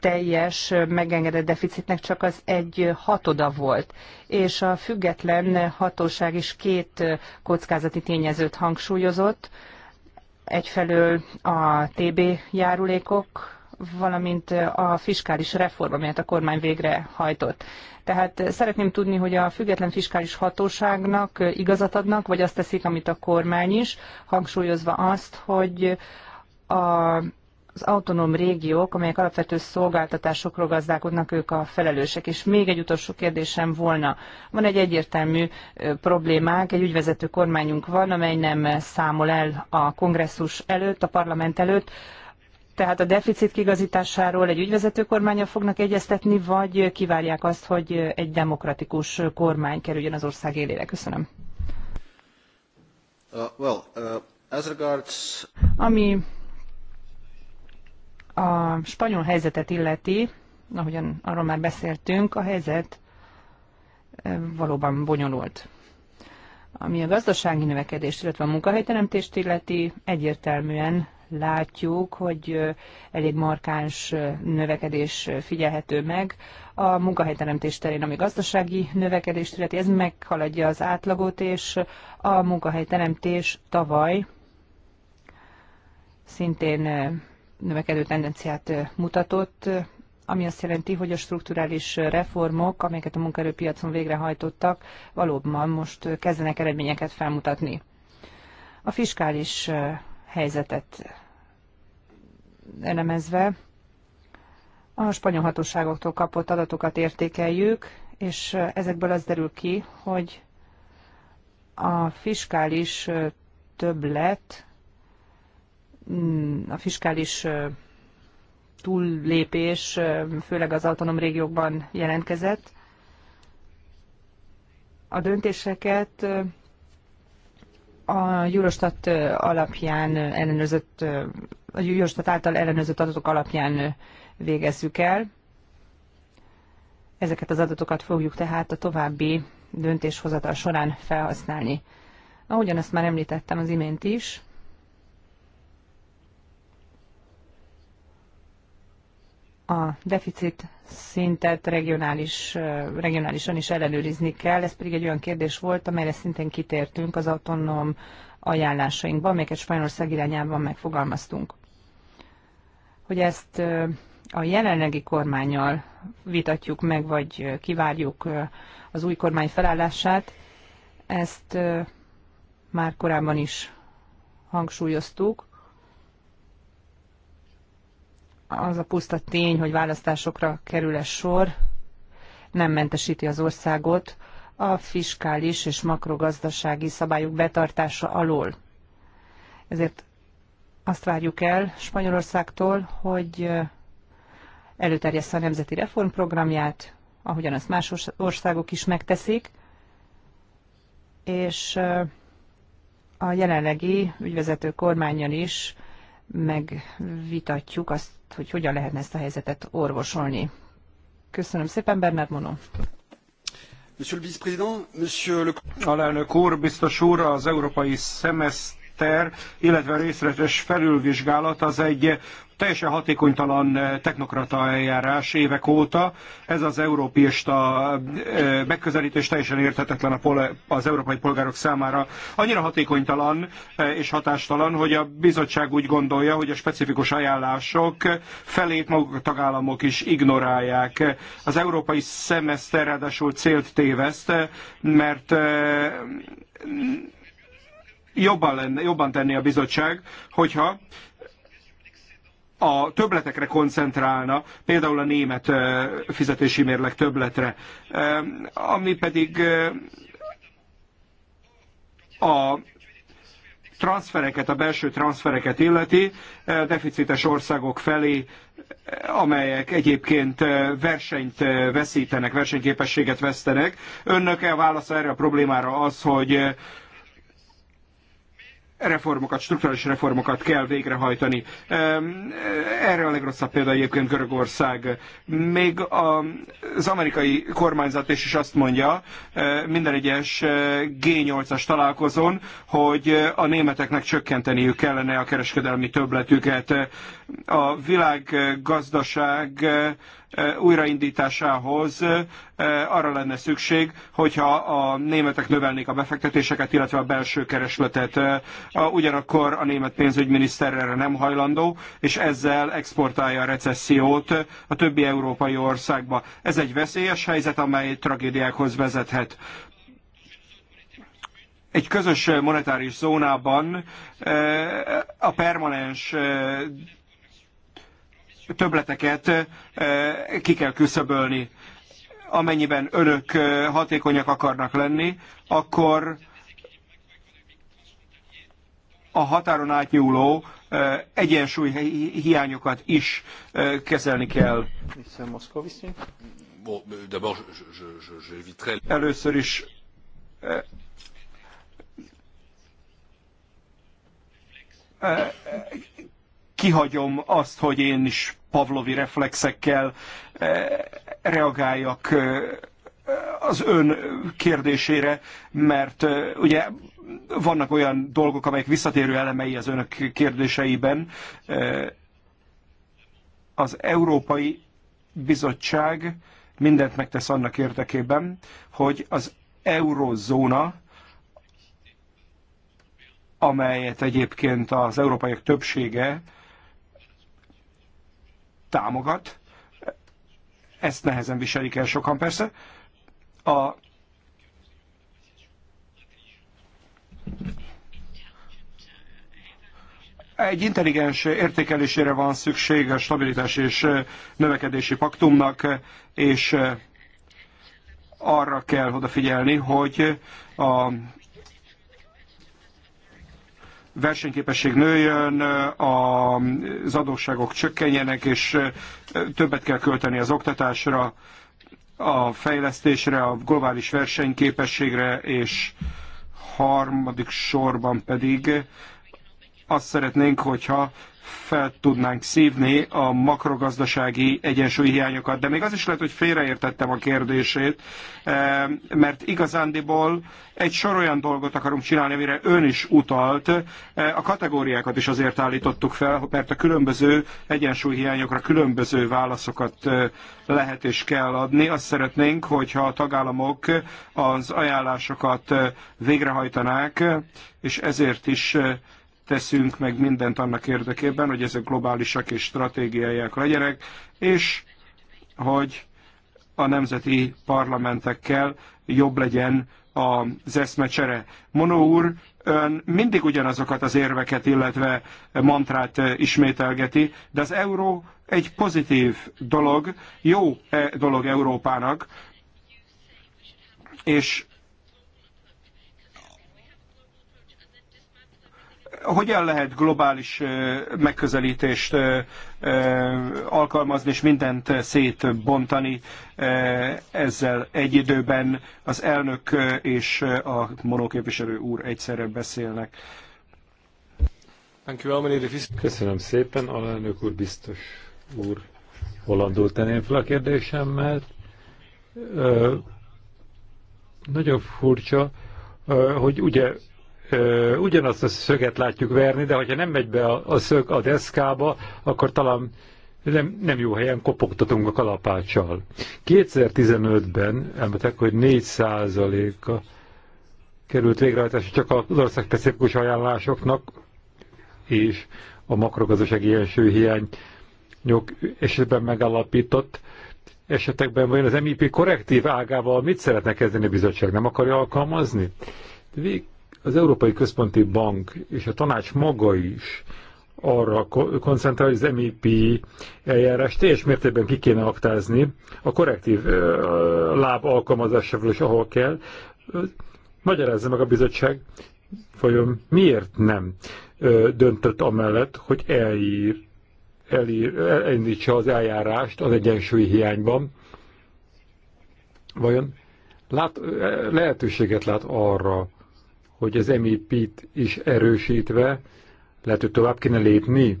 teljes megengedett deficitnek csak az egy hatoda volt, és a független hatóság is két kockázati tényezőt hangsúlyozott, egyfelől a TB járulékok, valamint a fiskális reform, amelyet a kormány végre hajtott. Tehát szeretném tudni, hogy a független fiskális hatóságnak igazat adnak, vagy azt teszik, amit a kormány is, hangsúlyozva azt, hogy a az autonóm régiók, amelyek alapvető szolgáltatásokról gazdálkodnak, ők a felelősek. És még egy utolsó kérdésem volna. Van egy egyértelmű problémánk, egy ügyvezető kormányunk van, amely nem számol el a kongresszus előtt, a parlament előtt, tehát a deficit kigazításáról egy ügyvezető kormánya fognak egyeztetni, vagy kivárják azt, hogy egy demokratikus kormány kerüljön az ország élére? Köszönöm. Uh, well, uh, as regards... Ami a spanyol helyzetet illeti, ahogyan arról már beszéltünk, a helyzet valóban bonyolult. Ami a gazdasági növekedést, illetve a munkahelyteremtést illeti, egyértelműen látjuk, hogy elég markáns növekedés figyelhető meg. A munkahelyteremtés terén, ami gazdasági növekedést illeti, ez meghaladja az átlagot, és a munkahelyteremtés tavaly szintén növekedő tendenciát mutatott, ami azt jelenti, hogy a strukturális reformok, amelyeket a munkaerőpiacon végrehajtottak, valóban most kezdenek eredményeket felmutatni. A fiskális helyzetet elemezve a spanyol hatóságoktól kapott adatokat értékeljük, és ezekből az derül ki, hogy a fiskális többlet Mm, a fiskális túllépés, főleg az autonóm régiókban jelentkezett. A döntéseket a Eurostat alapján ellenőrzött, a Eurostat által ellenőrzött adatok alapján végezzük el. Ezeket az adatokat fogjuk tehát a további döntéshozatal során felhasználni. Ahogyan ezt már említettem az imént is, a deficit szintet regionális, regionálisan is ellenőrizni kell. Ez pedig egy olyan kérdés volt, amelyre szintén kitértünk az autonóm ajánlásainkban, amelyeket Spanyolország irányában megfogalmaztunk. Hogy ezt a jelenlegi kormányjal vitatjuk meg, vagy kivárjuk az új kormány felállását, ezt már korábban is hangsúlyoztuk az a puszta tény, hogy választásokra kerül-e sor, nem mentesíti az országot a fiskális és makrogazdasági szabályok betartása alól. Ezért azt várjuk el Spanyolországtól, hogy előterjessze a nemzeti reformprogramját, ahogyan azt más országok is megteszik, és a jelenlegi ügyvezető kormányjal is megvitatjuk azt, hogy hogyan lehetne ezt a helyzetet orvosolni. Köszönöm szépen, Bernard Mono.
Monsieur le vice-président, monsieur le... Alelnök úr, biztos úr, az európai szemeszter miniszter, illetve részletes felülvizsgálat az egy teljesen hatékonytalan technokrata eljárás évek óta. Ez az európista megközelítés teljesen érthetetlen az európai polgárok számára. Annyira hatékonytalan és hatástalan, hogy a bizottság úgy gondolja, hogy a specifikus ajánlások felét maguk a tagállamok is ignorálják. Az európai szemeszter ráadásul célt téveszt, mert jobban, lenne, jobban tenni a bizottság, hogyha a töbletekre koncentrálna, például a német fizetési mérleg töbletre, ami pedig a transfereket, a belső transfereket illeti, deficites országok felé, amelyek egyébként versenyt veszítenek, versenyképességet vesztenek. Önök a válasz erre a problémára az, hogy reformokat, strukturális reformokat kell végrehajtani. Erre a legrosszabb példa egyébként Görögország. Még az amerikai kormányzat is azt mondja e, minden egyes e, G8-as találkozón, hogy a németeknek csökkenteniük kellene a kereskedelmi többletüket. A világgazdaság gazdaság újraindításához arra lenne szükség, hogyha a németek növelnék a befektetéseket, illetve a belső keresletet. Ugyanakkor a német pénzügyminiszter erre nem hajlandó, és ezzel exportálja a recessziót a többi európai országba. Ez egy veszélyes helyzet, amely tragédiákhoz vezethet egy közös monetáris zónában a permanens többleteket ki kell küszöbölni. Amennyiben önök hatékonyak akarnak lenni, akkor a határon átnyúló egyensúly hiányokat is kezelni kell. Euh, Először is kihagyom azt, hogy én is pavlovi reflexekkel eh, reagáljak eh, az ön kérdésére, mert eh, ugye vannak olyan dolgok, amelyek visszatérő elemei az önök kérdéseiben. Az Európai Bizottság mindent megtesz annak érdekében, hogy az eurozóna, amelyet egyébként az európaiak többsége támogat, ezt nehezen viselik el sokan persze, a egy intelligens értékelésére van szükség a stabilitás és növekedési paktumnak, és arra kell odafigyelni, hogy a versenyképesség nőjön, az adósságok csökkenjenek, és többet kell költeni az oktatásra, a fejlesztésre, a globális versenyképességre, és harmadik sorban pedig azt szeretnénk, hogyha fel tudnánk szívni a makrogazdasági egyensúlyhiányokat. De még az is lehet, hogy félreértettem a kérdését, eh, mert igazándiból egy sor olyan dolgot akarunk csinálni, amire ön is utalt. Eh, a kategóriákat is azért állítottuk fel, mert a különböző egyensúlyhiányokra különböző válaszokat eh, lehet és kell adni. Azt szeretnénk, hogyha a tagállamok az ajánlásokat végrehajtanák, és ezért is teszünk meg mindent annak érdekében, hogy ezek globálisak és stratégiaiak legyenek, és hogy a nemzeti parlamentekkel jobb legyen az eszmecsere. Monó úr, ön mindig ugyanazokat az érveket, illetve mantrát ismételgeti, de az euró egy pozitív dolog, jó dolog Európának, és hogyan lehet globális megközelítést alkalmazni és mindent szétbontani ezzel egy időben az elnök és a monoképviselő úr egyszerre beszélnek.
Köszönöm szépen, alelnök úr, biztos úr. Hollandul tenném fel a kérdésemmel. Nagyon furcsa, hogy ugye ugyanazt a szöget látjuk verni, de hogyha nem megy be a, a szög a deszkába, akkor talán nem, nem jó helyen kopogtatunk a kalapáccsal. 2015-ben elmetek, hogy 4%-a került végrehajtásra csak az ország specifikus ajánlásoknak, és a makrogazdasági jelenső hiány nyok esetben megállapított esetekben vagy az MIP korrektív ágával mit szeretne kezdeni a bizottság? Nem akarja alkalmazni? Vég, az Európai Központi Bank és a tanács maga is arra koncentrál, hogy az MEP eljárás teljes mértékben ki kéne aktázni a korrektív láb alkalmazásával is, ahol kell. Magyarázza meg a bizottság, vajon miért nem döntött amellett, hogy elír, elír, elindítsa az eljárást az egyensúly hiányban. Vajon lát, lehetőséget lát arra, hogy az MEP-t is erősítve lehet, hogy tovább kéne lépni,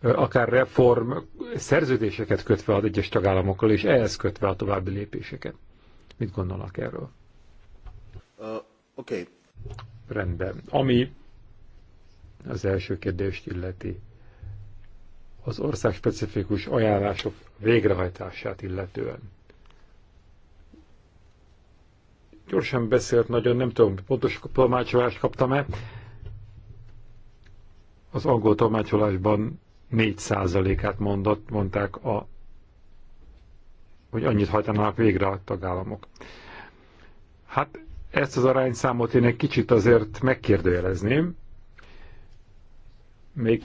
akár reform szerződéseket kötve az egyes tagállamokkal, és ehhez kötve a további lépéseket. Mit gondolnak erről? Uh, Oké. Okay. Rendben. Ami az első kérdést illeti, az országspecifikus ajánlások végrehajtását illetően gyorsan beszélt nagyon, nem tudom, pontos tolmácsolást kaptam-e. Az angol tolmácsolásban 4%-át mondott, mondták, a, hogy annyit hajtanának végre a tagállamok. Hát ezt az arányszámot én egy kicsit azért megkérdőjelezném. Még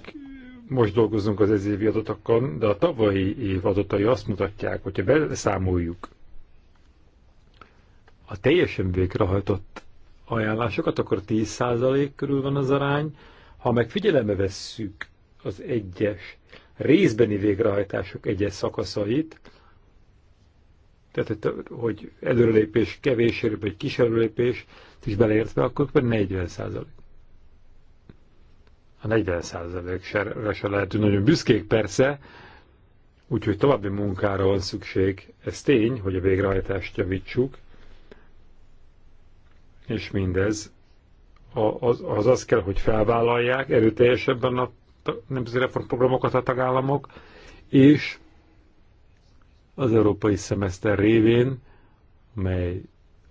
most dolgozunk az ezévi adatokon, de a tavalyi év adatai azt mutatják, hogyha beszámoljuk ha teljesen végrehajtott ajánlásokat, akkor 10% körül van az arány, ha meg figyelembe vesszük az egyes részbeni végrehajtások egyes szakaszait, tehát hogy, előrelépés kevés vagy kis előrelépés is beleértve, akkor 40 százalék. A 40 százalékra se hogy nagyon büszkék persze, úgyhogy további munkára van szükség. Ez tény, hogy a végrehajtást javítsuk, és mindez az, az az kell, hogy felvállalják erőteljesebben a nemzeti reformprogramokat a tagállamok, és az európai szemeszter révén, mely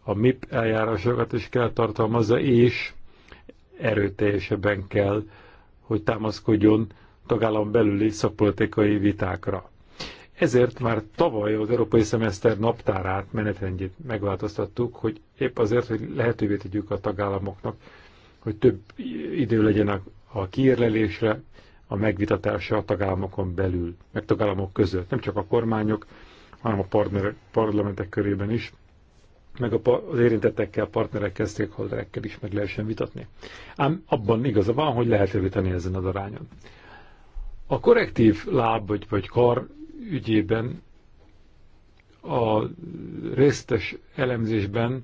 a MIP eljárásokat is kell tartalmazza, és erőteljesebben kell, hogy támaszkodjon tagállam belüli szakpolitikai vitákra. Ezért már tavaly az európai szemeszter naptárát, menetrendjét megváltoztattuk, hogy épp azért, hogy lehetővé tegyük a tagállamoknak, hogy több idő legyen a, kiérlelésre, a megvitatása a tagállamokon belül, meg tagállamok között. Nem csak a kormányok, hanem a partnerek, parlamentek körében is, meg a, az érintettekkel, partnerekkel, stakeholderekkel is meg lehessen vitatni. Ám abban igaza van, hogy lehetővé tenni ezen az arányon. A korrektív láb vagy, vagy kar ügyében a résztes elemzésben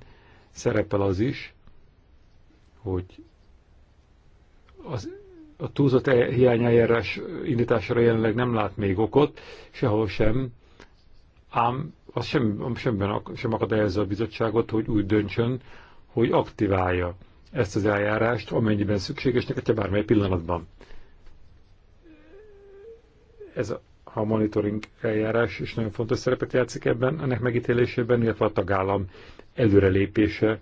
szerepel az is, hogy az, a túlzott e- hiányeljárás indítására jelenleg nem lát még okot, sehol sem, ám az sem, semben, sem akadályozza a bizottságot, hogy úgy döntsön, hogy aktiválja ezt az eljárást, amennyiben szükséges, neked bármely pillanatban. Ez a, a monitoring eljárás is nagyon fontos szerepet játszik ebben, ennek megítélésében, illetve a tagállam előrelépése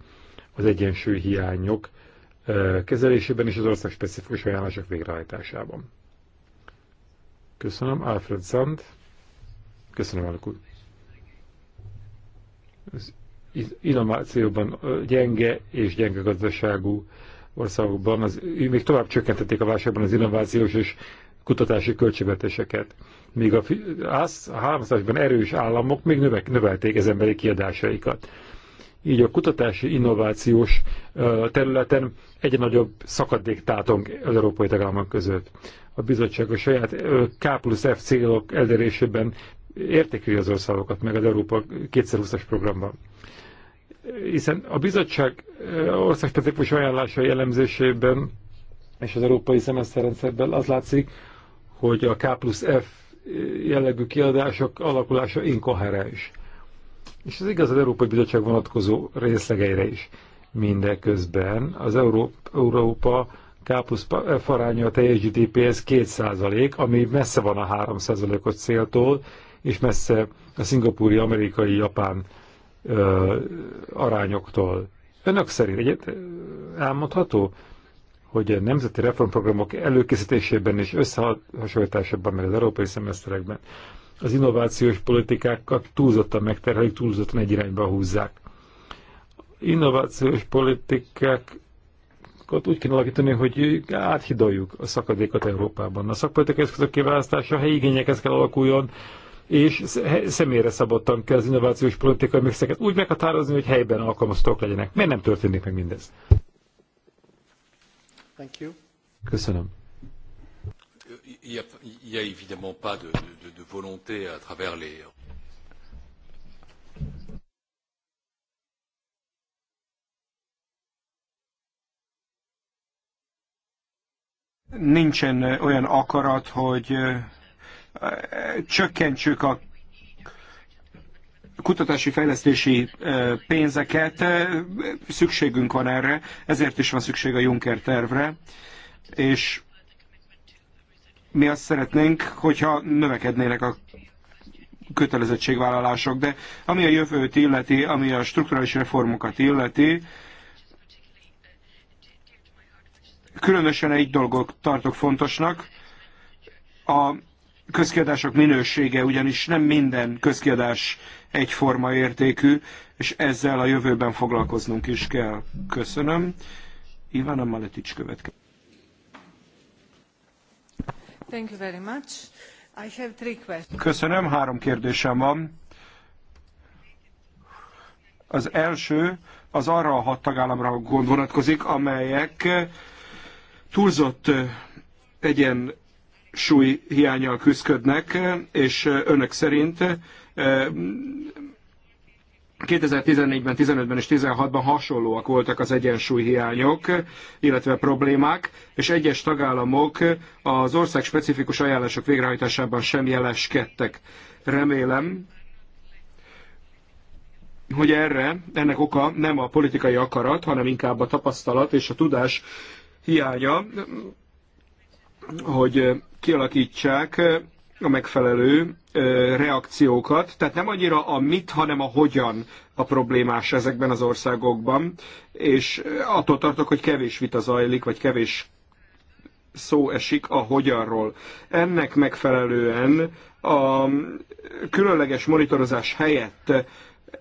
az egyensúly hiányok kezelésében és az ország specifikus ajánlások végrehajtásában. Köszönöm, Alfred Sand. Köszönöm, elnök úr. Az innovációban gyenge és gyenge gazdaságú országokban az, még tovább csökkentették a válságban az innovációs és kutatási költségvetéseket míg a háromszázban erős államok még növek, növelték az emberi kiadásaikat. Így a kutatási innovációs területen egyre nagyobb szakadék tátong az európai tagállamok között. A bizottság a saját K plusz F célok elérésében értékeli az országokat, meg az Európa 2020-as programban hiszen a bizottság országspecifikus ajánlása jellemzésében és az európai szemeszterrendszerben az látszik, hogy a K plusz F jellegű kiadások alakulása inkoherens. És ez igaz az Európai Bizottság vonatkozó részlegeire is. Mindeközben az Európa K plusz eh, aránya a teljes GDP-hez 2 ami messze van a 3 os céltól, és messze a szingapúri, amerikai, japán ö, arányoktól. Önök szerint egyet elmondható, hogy a nemzeti reformprogramok előkészítésében és összehasonlításában, meg az európai szemeszterekben az innovációs politikákat túlzottan megterhelik, túlzottan egy irányba húzzák. Innovációs politikákat úgy kell alakítani, hogy áthidaljuk a szakadékot Európában. A szakpolitikai eszközök kiválasztása helyi igényekhez kell alakuljon, és személyre szabottan kell az innovációs politikai mixeket úgy meghatározni, hogy helyben alkalmazhatók legyenek. Miért nem történik meg mindez? Thank you. Köszönöm. Il n'y a évidemment pas de, de, de volonté à travers les
nincsen olyan akarat, hogy csökkentsük a kutatási fejlesztési pénzeket, szükségünk van erre, ezért is van szükség a Juncker tervre, és mi azt szeretnénk, hogyha növekednének a kötelezettségvállalások, de ami a jövőt illeti, ami a strukturális reformokat illeti, különösen egy dolgot tartok fontosnak, a közkiadások minősége, ugyanis nem minden közkiadás egyforma értékű, és ezzel a jövőben foglalkoznunk is kell. Köszönöm. Ivana Maletics következik.
Thank you very much. I have three questions.
Köszönöm, három kérdésem van. Az első az arra a hat tagállamra vonatkozik, amelyek túlzott egyen súly hiányjal küzdködnek, és önök szerint 2014-ben, 15-ben és 16-ban hasonlóak voltak az egyensúlyhiányok, illetve problémák, és egyes tagállamok az ország specifikus ajánlások végrehajtásában sem jeleskedtek. Remélem, hogy erre, ennek oka nem a politikai akarat, hanem inkább a tapasztalat és a tudás hiánya, hogy kialakítsák a megfelelő reakciókat, tehát nem annyira a mit, hanem a hogyan a problémás ezekben az országokban, és attól tartok, hogy kevés vita zajlik, vagy kevés szó esik a hogyanról. Ennek megfelelően a különleges monitorozás helyett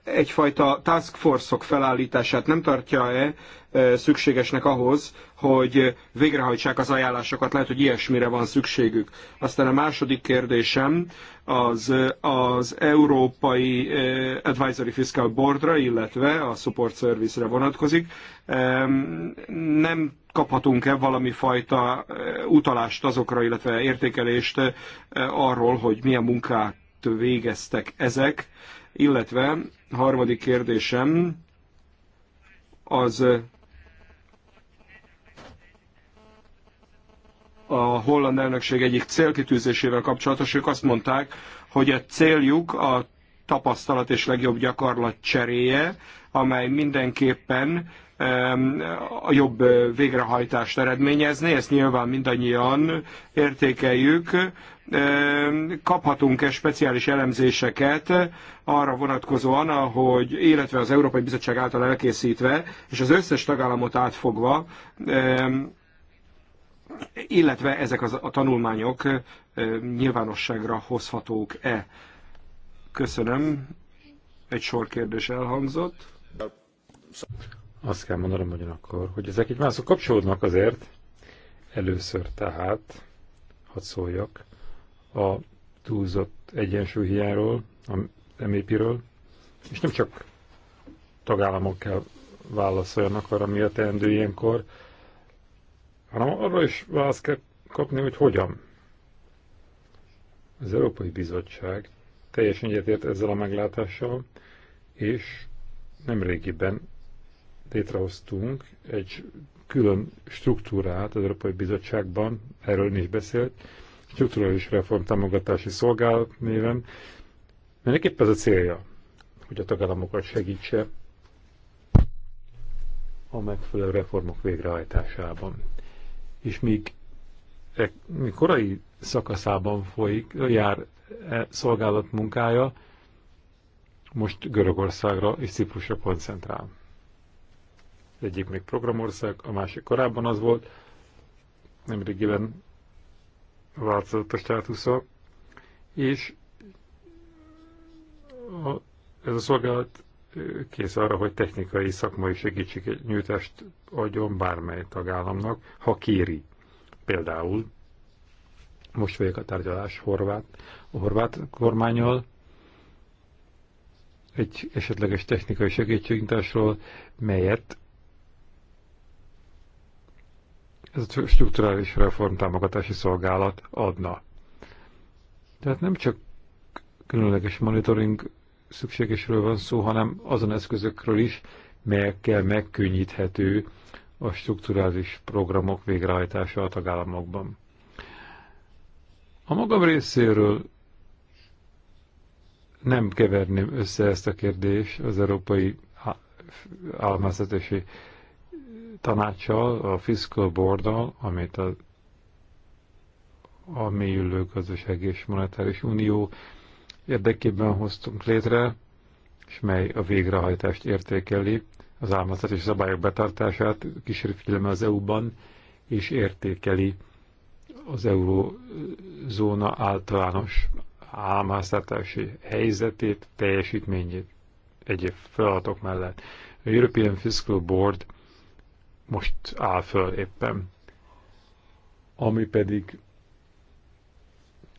egyfajta task force-ok felállítását nem tartja-e e, szükségesnek ahhoz, hogy végrehajtsák az ajánlásokat, lehet, hogy ilyesmire van szükségük. Aztán a második kérdésem az, e, az Európai e, Advisory Fiscal Boardra, illetve a Support Service-re vonatkozik. Nem kaphatunk-e valami fajta utalást azokra, illetve értékelést arról, hogy milyen munkát végeztek ezek, illetve harmadik kérdésem az a holland elnökség egyik célkitűzésével kapcsolatos, ők azt mondták, hogy a céljuk a tapasztalat és legjobb gyakorlat cseréje, amely mindenképpen a jobb végrehajtást eredményezni, ezt nyilván mindannyian értékeljük. Kaphatunk-e speciális elemzéseket arra vonatkozóan, ahogy, illetve az Európai Bizottság által elkészítve, és az összes tagállamot átfogva, illetve ezek az, a tanulmányok nyilvánosságra hozhatók-e? Köszönöm. Egy sor kérdés elhangzott.
Azt kell mondanom ugyanakkor, hogy ezek mások kapcsolódnak azért. Először tehát, hadd szóljak, a túlzott egyensúlyhiányról, a MEP-ről, és nem csak tagállamok kell válaszoljanak arra, mi a teendő ilyenkor, hanem arra is választ kell kapni, hogy hogyan. Az Európai Bizottság teljesen egyetért ezzel a meglátással, és nem régiben létrehoztunk egy külön struktúrát az Európai Bizottságban, erről is beszélt, strukturális reform támogatási szolgálat néven. Mindenképp ez a célja, hogy a tagállamokat segítse a megfelelő reformok végrehajtásában. És míg e, korai szakaszában folyik, jár e szolgálat munkája, most Görögországra és Ciprusra koncentrál az egyik még programország, a másik korábban az volt, nemrégiben változott a státusza, és a, ez a szolgálat kész arra, hogy technikai, szakmai segítségnyújtást adjon bármely tagállamnak, ha kéri. Például most vagyok a tárgyalás horvát, a horvát kormányal, egy esetleges technikai segítségnyújtásról, melyet ez a strukturális reformtámogatási szolgálat adna. Tehát nem csak különleges monitoring szükségesről van szó, hanem azon eszközökről is, melyekkel megkönnyíthető a strukturális programok végrehajtása a tagállamokban. A magam részéről nem keverném össze ezt a kérdést az európai álmáztatási tanácssal, a Fiscal Boarddal, amit a, a mélyülő gazdaság és monetáris unió érdekében hoztunk létre, és mely a végrehajtást értékeli, az álmaztatási szabályok betartását kísérő figyelme az EU-ban, és értékeli az eurózóna általános álmáztatási helyzetét, teljesítményét egyéb feladatok mellett. A European Fiscal Board most áll föl éppen. Ami pedig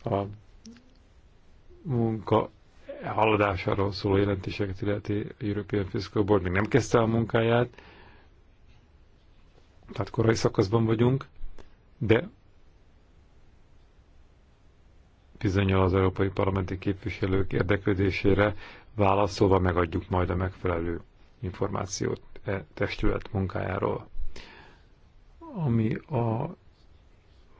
a munka haladásáról szóló jelentéseket illeti European Fiscal Board még nem kezdte a munkáját, tehát korai szakaszban vagyunk, de bizonyal az európai parlamenti képviselők érdeklődésére válaszolva megadjuk majd a megfelelő információt e testület munkájáról ami a,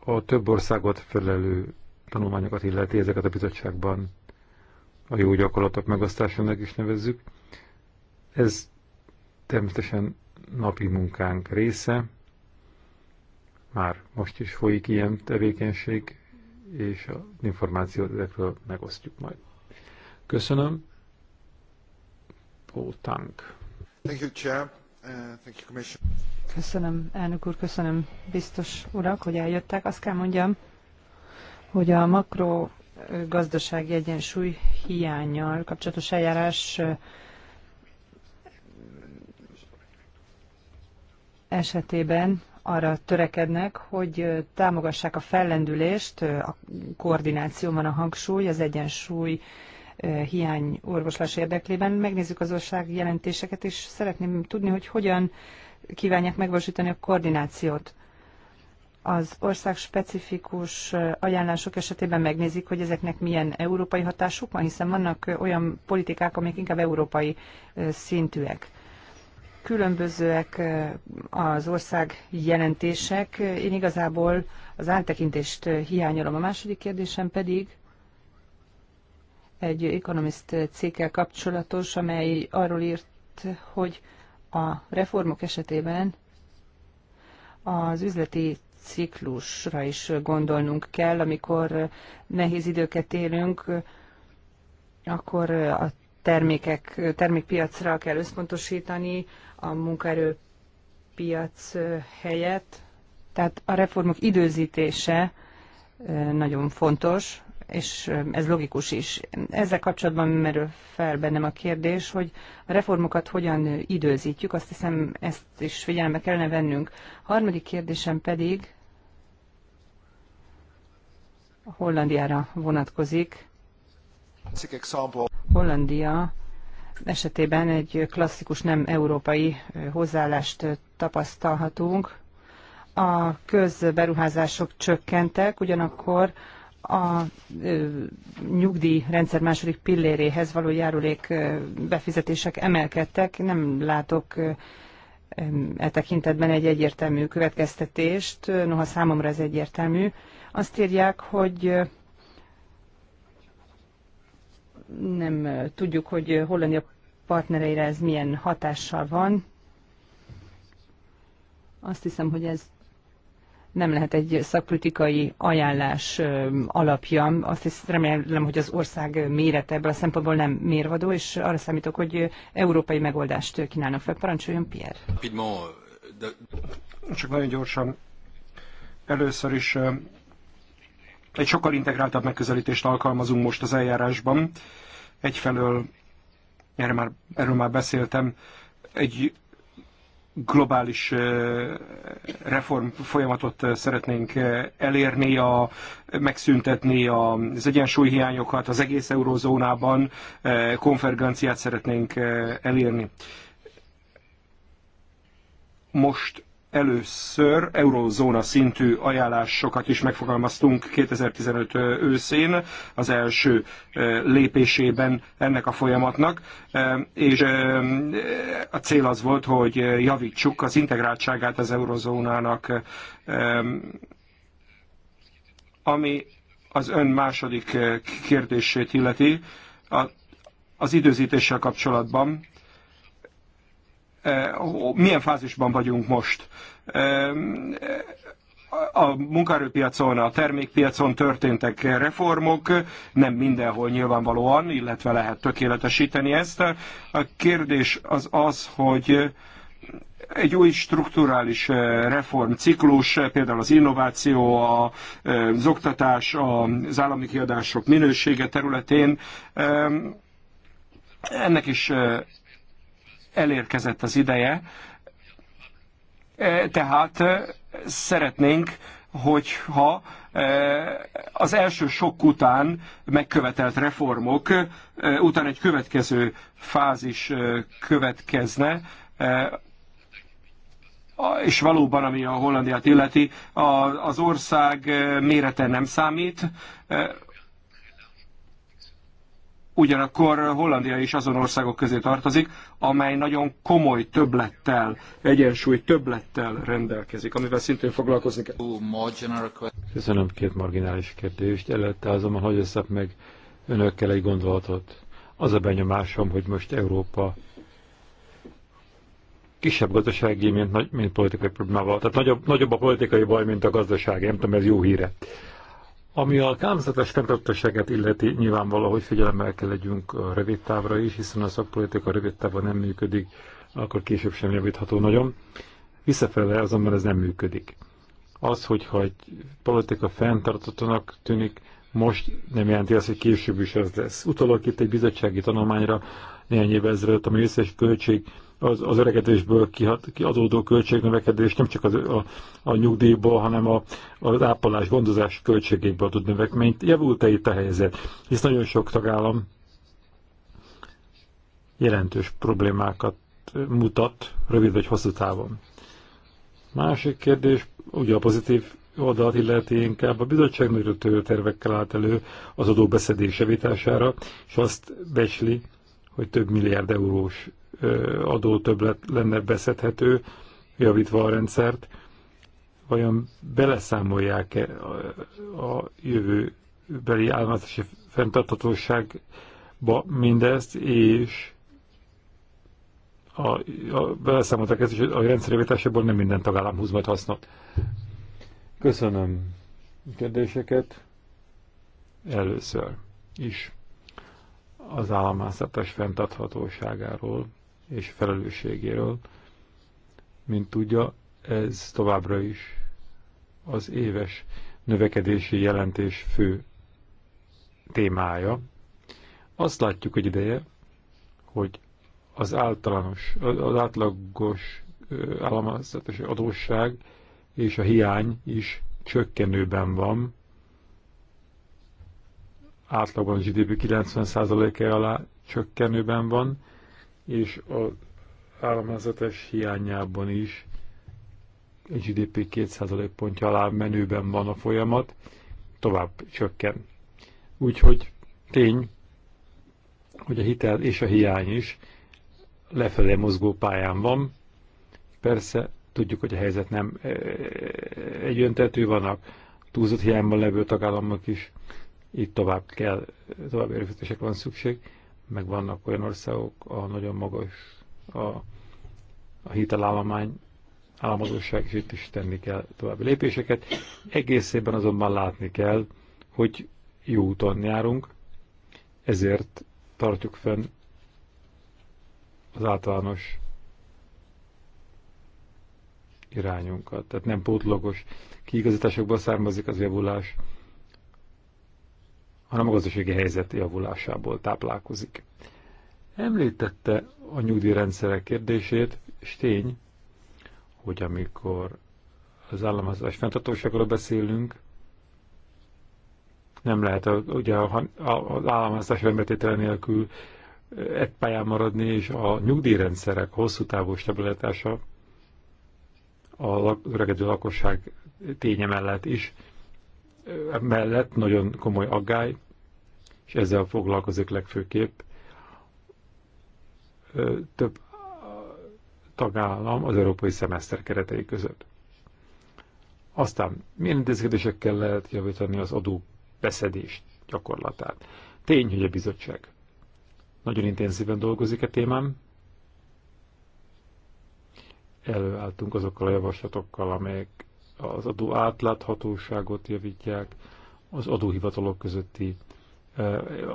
a több országot felelő tanulmányokat illeti, ezeket a bizottságban a jó gyakorlatok megosztásának is nevezzük. Ez természetesen napi munkánk része, már most is folyik ilyen tevékenység, és az információt ezekről megosztjuk majd. Köszönöm. Paul Tank.
Thank you, Chair. Uh, thank you, Commissioner.
Köszönöm, elnök úr, köszönöm biztos urak, hogy eljöttek. Azt kell mondjam, hogy a makro gazdasági egyensúly hiányjal kapcsolatos eljárás esetében arra törekednek, hogy támogassák a fellendülést, a koordinációban a hangsúly, az egyensúly hiány orvoslás érdeklében. Megnézzük az ország jelentéseket, és szeretném tudni, hogy hogyan kívánják megvalósítani a koordinációt. Az ország specifikus ajánlások esetében megnézik, hogy ezeknek milyen európai hatásuk van, hiszen vannak olyan politikák, amik inkább európai szintűek különbözőek az ország jelentések. Én igazából az áttekintést hiányolom. A második kérdésem pedig egy ekonomiszt cégkel kapcsolatos, amely arról írt, hogy a reformok esetében az üzleti ciklusra is gondolnunk kell, amikor nehéz időket élünk, akkor a termékek, termékpiacra kell összpontosítani, a munkaerőpiac helyett. Tehát a reformok időzítése eh, nagyon fontos, és ez logikus is. Ezzel kapcsolatban merül fel bennem a kérdés, hogy a reformokat hogyan időzítjük, azt hiszem ezt is figyelme kellene vennünk. A harmadik kérdésem pedig a Hollandiára vonatkozik. Hollandia esetében egy klasszikus nem európai hozzáállást tapasztalhatunk. A közberuházások csökkentek, ugyanakkor a nyugdíjrendszer második pilléréhez való járulék befizetések emelkedtek. Nem látok e tekintetben egy egyértelmű következtetést, noha számomra ez egyértelmű. Azt írják, hogy nem tudjuk, hogy Hollandia partnereire ez milyen hatással van. Azt hiszem, hogy ez nem lehet egy szakpolitikai ajánlás alapja. Azt hiszem, remélem, hogy az ország mérete ebből a szempontból nem mérvadó, és arra számítok, hogy európai megoldást kínálnak fel. Parancsoljon Pierre. Csak nagyon gyorsan. Először is egy sokkal integráltabb
megközelítést alkalmazunk most az eljárásban. Egyfelől, erről már, erről már beszéltem, egy globális reform folyamatot szeretnénk elérni, a, megszüntetni az egyensúlyhiányokat az egész eurozónában, konferenciát szeretnénk elérni. Most először eurózóna szintű ajánlásokat is megfogalmaztunk 2015 őszén az első lépésében ennek a folyamatnak, és a cél az volt, hogy javítsuk az integráltságát az eurozónának, ami az ön második kérdését illeti, az időzítéssel kapcsolatban Eh, milyen fázisban vagyunk most. Eh, a munkaerőpiacon, a termékpiacon történtek reformok, nem mindenhol nyilvánvalóan, illetve lehet tökéletesíteni ezt. A kérdés az az, hogy egy új strukturális eh, reformciklus, például az innováció, az oktatás, az állami kiadások minősége területén, ennek is elérkezett az ideje. E, tehát e, szeretnénk, hogyha e, az első sok után megkövetelt reformok után egy következő fázis következne, és valóban, ami a Hollandiát illeti, az ország mérete nem számít, Ugyanakkor Hollandia is azon országok közé tartozik, amely nagyon komoly többlettel, egyensúly többlettel rendelkezik, amivel szintén foglalkozni kell.
Köszönöm két marginális kérdést. Előtte azonban hogy összep meg önökkel egy gondolatot. Az a benyomásom, hogy most Európa kisebb gazdasági, mint, mint politikai problémával. Tehát nagyobb, nagyobb a politikai baj, mint a gazdasági. Nem tudom, ez jó híre. Ami a kámzetes fenntartóságát illeti, nyilvánvaló, hogy figyelemmel kell legyünk a rövid távra is, hiszen a szakpolitika rövid távon nem működik, akkor később sem javítható nagyon. Visszafele azonban ez nem működik. Az, hogyha egy politika fenntartatónak tűnik, most nem jelenti azt, hogy később is ez lesz. Utalok itt egy bizottsági tanulmányra néhány évvel ezelőtt, ami összes költség az, az öregedésből kihat, kiadódó költségnövekedés nem csak az, a, a nyugdíjból, hanem a, az ápolás, gondozás költségéből tud növekményt. Javult-e itt a helyzet? Hisz nagyon sok tagállam jelentős problémákat mutat rövid vagy hosszú távon. Másik kérdés, ugye a pozitív oldalt illeti inkább a bizottság nagyrötő tervekkel állt elő az adóbeszedés javítására, és azt becsli, hogy több milliárd eurós adó többlet lenne beszedhető, javítva a rendszert, vajon beleszámolják-e a jövőbeli államáztási fenntartatóságba mindezt, és a, a, beleszámoltak ezt, és a rendszerjavításából nem minden tagállam húz majd hasznot. Köszönöm kérdéseket. Először is az államháztartás fenntarthatóságáról és felelősségéről. Mint tudja, ez továbbra is az éves növekedési jelentés fő témája. Azt látjuk, hogy ideje, hogy az általános, az átlagos államazatos adósság és a hiány is csökkenőben van. Átlagban a GDP 90%-e alá csökkenőben van, és a államházatás hiányában is a GDP 2% pontja alá menőben van a folyamat, tovább csökken. Úgyhogy tény, hogy a hitel és a hiány is lefelé mozgó pályán van. Persze tudjuk, hogy a helyzet nem e, e, egyöntetű, vannak túlzott hiányban levő tagállamok is, itt tovább kell, tovább erőfeszítésekre van szükség meg vannak olyan országok, ahol nagyon magas a, a hitelállomány, államadóság, és itt is tenni kell további lépéseket. Egészében azonban látni kell, hogy jó úton járunk, ezért tartjuk fenn az általános irányunkat. Tehát nem pótlogos kiigazításokból származik az javulás, hanem a gazdasági helyzet javulásából táplálkozik. Említette a nyugdíjrendszerek kérdését, és tény, hogy amikor az államházás fenntartóságról beszélünk, nem lehet ugye a, az államházás rendbetétele nélkül eh, egy pályán maradni, és a nyugdíjrendszerek hosszú távú stabilitása a öregedő lakosság ténye mellett is mellett nagyon komoly aggály, és ezzel foglalkozik legfőképp több tagállam az európai szemeszter keretei között. Aztán milyen intézkedésekkel lehet javítani az adó beszedés gyakorlatát? Tény, hogy a bizottság nagyon intenzíven dolgozik a e témán. Előálltunk azokkal a javaslatokkal, amelyek az adó átláthatóságot javítják, az adóhivatalok közötti e,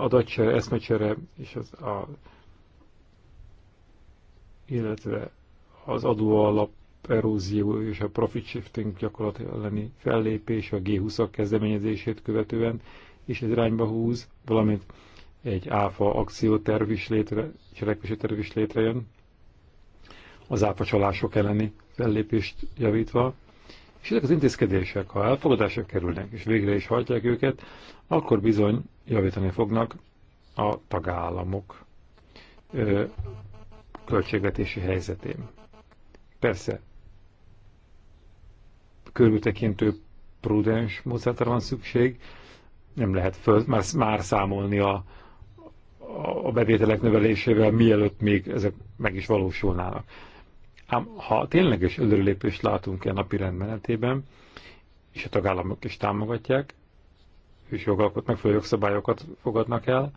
adatcsere, eszmecsere, és az a, illetve az adóalap erózió és a profit shifting gyakorlat elleni fellépés a G20-ak kezdeményezését követően is ez irányba húz, valamint egy áfa akcióterv is létre, cselekvési terv is létrejön, az áfa csalások elleni fellépést javítva, és ezek az intézkedések, ha elfogadásra kerülnek, és végre is hajtják őket, akkor bizony javítani fognak a tagállamok ö, költségvetési helyzetén. Persze, körültekintő prudens módszertára van szükség, nem lehet föl, már, már számolni a, a bevételek növelésével, mielőtt még ezek meg is valósulnának. Ám ha tényleges előrelépést látunk e napi menetében, és a tagállamok is támogatják, és jogalkot megfelelő jogszabályokat fogadnak el,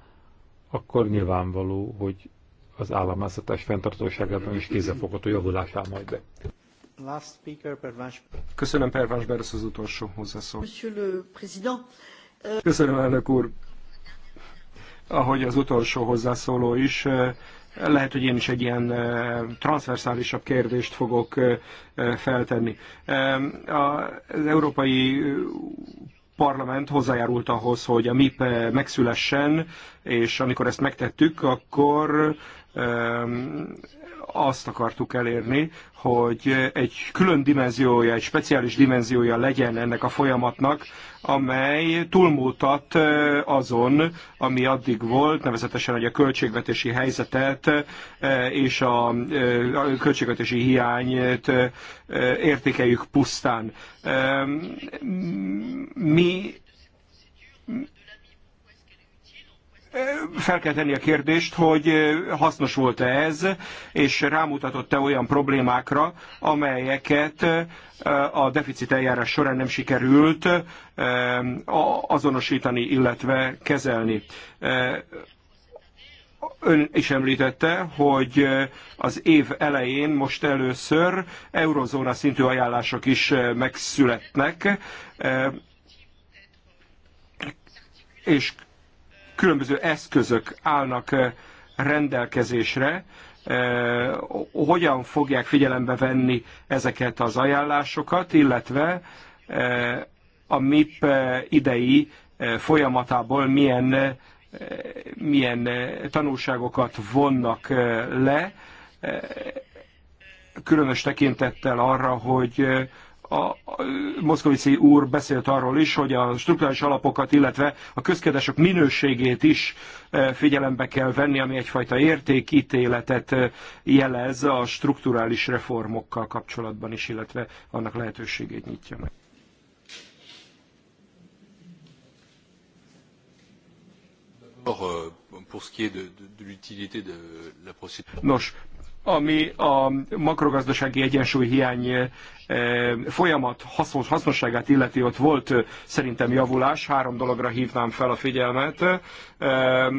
akkor nyilvánvaló, hogy az államháztatás fenntartóságában is kézzelfogható javulás áll majd be.
Last speaker, Köszönöm, Pervás Beres az utolsó hozzászó. Köszönöm, elnök úr. Ahogy az utolsó hozzászóló is, lehet, hogy én is egy ilyen transzverszálisabb kérdést fogok feltenni. Az Európai Parlament hozzájárult ahhoz, hogy a MIP megszülessen, és amikor ezt megtettük, akkor azt akartuk elérni, hogy egy külön dimenziója, egy speciális dimenziója legyen ennek a folyamatnak, amely túlmutat azon, ami addig volt, nevezetesen, hogy a költségvetési helyzetet és a költségvetési hiányt értékeljük pusztán. Mi fel kell tenni a kérdést, hogy hasznos volt-e ez, és rámutatott-e olyan problémákra, amelyeket a deficit eljárás során nem sikerült azonosítani, illetve kezelni. Ön is említette, hogy az év elején most először eurozóna szintű ajánlások is megszületnek, és különböző eszközök állnak eh, rendelkezésre, eh, hogyan fogják figyelembe venni ezeket az ajánlásokat, illetve eh, a MIP idei folyamatából milyen, milyen tanulságokat vonnak le, különös tekintettel arra, hogy a Moszkovici úr beszélt arról is, hogy a strukturális alapokat, illetve a közkedások minőségét is e, figyelembe kell venni, ami egyfajta értékítéletet e, jelez a strukturális reformokkal kapcsolatban is, illetve annak lehetőségét nyitja meg.
Euh, Nos,
ami a makrogazdasági egyensúly hiány e, folyamat hasznos, hasznosságát illeti, ott volt e, szerintem javulás, három dologra hívnám fel a figyelmet. E,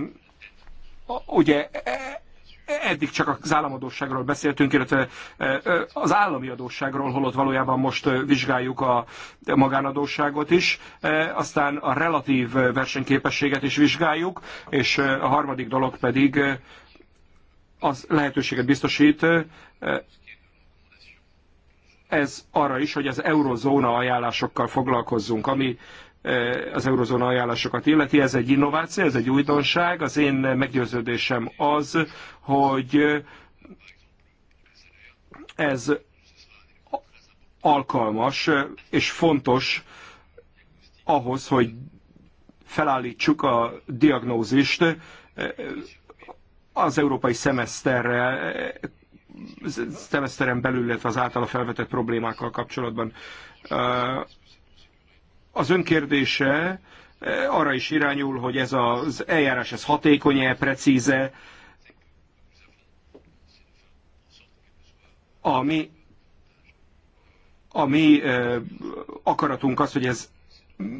ugye eddig csak az államadóságról beszéltünk, illetve az állami adósságról, holott valójában most vizsgáljuk a magánadósságot is, aztán a relatív versenyképességet is vizsgáljuk, és a harmadik dolog pedig az lehetőséget biztosít eh, ez arra is, hogy az eurozóna ajánlásokkal foglalkozzunk, ami eh, az eurozóna ajánlásokat illeti. Ez egy innováció, ez egy újdonság. Az én meggyőződésem az, hogy ez alkalmas és fontos ahhoz, hogy felállítsuk a diagnózist, eh, az európai szemeszterrel, szemeszteren belül, illetve az általa felvetett problémákkal kapcsolatban. Az önkérdése arra is irányul, hogy ez az eljárás ez hatékony-e, precíze. A mi, a mi akaratunk az, hogy ez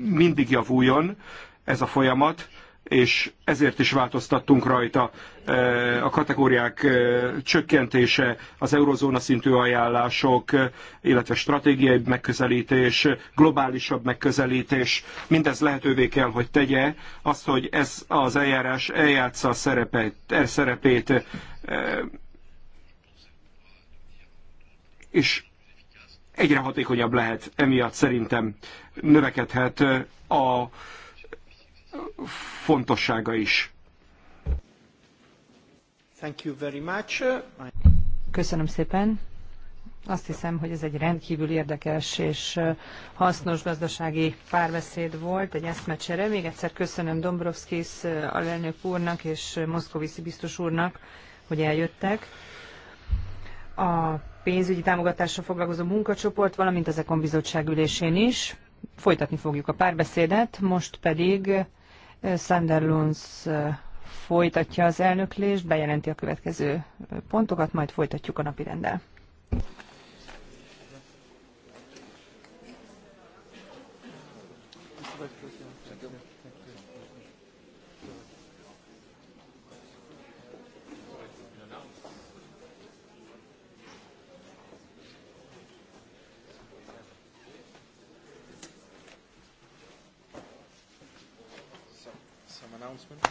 mindig javuljon, ez a folyamat és ezért is változtattunk rajta. E, a kategóriák e, csökkentése, az eurozóna szintű ajánlások, e, illetve stratégiai megközelítés, globálisabb megközelítés, mindez lehetővé kell, hogy tegye azt, hogy ez az eljárás eljátsza a szerepet, szerepét. És egyre hatékonyabb lehet, emiatt szerintem növekedhet a fontossága is.
Köszönöm szépen. Azt hiszem, hogy ez egy rendkívül érdekes és hasznos gazdasági párbeszéd volt, egy eszmecsere. Még egyszer köszönöm Dombrovskis alelnök úrnak és Moszkoviszi biztos úrnak, hogy eljöttek. A pénzügyi támogatásra foglalkozó munkacsoport, valamint az Ekon bizottság ülésén is. Folytatni fogjuk a párbeszédet, most pedig Sander folytatja az elnöklést, bejelenti a következő pontokat, majd folytatjuk a napi rendel.
announcement?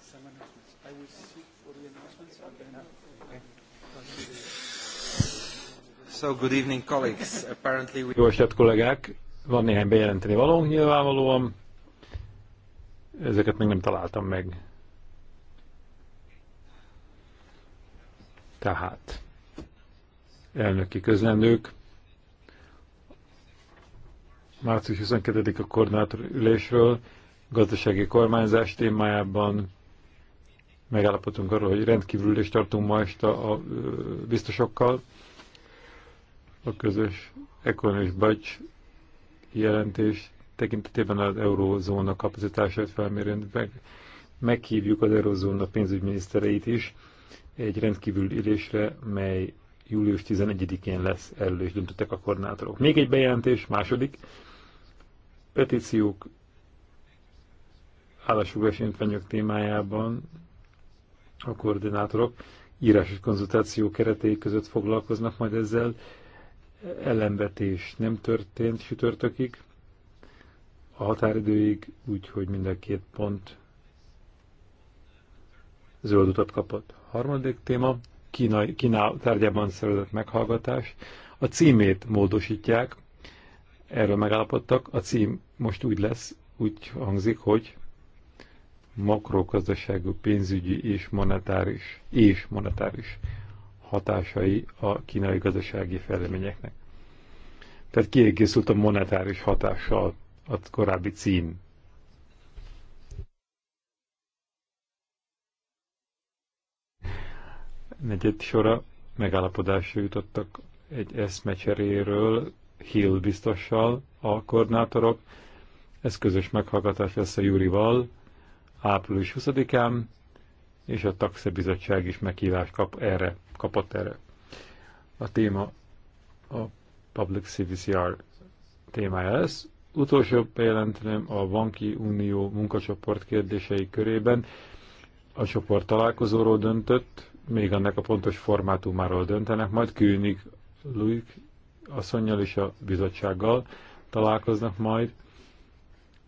Some announcements. I will seek for the announcements uh, So, good evening, colleagues. Apparently we... Jó estét,
kollégák! Van néhány bejelenteni való nyilvánvalóan. Ezeket még nem találtam meg. Tehát, elnöki közlendők, március 22-a koordinátor ülésről gazdasági kormányzás témájában. Megállapodtunk arról, hogy rendkívül is tartunk ma este a biztosokkal. A közös ekonomis Bacs jelentés tekintetében az eurózóna kapacitását felmérünk meg. Meghívjuk az eurózóna pénzügyminisztereit is egy rendkívül ülésre, mely július 11-én lesz, erről és döntöttek a koordinátorok. Még egy bejelentés, második. Petíciók állásfoglalásintanyag témájában a koordinátorok írásos konzultáció keretei között foglalkoznak majd ezzel. Ellenvetés nem történt sütörtökig, a határidőig, úgyhogy mind a két pont zöld utat kapott. Harmadik téma, Kína, Kína tárgyában szervezett meghallgatás. A címét módosítják, erről megállapodtak. A cím most úgy lesz, úgy hangzik, hogy makrogazdaságú pénzügyi és monetáris, és monetáris hatásai a kínai gazdasági fejleményeknek. Tehát kiegészült a monetáris hatással a korábbi cím. Negyed sora megállapodásra jutottak egy eszmecseréről Hill biztossal a koordinátorok. Ez közös meghallgatás lesz a Júrival, április 20-án, és a Taxe Bizottság is meghívást kap erre, kapott erre. A téma a Public CVCR témája lesz. Utolsó bejelentenem a Banki Unió munkacsoport kérdései körében. A csoport találkozóról döntött, még annak a pontos formátumáról döntenek, majd Kőnik, Luik asszonynal és a bizottsággal találkoznak majd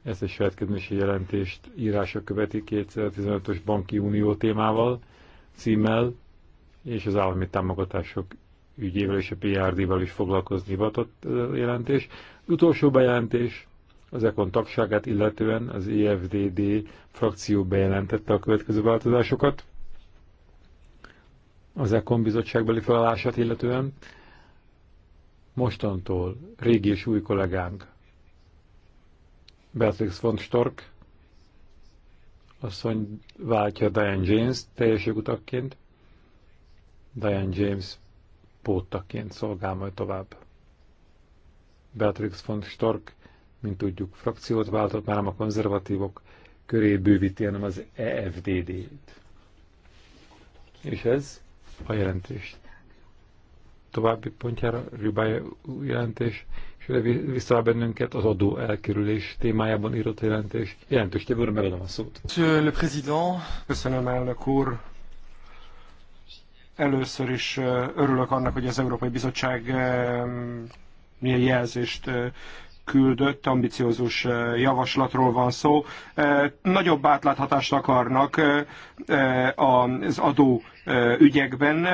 ezt a sajátkedmési jelentést írása követi 2015-ös Banki Unió témával, címmel, és az állami támogatások ügyével és a PRD-vel is foglalkozni hivatott jelentés. Az utolsó bejelentés az Ekon tagságát illetően az EFDD frakció bejelentette a következő változásokat. Az Ekon bizottságbeli felállását illetően mostantól régi és új kollégánk Beatrix von Stork asszony váltja Diane James teljes utakként. Diane James póttaként szolgál majd tovább. Beatrix von Stork, mint tudjuk, frakciót váltott, már nem a konzervatívok köré bővíti, hanem az EFDD-t. És ez a jelentés. További pontjára Rubály jelentés és vissza bennünket az adó elkerülés témájában írott jelentés. Jelentős tévőr megadom a szót.
Monsieur le Président, köszönöm elnök úr. Először is örülök annak, hogy az Európai Bizottság milyen jelzést küldött, ambiciózus javaslatról van szó. Nagyobb átláthatást akarnak az adó ügyekben.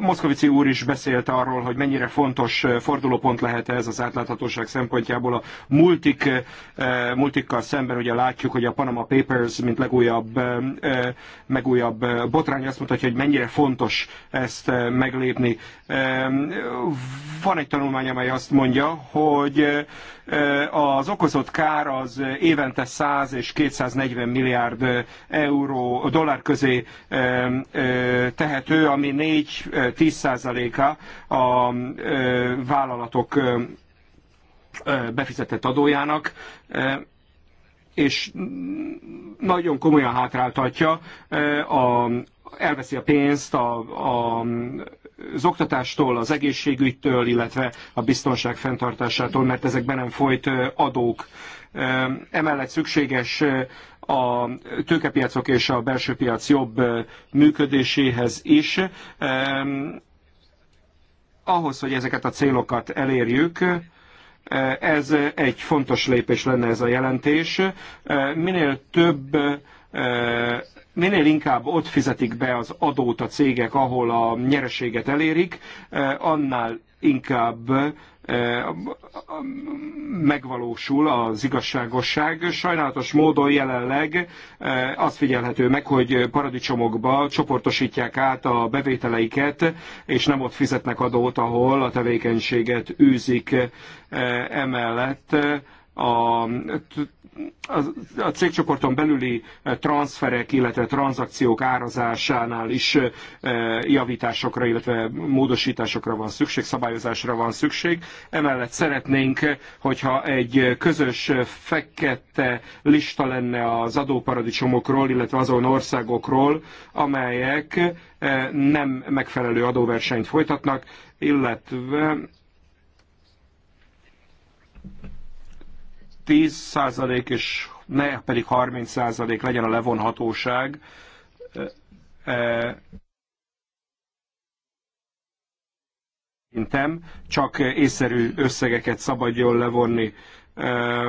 Moszkovici úr is beszélt arról, hogy mennyire fontos fordulópont lehet ez az átláthatóság szempontjából a multik, multikkal szemben. Ugye látjuk, hogy a Panama Papers, mint legújabb, megújabb botrány azt mutatja, hogy mennyire fontos ezt meglépni. Van egy tanulmány, amely azt mondja, hogy az okozott kár az évente 100 és 240 milliárd euró dollár közé tehető, ami 4-10 százaléka a vállalatok befizetett adójának, és nagyon komolyan hátráltatja, a, elveszi a pénzt a, a az oktatástól, az egészségügytől, illetve a biztonság fenntartásától, mert ezekben nem folyt adók. Emellett szükséges a tőkepiacok és a belső piac jobb működéséhez is. Ahhoz, hogy ezeket a célokat elérjük, ez egy fontos lépés lenne ez a jelentés. Minél több minél inkább ott fizetik be az adót a cégek, ahol a nyereséget elérik, eh, annál inkább eh, megvalósul az igazságosság. Sajnálatos módon jelenleg eh, azt figyelhető meg, hogy paradicsomokba csoportosítják át a bevételeiket, és nem ott fizetnek adót, ahol a tevékenységet űzik emellett a a cégcsoporton belüli eh, transferek, illetve tranzakciók árazásánál is eh, javításokra, illetve módosításokra van szükség, szabályozásra van szükség. Emellett szeretnénk, eh, hogyha egy közös fekete lista lenne az adóparadicsomokról, illetve azon országokról, amelyek nem megfelelő adóversenyt folytatnak, illetve 10% és ne pedig 30% legyen a levonhatóság. E, szerintem csak észszerű összegeket szabadjon levonni e,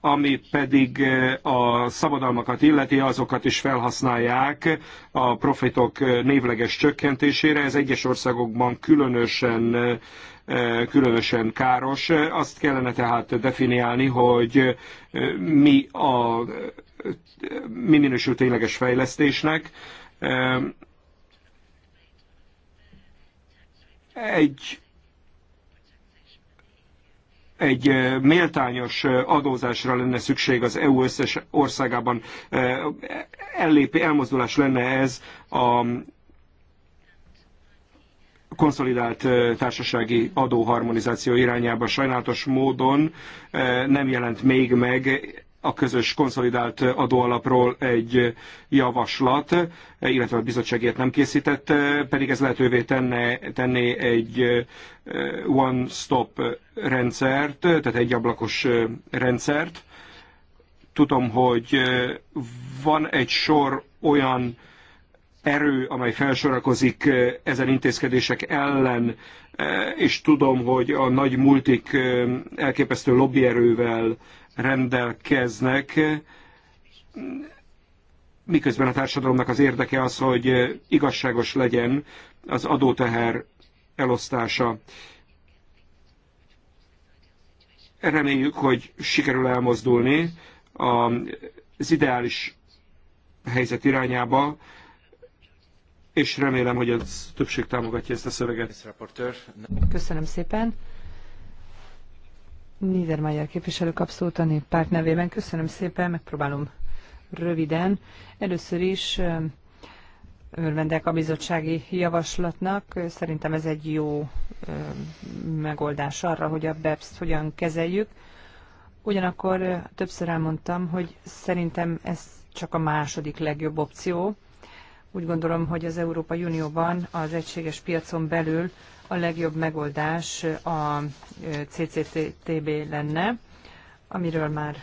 ami pedig a szabadalmakat illeti, azokat is felhasználják a profitok névleges csökkentésére. Ez egyes országokban különösen különösen káros. Azt kellene tehát definiálni, hogy mi, a, mi minősül tényleges fejlesztésnek. Egy egy méltányos adózásra lenne szükség az EU összes országában. Ellépi, elmozdulás lenne ez a konszolidált társasági adóharmonizáció irányába sajnálatos módon nem jelent még meg a közös konszolidált adóalapról egy javaslat, illetve a bizottságért nem készített, pedig ez lehetővé tenne, tenné egy one-stop rendszert, tehát egy ablakos rendszert. Tudom, hogy van egy sor olyan erő, amely felsorakozik eh, ezen intézkedések ellen, eh, és tudom, hogy a nagy multik eh, elképesztő lobbyerővel rendelkeznek, miközben a társadalomnak az érdeke az, hogy igazságos legyen az adóteher elosztása. Reméljük, hogy sikerül elmozdulni az ideális helyzet irányába, és remélem, hogy a többség támogatja ezt a szöveget.
Köszönöm szépen. Niedermayer képviselő abszolút a néppárt nevében. Köszönöm szépen, megpróbálom röviden. Először is örvendek a bizottsági javaslatnak. Szerintem ez egy jó megoldás arra, hogy a beps hogyan kezeljük. Ugyanakkor többször elmondtam, hogy szerintem ez csak a második legjobb opció, úgy gondolom, hogy az Európai Unióban az egységes piacon belül a legjobb megoldás a CCTB lenne, amiről már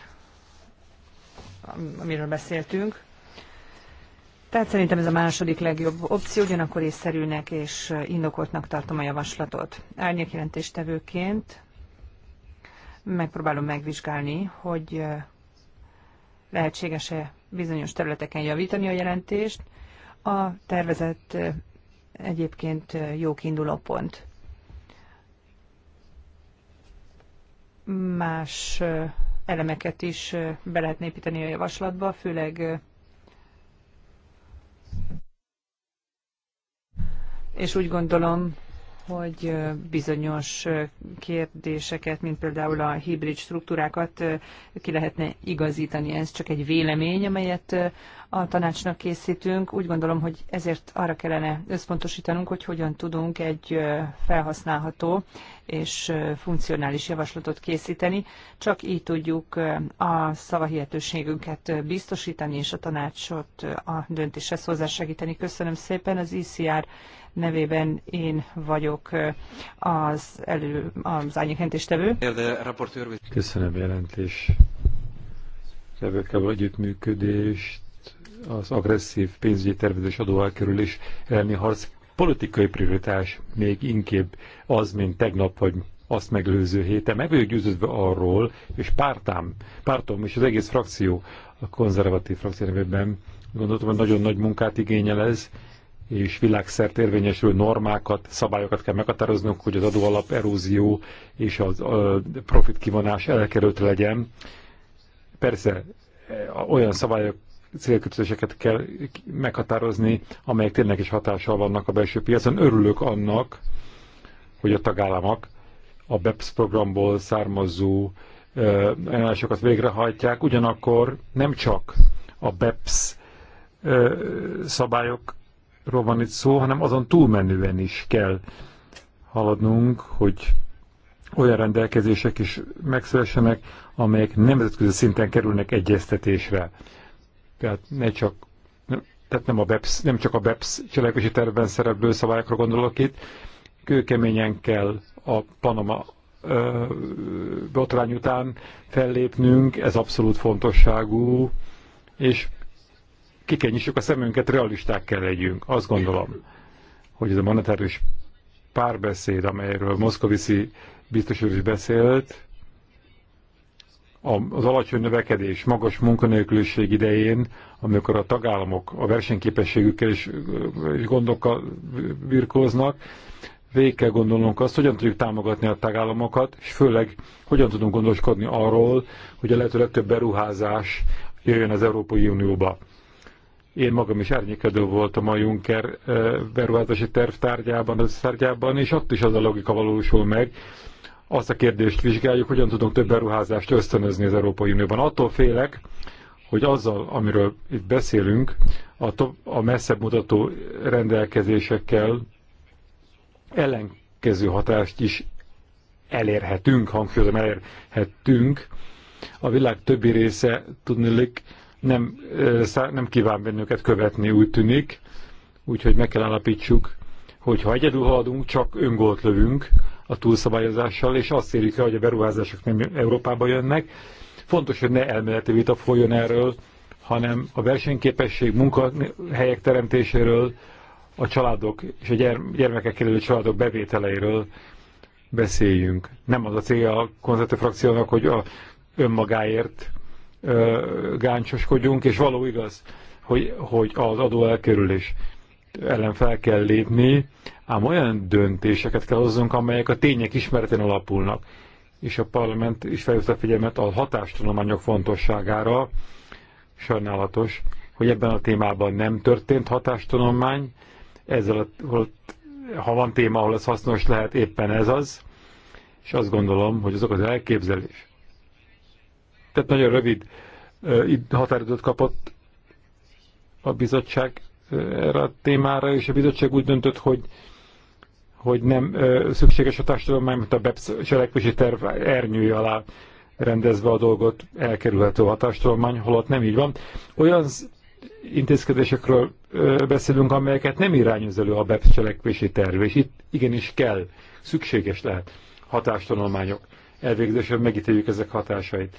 amiről beszéltünk. Tehát szerintem ez a második legjobb opció, ugyanakkor észszerűnek és indokoltnak tartom a javaslatot. Árnyékjelentéstevőként megpróbálom megvizsgálni, hogy lehetséges-e bizonyos területeken javítani a jelentést, a tervezett egyébként jó kiinduló pont. Más elemeket is be lehet építeni a javaslatba, főleg és úgy gondolom, hogy bizonyos kérdéseket, mint például a hibrid struktúrákat ki lehetne igazítani. Ez csak egy vélemény, amelyet a tanácsnak készítünk. Úgy gondolom, hogy ezért arra kellene összpontosítanunk, hogy hogyan tudunk egy felhasználható és funkcionális javaslatot készíteni. Csak így tudjuk a szavahihetőségünket biztosítani, és a tanácsot a döntéshez hozzásegíteni. Köszönöm szépen az ICR e nevében én vagyok az, elő, az árnyékentéstevő.
Köszönöm jelentés. Tevőkkel együttműködést, az agresszív pénzügyi tervezés adóelkerülés elleni harc politikai prioritás még inkább az, mint tegnap vagy azt megelőző héten. Meg vagyok győződve arról, és pártám, pártom és az egész frakció a konzervatív frakció nevében gondoltam, hogy nagyon nagy munkát igényel ez, és világszert érvényesülő normákat, szabályokat kell meghatároznunk, hogy az adóalap erózió és az profit kivonás elkerült legyen. Persze e, olyan szabályok célkötözéseket kell meghatározni, amelyek tényleg is hatással vannak a belső piacon. Örülök annak, hogy a tagállamok a BEPS programból származó ajánlásokat végrehajtják, ugyanakkor nem csak a BEPS szabályok ról van itt szó, hanem azon túlmenően is kell haladnunk, hogy olyan rendelkezések is megszülessenek, amelyek nemzetközi szinten kerülnek egyeztetésre. Tehát ne csak tehát nem, a BEPS, nem csak a BEPS cselekvési tervben szereplő szabályokra gondolok itt, kőkeményen kell a Panama botrány után fellépnünk, ez abszolút fontosságú, és kikenyítsük a szemünket, realisták kell legyünk. Azt gondolom, hogy ez a monetáris párbeszéd, amelyről Moszkoviszi biztos úr is beszélt, az alacsony növekedés, magas munkanélküliség idején, amikor a tagállamok a versenyképességükkel is, is gondokkal virkóznak, végig kell gondolnunk azt, hogyan tudjuk támogatni a tagállamokat, és főleg hogyan tudunk gondoskodni arról, hogy a lehető legtöbb beruházás jöjjön az Európai Unióba. Én magam is árnyékedő voltam a Juncker eh, beruházási terv tárgyában, az tárgyában, és ott is az a logika valósul meg. Azt a kérdést vizsgáljuk, hogyan tudunk több beruházást ösztönözni az Európai Unióban. Attól félek, hogy azzal, amiről itt beszélünk, a, to- a messzebb mutató rendelkezésekkel ellenkező hatást is elérhetünk, hangsúlyozom, elérhetünk. A világ többi része, tudnilik, nem, nem kíván bennünket követni, úgy tűnik, úgyhogy meg kell állapítsuk, hogy ha egyedül haladunk, csak öngolt lövünk a túlszabályozással, és azt érjük el, hogy a beruházások nem Európába jönnek. Fontos, hogy ne elméleti vita folyjon erről, hanem a versenyképesség munkahelyek teremtéséről, a családok és a gyermekek kerülő családok bevételeiről beszéljünk. Nem az a célja a konzervatív frakciónak, hogy a önmagáért gáncsoskodjunk, és való igaz, hogy, hogy az adó elkerülés ellen fel kell lépni, ám olyan döntéseket kell hozzunk, amelyek a tények ismeretén alapulnak. És a parlament is felhívta figyelmet a hatástudományok fontosságára. Sajnálatos, hogy ebben a témában nem történt hatástudomány. Ezzel, a, ha van téma, ahol ez hasznos lehet, éppen ez az. És azt gondolom, hogy azok az elképzelés, tehát nagyon rövid határidőt kapott a bizottság erre a témára, és a bizottság úgy döntött, hogy hogy nem szükséges a társadalomány, mint a BEPS cselekvési terv ernyője alá rendezve a dolgot, elkerülhető a társadalomány, holott nem így van. Olyan intézkedésekről beszélünk, amelyeket nem irányoz elő a BEPS cselekvési terv, és itt igenis kell, szükséges lehet hatástanulmányok elvégzésre megítéljük ezek hatásait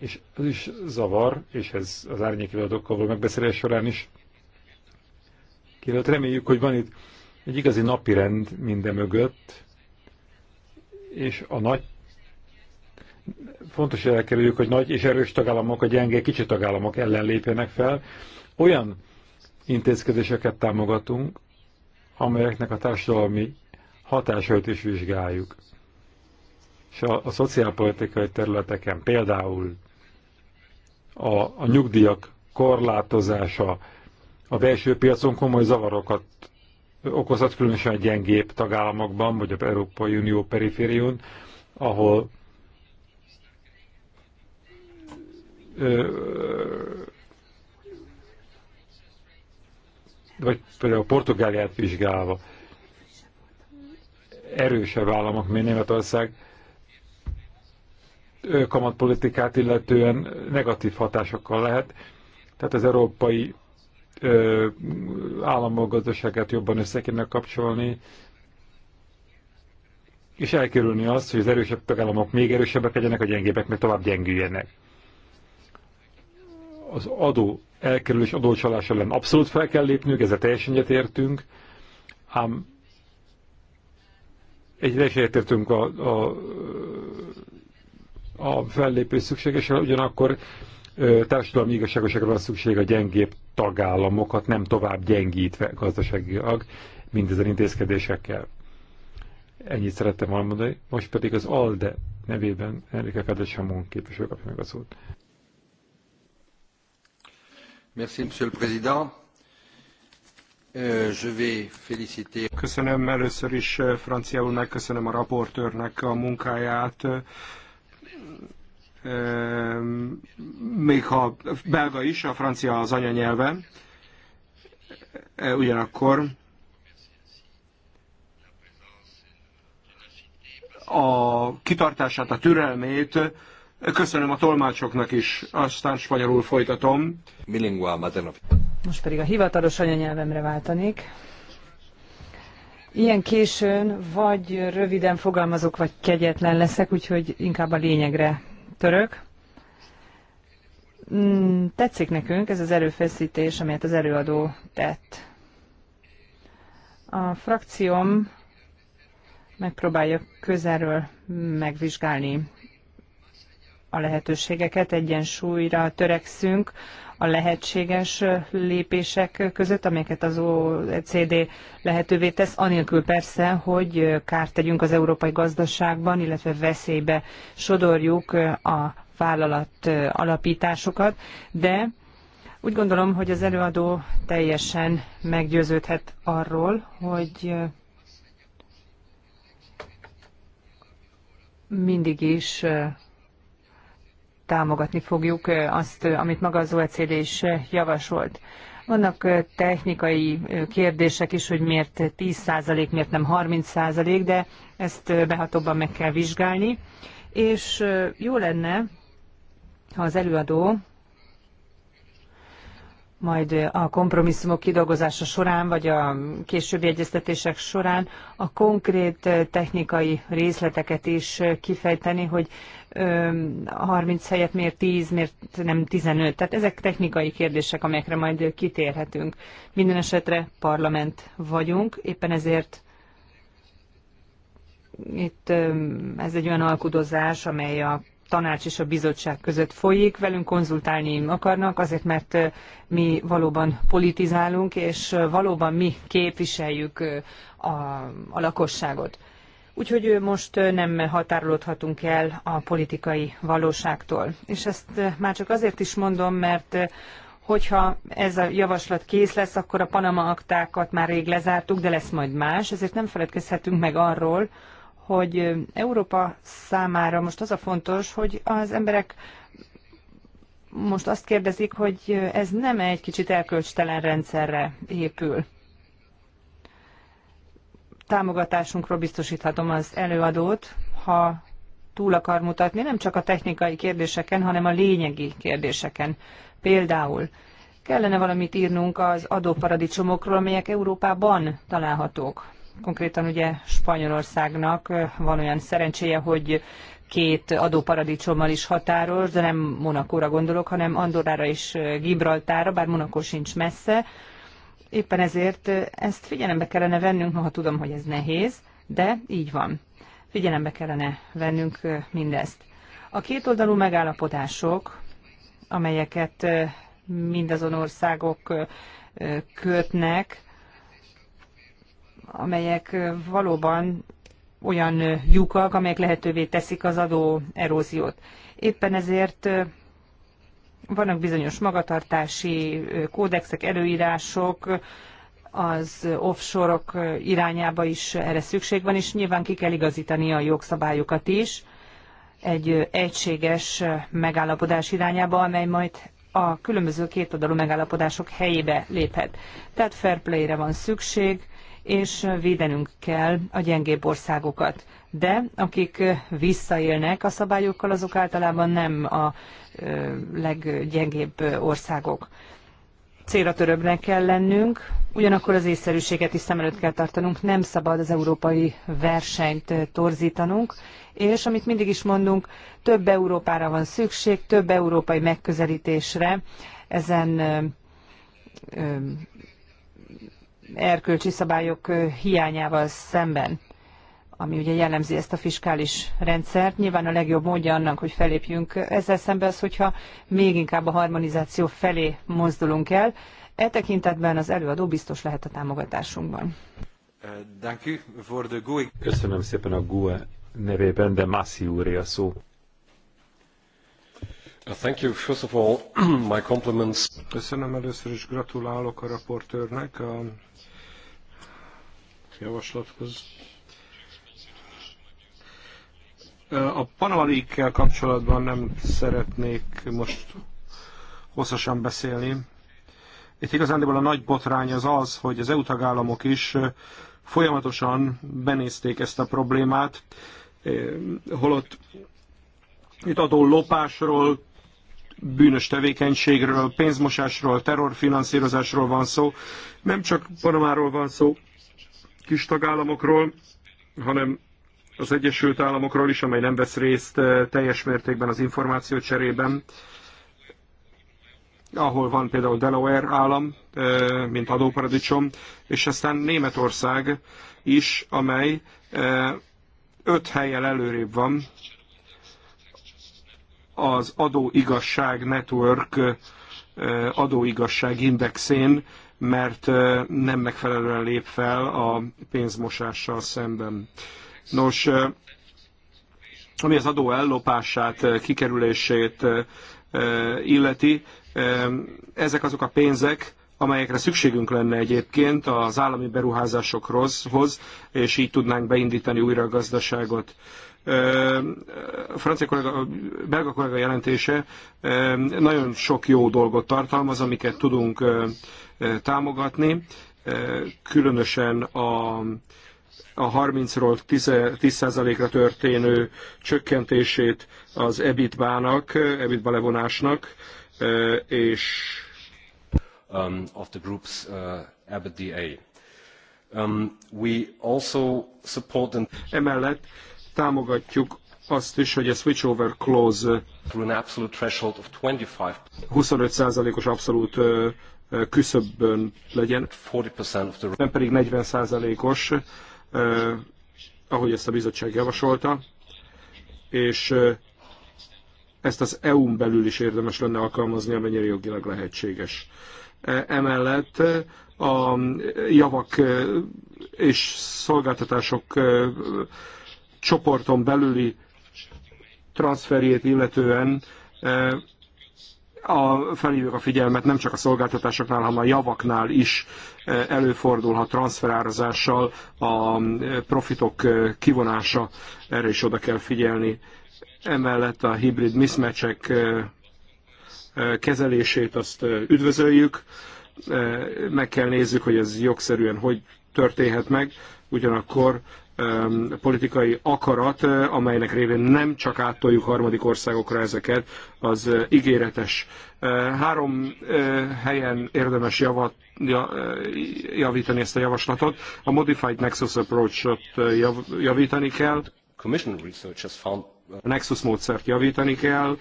és ez is zavar, és ez az árnyéki árnyékiladókkal való megbeszélés során is kijött. Reméljük, hogy van itt egy igazi napi rend minden mögött, és a nagy fontos, hogy elkerüljük, hogy nagy és erős tagállamok a gyenge kicsi tagállamok ellen lépjenek fel. Olyan intézkedéseket támogatunk, amelyeknek a társadalmi hatásait is vizsgáljuk. És a, a szociálpolitikai területeken például a, a nyugdíjak korlátozása a belső piacon komoly zavarokat okozhat különösen a gyengébb tagállamokban, vagy a Európai Unió periférión, ahol vagy például Portugáliát vizsgálva erősebb államok, mint Németország, kamatpolitikát illetően negatív hatásokkal lehet. Tehát az európai államok gazdaságát jobban össze kéne kapcsolni, és elkerülni azt, hogy az erősebb tagállamok még erősebbek legyenek, a gyengébek meg tovább gyengüljenek. Az adó elkerülés adócsalás ellen abszolút fel kell lépnünk, ezzel teljesen egyetértünk, ám egy egyetértünk a, a a fellépés szükséges, ugyanakkor társadalmi igazságoságra van szükség a gyengébb tagállamokat, nem tovább gyengítve gazdaságilag mindezen intézkedésekkel. Ennyit szerettem volna mondani. Most pedig az ALDE nevében Enrique Fedesamon képviselő kapja meg a szót.
Merci, Monsieur le Président. Euh, je vais féliciter. Köszönöm először is euh, franciául, megköszönöm a raportőrnek a munkáját még ha belga is, a francia az anyanyelve, ugyanakkor a kitartását, a türelmét köszönöm a tolmácsoknak is, aztán spanyolul folytatom.
Most pedig a hivatalos anyanyelvemre váltanék. Ilyen későn vagy röviden fogalmazok, vagy kegyetlen leszek, úgyhogy inkább a lényegre török. Mm, tetszik nekünk ez az erőfeszítés, amelyet az előadó tett. A frakcióm megpróbálja közelről megvizsgálni a lehetőségeket, egyensúlyra törekszünk a lehetséges lépések között, amelyeket az OECD lehetővé tesz, anélkül persze, hogy kárt tegyünk az európai gazdaságban, illetve veszélybe sodorjuk a vállalat alapításokat, de úgy gondolom, hogy az előadó teljesen meggyőződhet arról, hogy mindig is támogatni fogjuk azt, amit maga az OECD is javasolt. Vannak technikai kérdések is, hogy miért 10%, miért nem 30%, de ezt behatóbban meg kell vizsgálni. És jó lenne, ha az előadó majd a kompromisszumok kidolgozása során, vagy a későbbi egyeztetések során a konkrét technikai részleteket is kifejteni, hogy 30 helyet miért 10, miért nem 15. Tehát ezek technikai kérdések, amelyekre majd kitérhetünk. Minden esetre parlament vagyunk, éppen ezért itt ez egy olyan alkudozás, amely a tanács és a bizottság között folyik. Velünk konzultálni akarnak, azért mert mi valóban politizálunk, és valóban mi képviseljük a, a lakosságot. Úgyhogy most nem határolódhatunk el a politikai valóságtól. És ezt már csak azért is mondom, mert hogyha ez a javaslat kész lesz, akkor a Panama aktákat már rég lezártuk, de lesz majd más, ezért nem feledkezhetünk meg arról, hogy Európa számára most az a fontos, hogy az emberek most azt kérdezik, hogy ez nem egy kicsit elkölcstelen rendszerre épül támogatásunkról biztosíthatom az előadót, ha túl akar mutatni, nem csak a technikai kérdéseken, hanem a lényegi kérdéseken. Például kellene valamit írnunk az adóparadicsomokról, amelyek Európában találhatók. Konkrétan ugye Spanyolországnak van olyan szerencséje, hogy két adóparadicsommal is határos, de nem Monakóra gondolok, hanem Andorrára és Gibraltára, bár Monakó sincs messze éppen ezért ezt figyelembe kellene vennünk, noha tudom, hogy ez nehéz, de így van. Figyelembe kellene vennünk mindezt. A kétoldalú megállapodások, amelyeket mindazon országok kötnek, amelyek valóban olyan lyukak, amelyek lehetővé teszik az adó eróziót. Éppen ezért vannak bizonyos magatartási kódexek, előírások, az offshore-ok irányába is erre szükség van, és nyilván ki kell igazítani a jogszabályokat is egy egységes megállapodás irányába, amely majd a különböző két oldalú megállapodások helyébe léphet. Tehát fair play-re van szükség, és védenünk kell a gyengébb országokat de akik visszaélnek a szabályokkal, azok általában nem a leggyengébb országok. Célra törőbbnek kell lennünk, ugyanakkor az észszerűséget is szem előtt kell tartanunk, nem szabad az európai versenyt torzítanunk, és amit mindig is mondunk, több Európára van szükség, több európai megközelítésre ezen erkölcsi szabályok hiányával szemben ami ugye jellemzi ezt a fiskális rendszert. Nyilván a legjobb módja annak, hogy felépjünk ezzel szemben az, hogyha még inkább a harmonizáció felé mozdulunk el. E tekintetben az előadó biztos lehet a támogatásunkban.
Köszönöm szépen a GUE nevében, de Massi úré a szó. Thank you. First of all, my compliments.
Köszönöm először is gratulálok a raportőrnek a javaslathoz. A Panama leak kapcsolatban nem szeretnék most hosszasan beszélni. Itt igazándiból a nagy botrány az az, hogy az EU tagállamok is folyamatosan benézték ezt a problémát, holott itt adó lopásról, bűnös tevékenységről, pénzmosásról, terrorfinanszírozásról van szó. Nem csak Panamáról van szó, kis tagállamokról, hanem az Egyesült Államokról is, amely nem vesz részt eh, teljes mértékben az információ cserében, ahol van például Delaware állam, eh, mint adóparadicsom, és aztán Németország is, amely eh, öt helyen előrébb van az adóigazság network adóigazság indexén, mert nem megfelelően lép fel a pénzmosással szemben. Nos, eh, ami az adó ellopását, eh, kikerülését eh, illeti, ezek azok a pénzek, amelyekre szükségünk lenne egyébként az állami beruházásokhoz, és így tudnánk beindítani újra a gazdaságot. A francia kollega, a belga kollega jelentése nagyon sok jó dolgot tartalmaz, amiket tudunk támogatni, különösen a a 30-ról 10%-ra történő csökkentését az ebit nak ebit levonásnak, és um, of the group's uh, EBITDA. Um, we also support and Emellett támogatjuk azt is, hogy a switchover clause through an absolute threshold of 25 25%-os abszolút küszöbön legyen, 40% of the... nem pedig 40%-os ahogy ezt a bizottság javasolta, és ezt az EU-n belül is érdemes lenne alkalmazni, amennyire jogilag lehetséges. E, emellett a javak és szolgáltatások csoporton belüli transferjét illetően a, felhívjuk a figyelmet nem csak a szolgáltatásoknál, hanem a javaknál is előfordulhat transferárazással a profitok kivonása, erre is oda kell figyelni. Emellett a hibrid mismatchek kezelését azt üdvözöljük, meg kell nézzük, hogy ez jogszerűen hogy történhet meg, ugyanakkor politikai akarat, amelynek révén nem csak áttoljuk harmadik országokra ezeket, az ígéretes. Három helyen érdemes javat, javítani ezt a javaslatot. A Modified Nexus Approach-ot javítani kell. Uh, a Nexus módszert javítani kell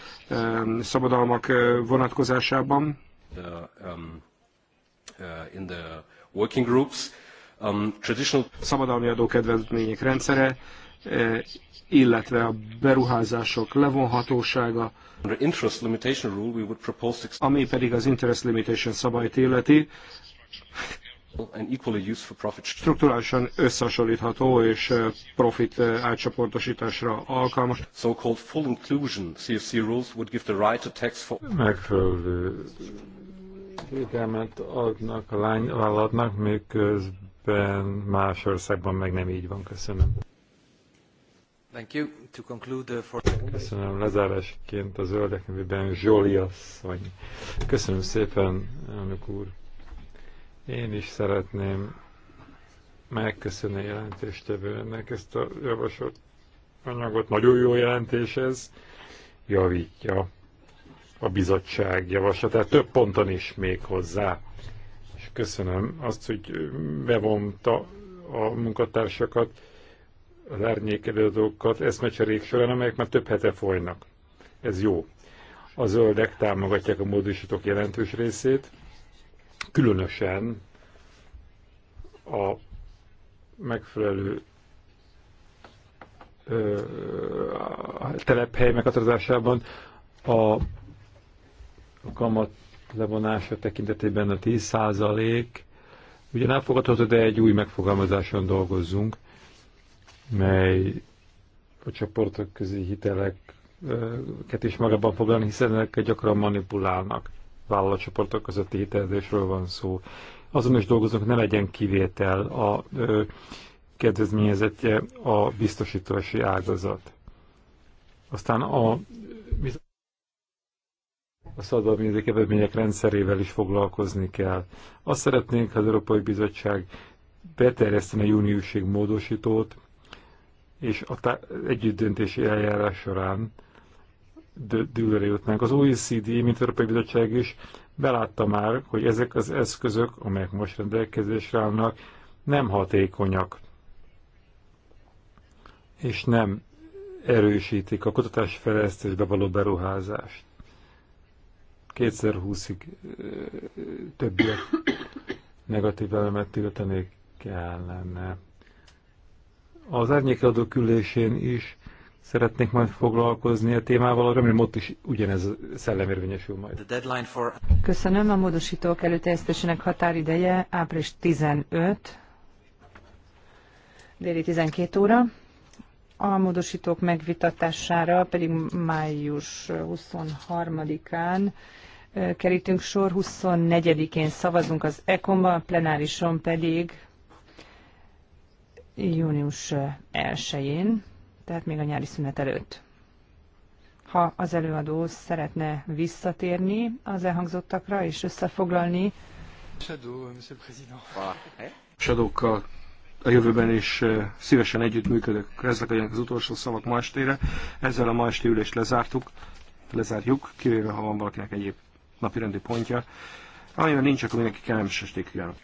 szabadalmak vonatkozásában. Um, uh, in the working groups, um, traditional... Szabadalmi adókedvezmények rendszere, illetve a beruházások levonhatósága, ami pedig az interest limitation szabályt illeti, Strukturálisan összehasonlítható és eh, profit eh, átcsoportosításra alkalmas. So-called full inclusion CFC rules would give the right tax for...
Megfelelő védelmet adnak a lányvállalatnak, miközben más országban meg nem így van. Köszönöm.
Thank you. To conclude the uh, for... Köszönöm
lezárásként az öldek nevében Zsoli asszony. Köszönöm szépen, elnök úr. Én is szeretném megköszönni a jelentéstevőnek ezt a javasolt anyagot. Nagyon jó jelentés ez. Javítja a bizottság javaslatát több ponton is még hozzá. És köszönöm azt, hogy bevonta a munkatársakat, az árnyékelődókat eszmecserék során, amelyek már több hete folynak. Ez jó. A zöldek támogatják a módosítók jelentős részét, különösen a megfelelő ö, a telephely meghatározásában a, kamat levonása tekintetében a 10 százalék ugyan elfogadható, de egy új megfogalmazáson dolgozzunk, mely a csoportok közi hitelek is magában foglalni, hiszen ezeket gyakran manipulálnak vállalatcsoportok közötti hitelezésről van szó. Azon is dolgozók ne legyen kivétel a ö, kedvezményezetje a biztosítási ágazat. Aztán a, a szabadalmi kedvezmények rendszerével is foglalkozni kell. Azt szeretnénk, ha az Európai Bizottság beterjeszteni a júniusig módosítót, és a együttdöntési eljárás során dőlőre jutnánk. Az OECD, mint Európai Bizottság is belátta már, hogy ezek az eszközök, amelyek most rendelkezésre állnak, nem hatékonyak, és nem erősítik a fejlesztésbe való beruházást. 2020-ig többiek negatív elemet tiltani kellene. Az árnyékadó külésén is szeretnék majd foglalkozni a témával, remélem ott is ugyanez szellemérvényesül majd.
For... Köszönöm, a módosítók előterjesztésének határideje április 15, déli 12 óra, a módosítók megvitatására pedig május 23-án kerítünk sor, 24-én szavazunk az ecom a plenárison pedig június 1-én tehát még a nyári szünet előtt. Ha az előadó szeretne visszatérni az elhangzottakra és összefoglalni,
Sadókkal a jövőben is szívesen együttműködök. Ezek legyenek az utolsó szavak ma estére. Ezzel a ma esti ülést lezártuk, lezárjuk, kivéve ha van valakinek egyéb napirendi pontja. Amivel nincs, akkor mindenki kellemes estét kívánok.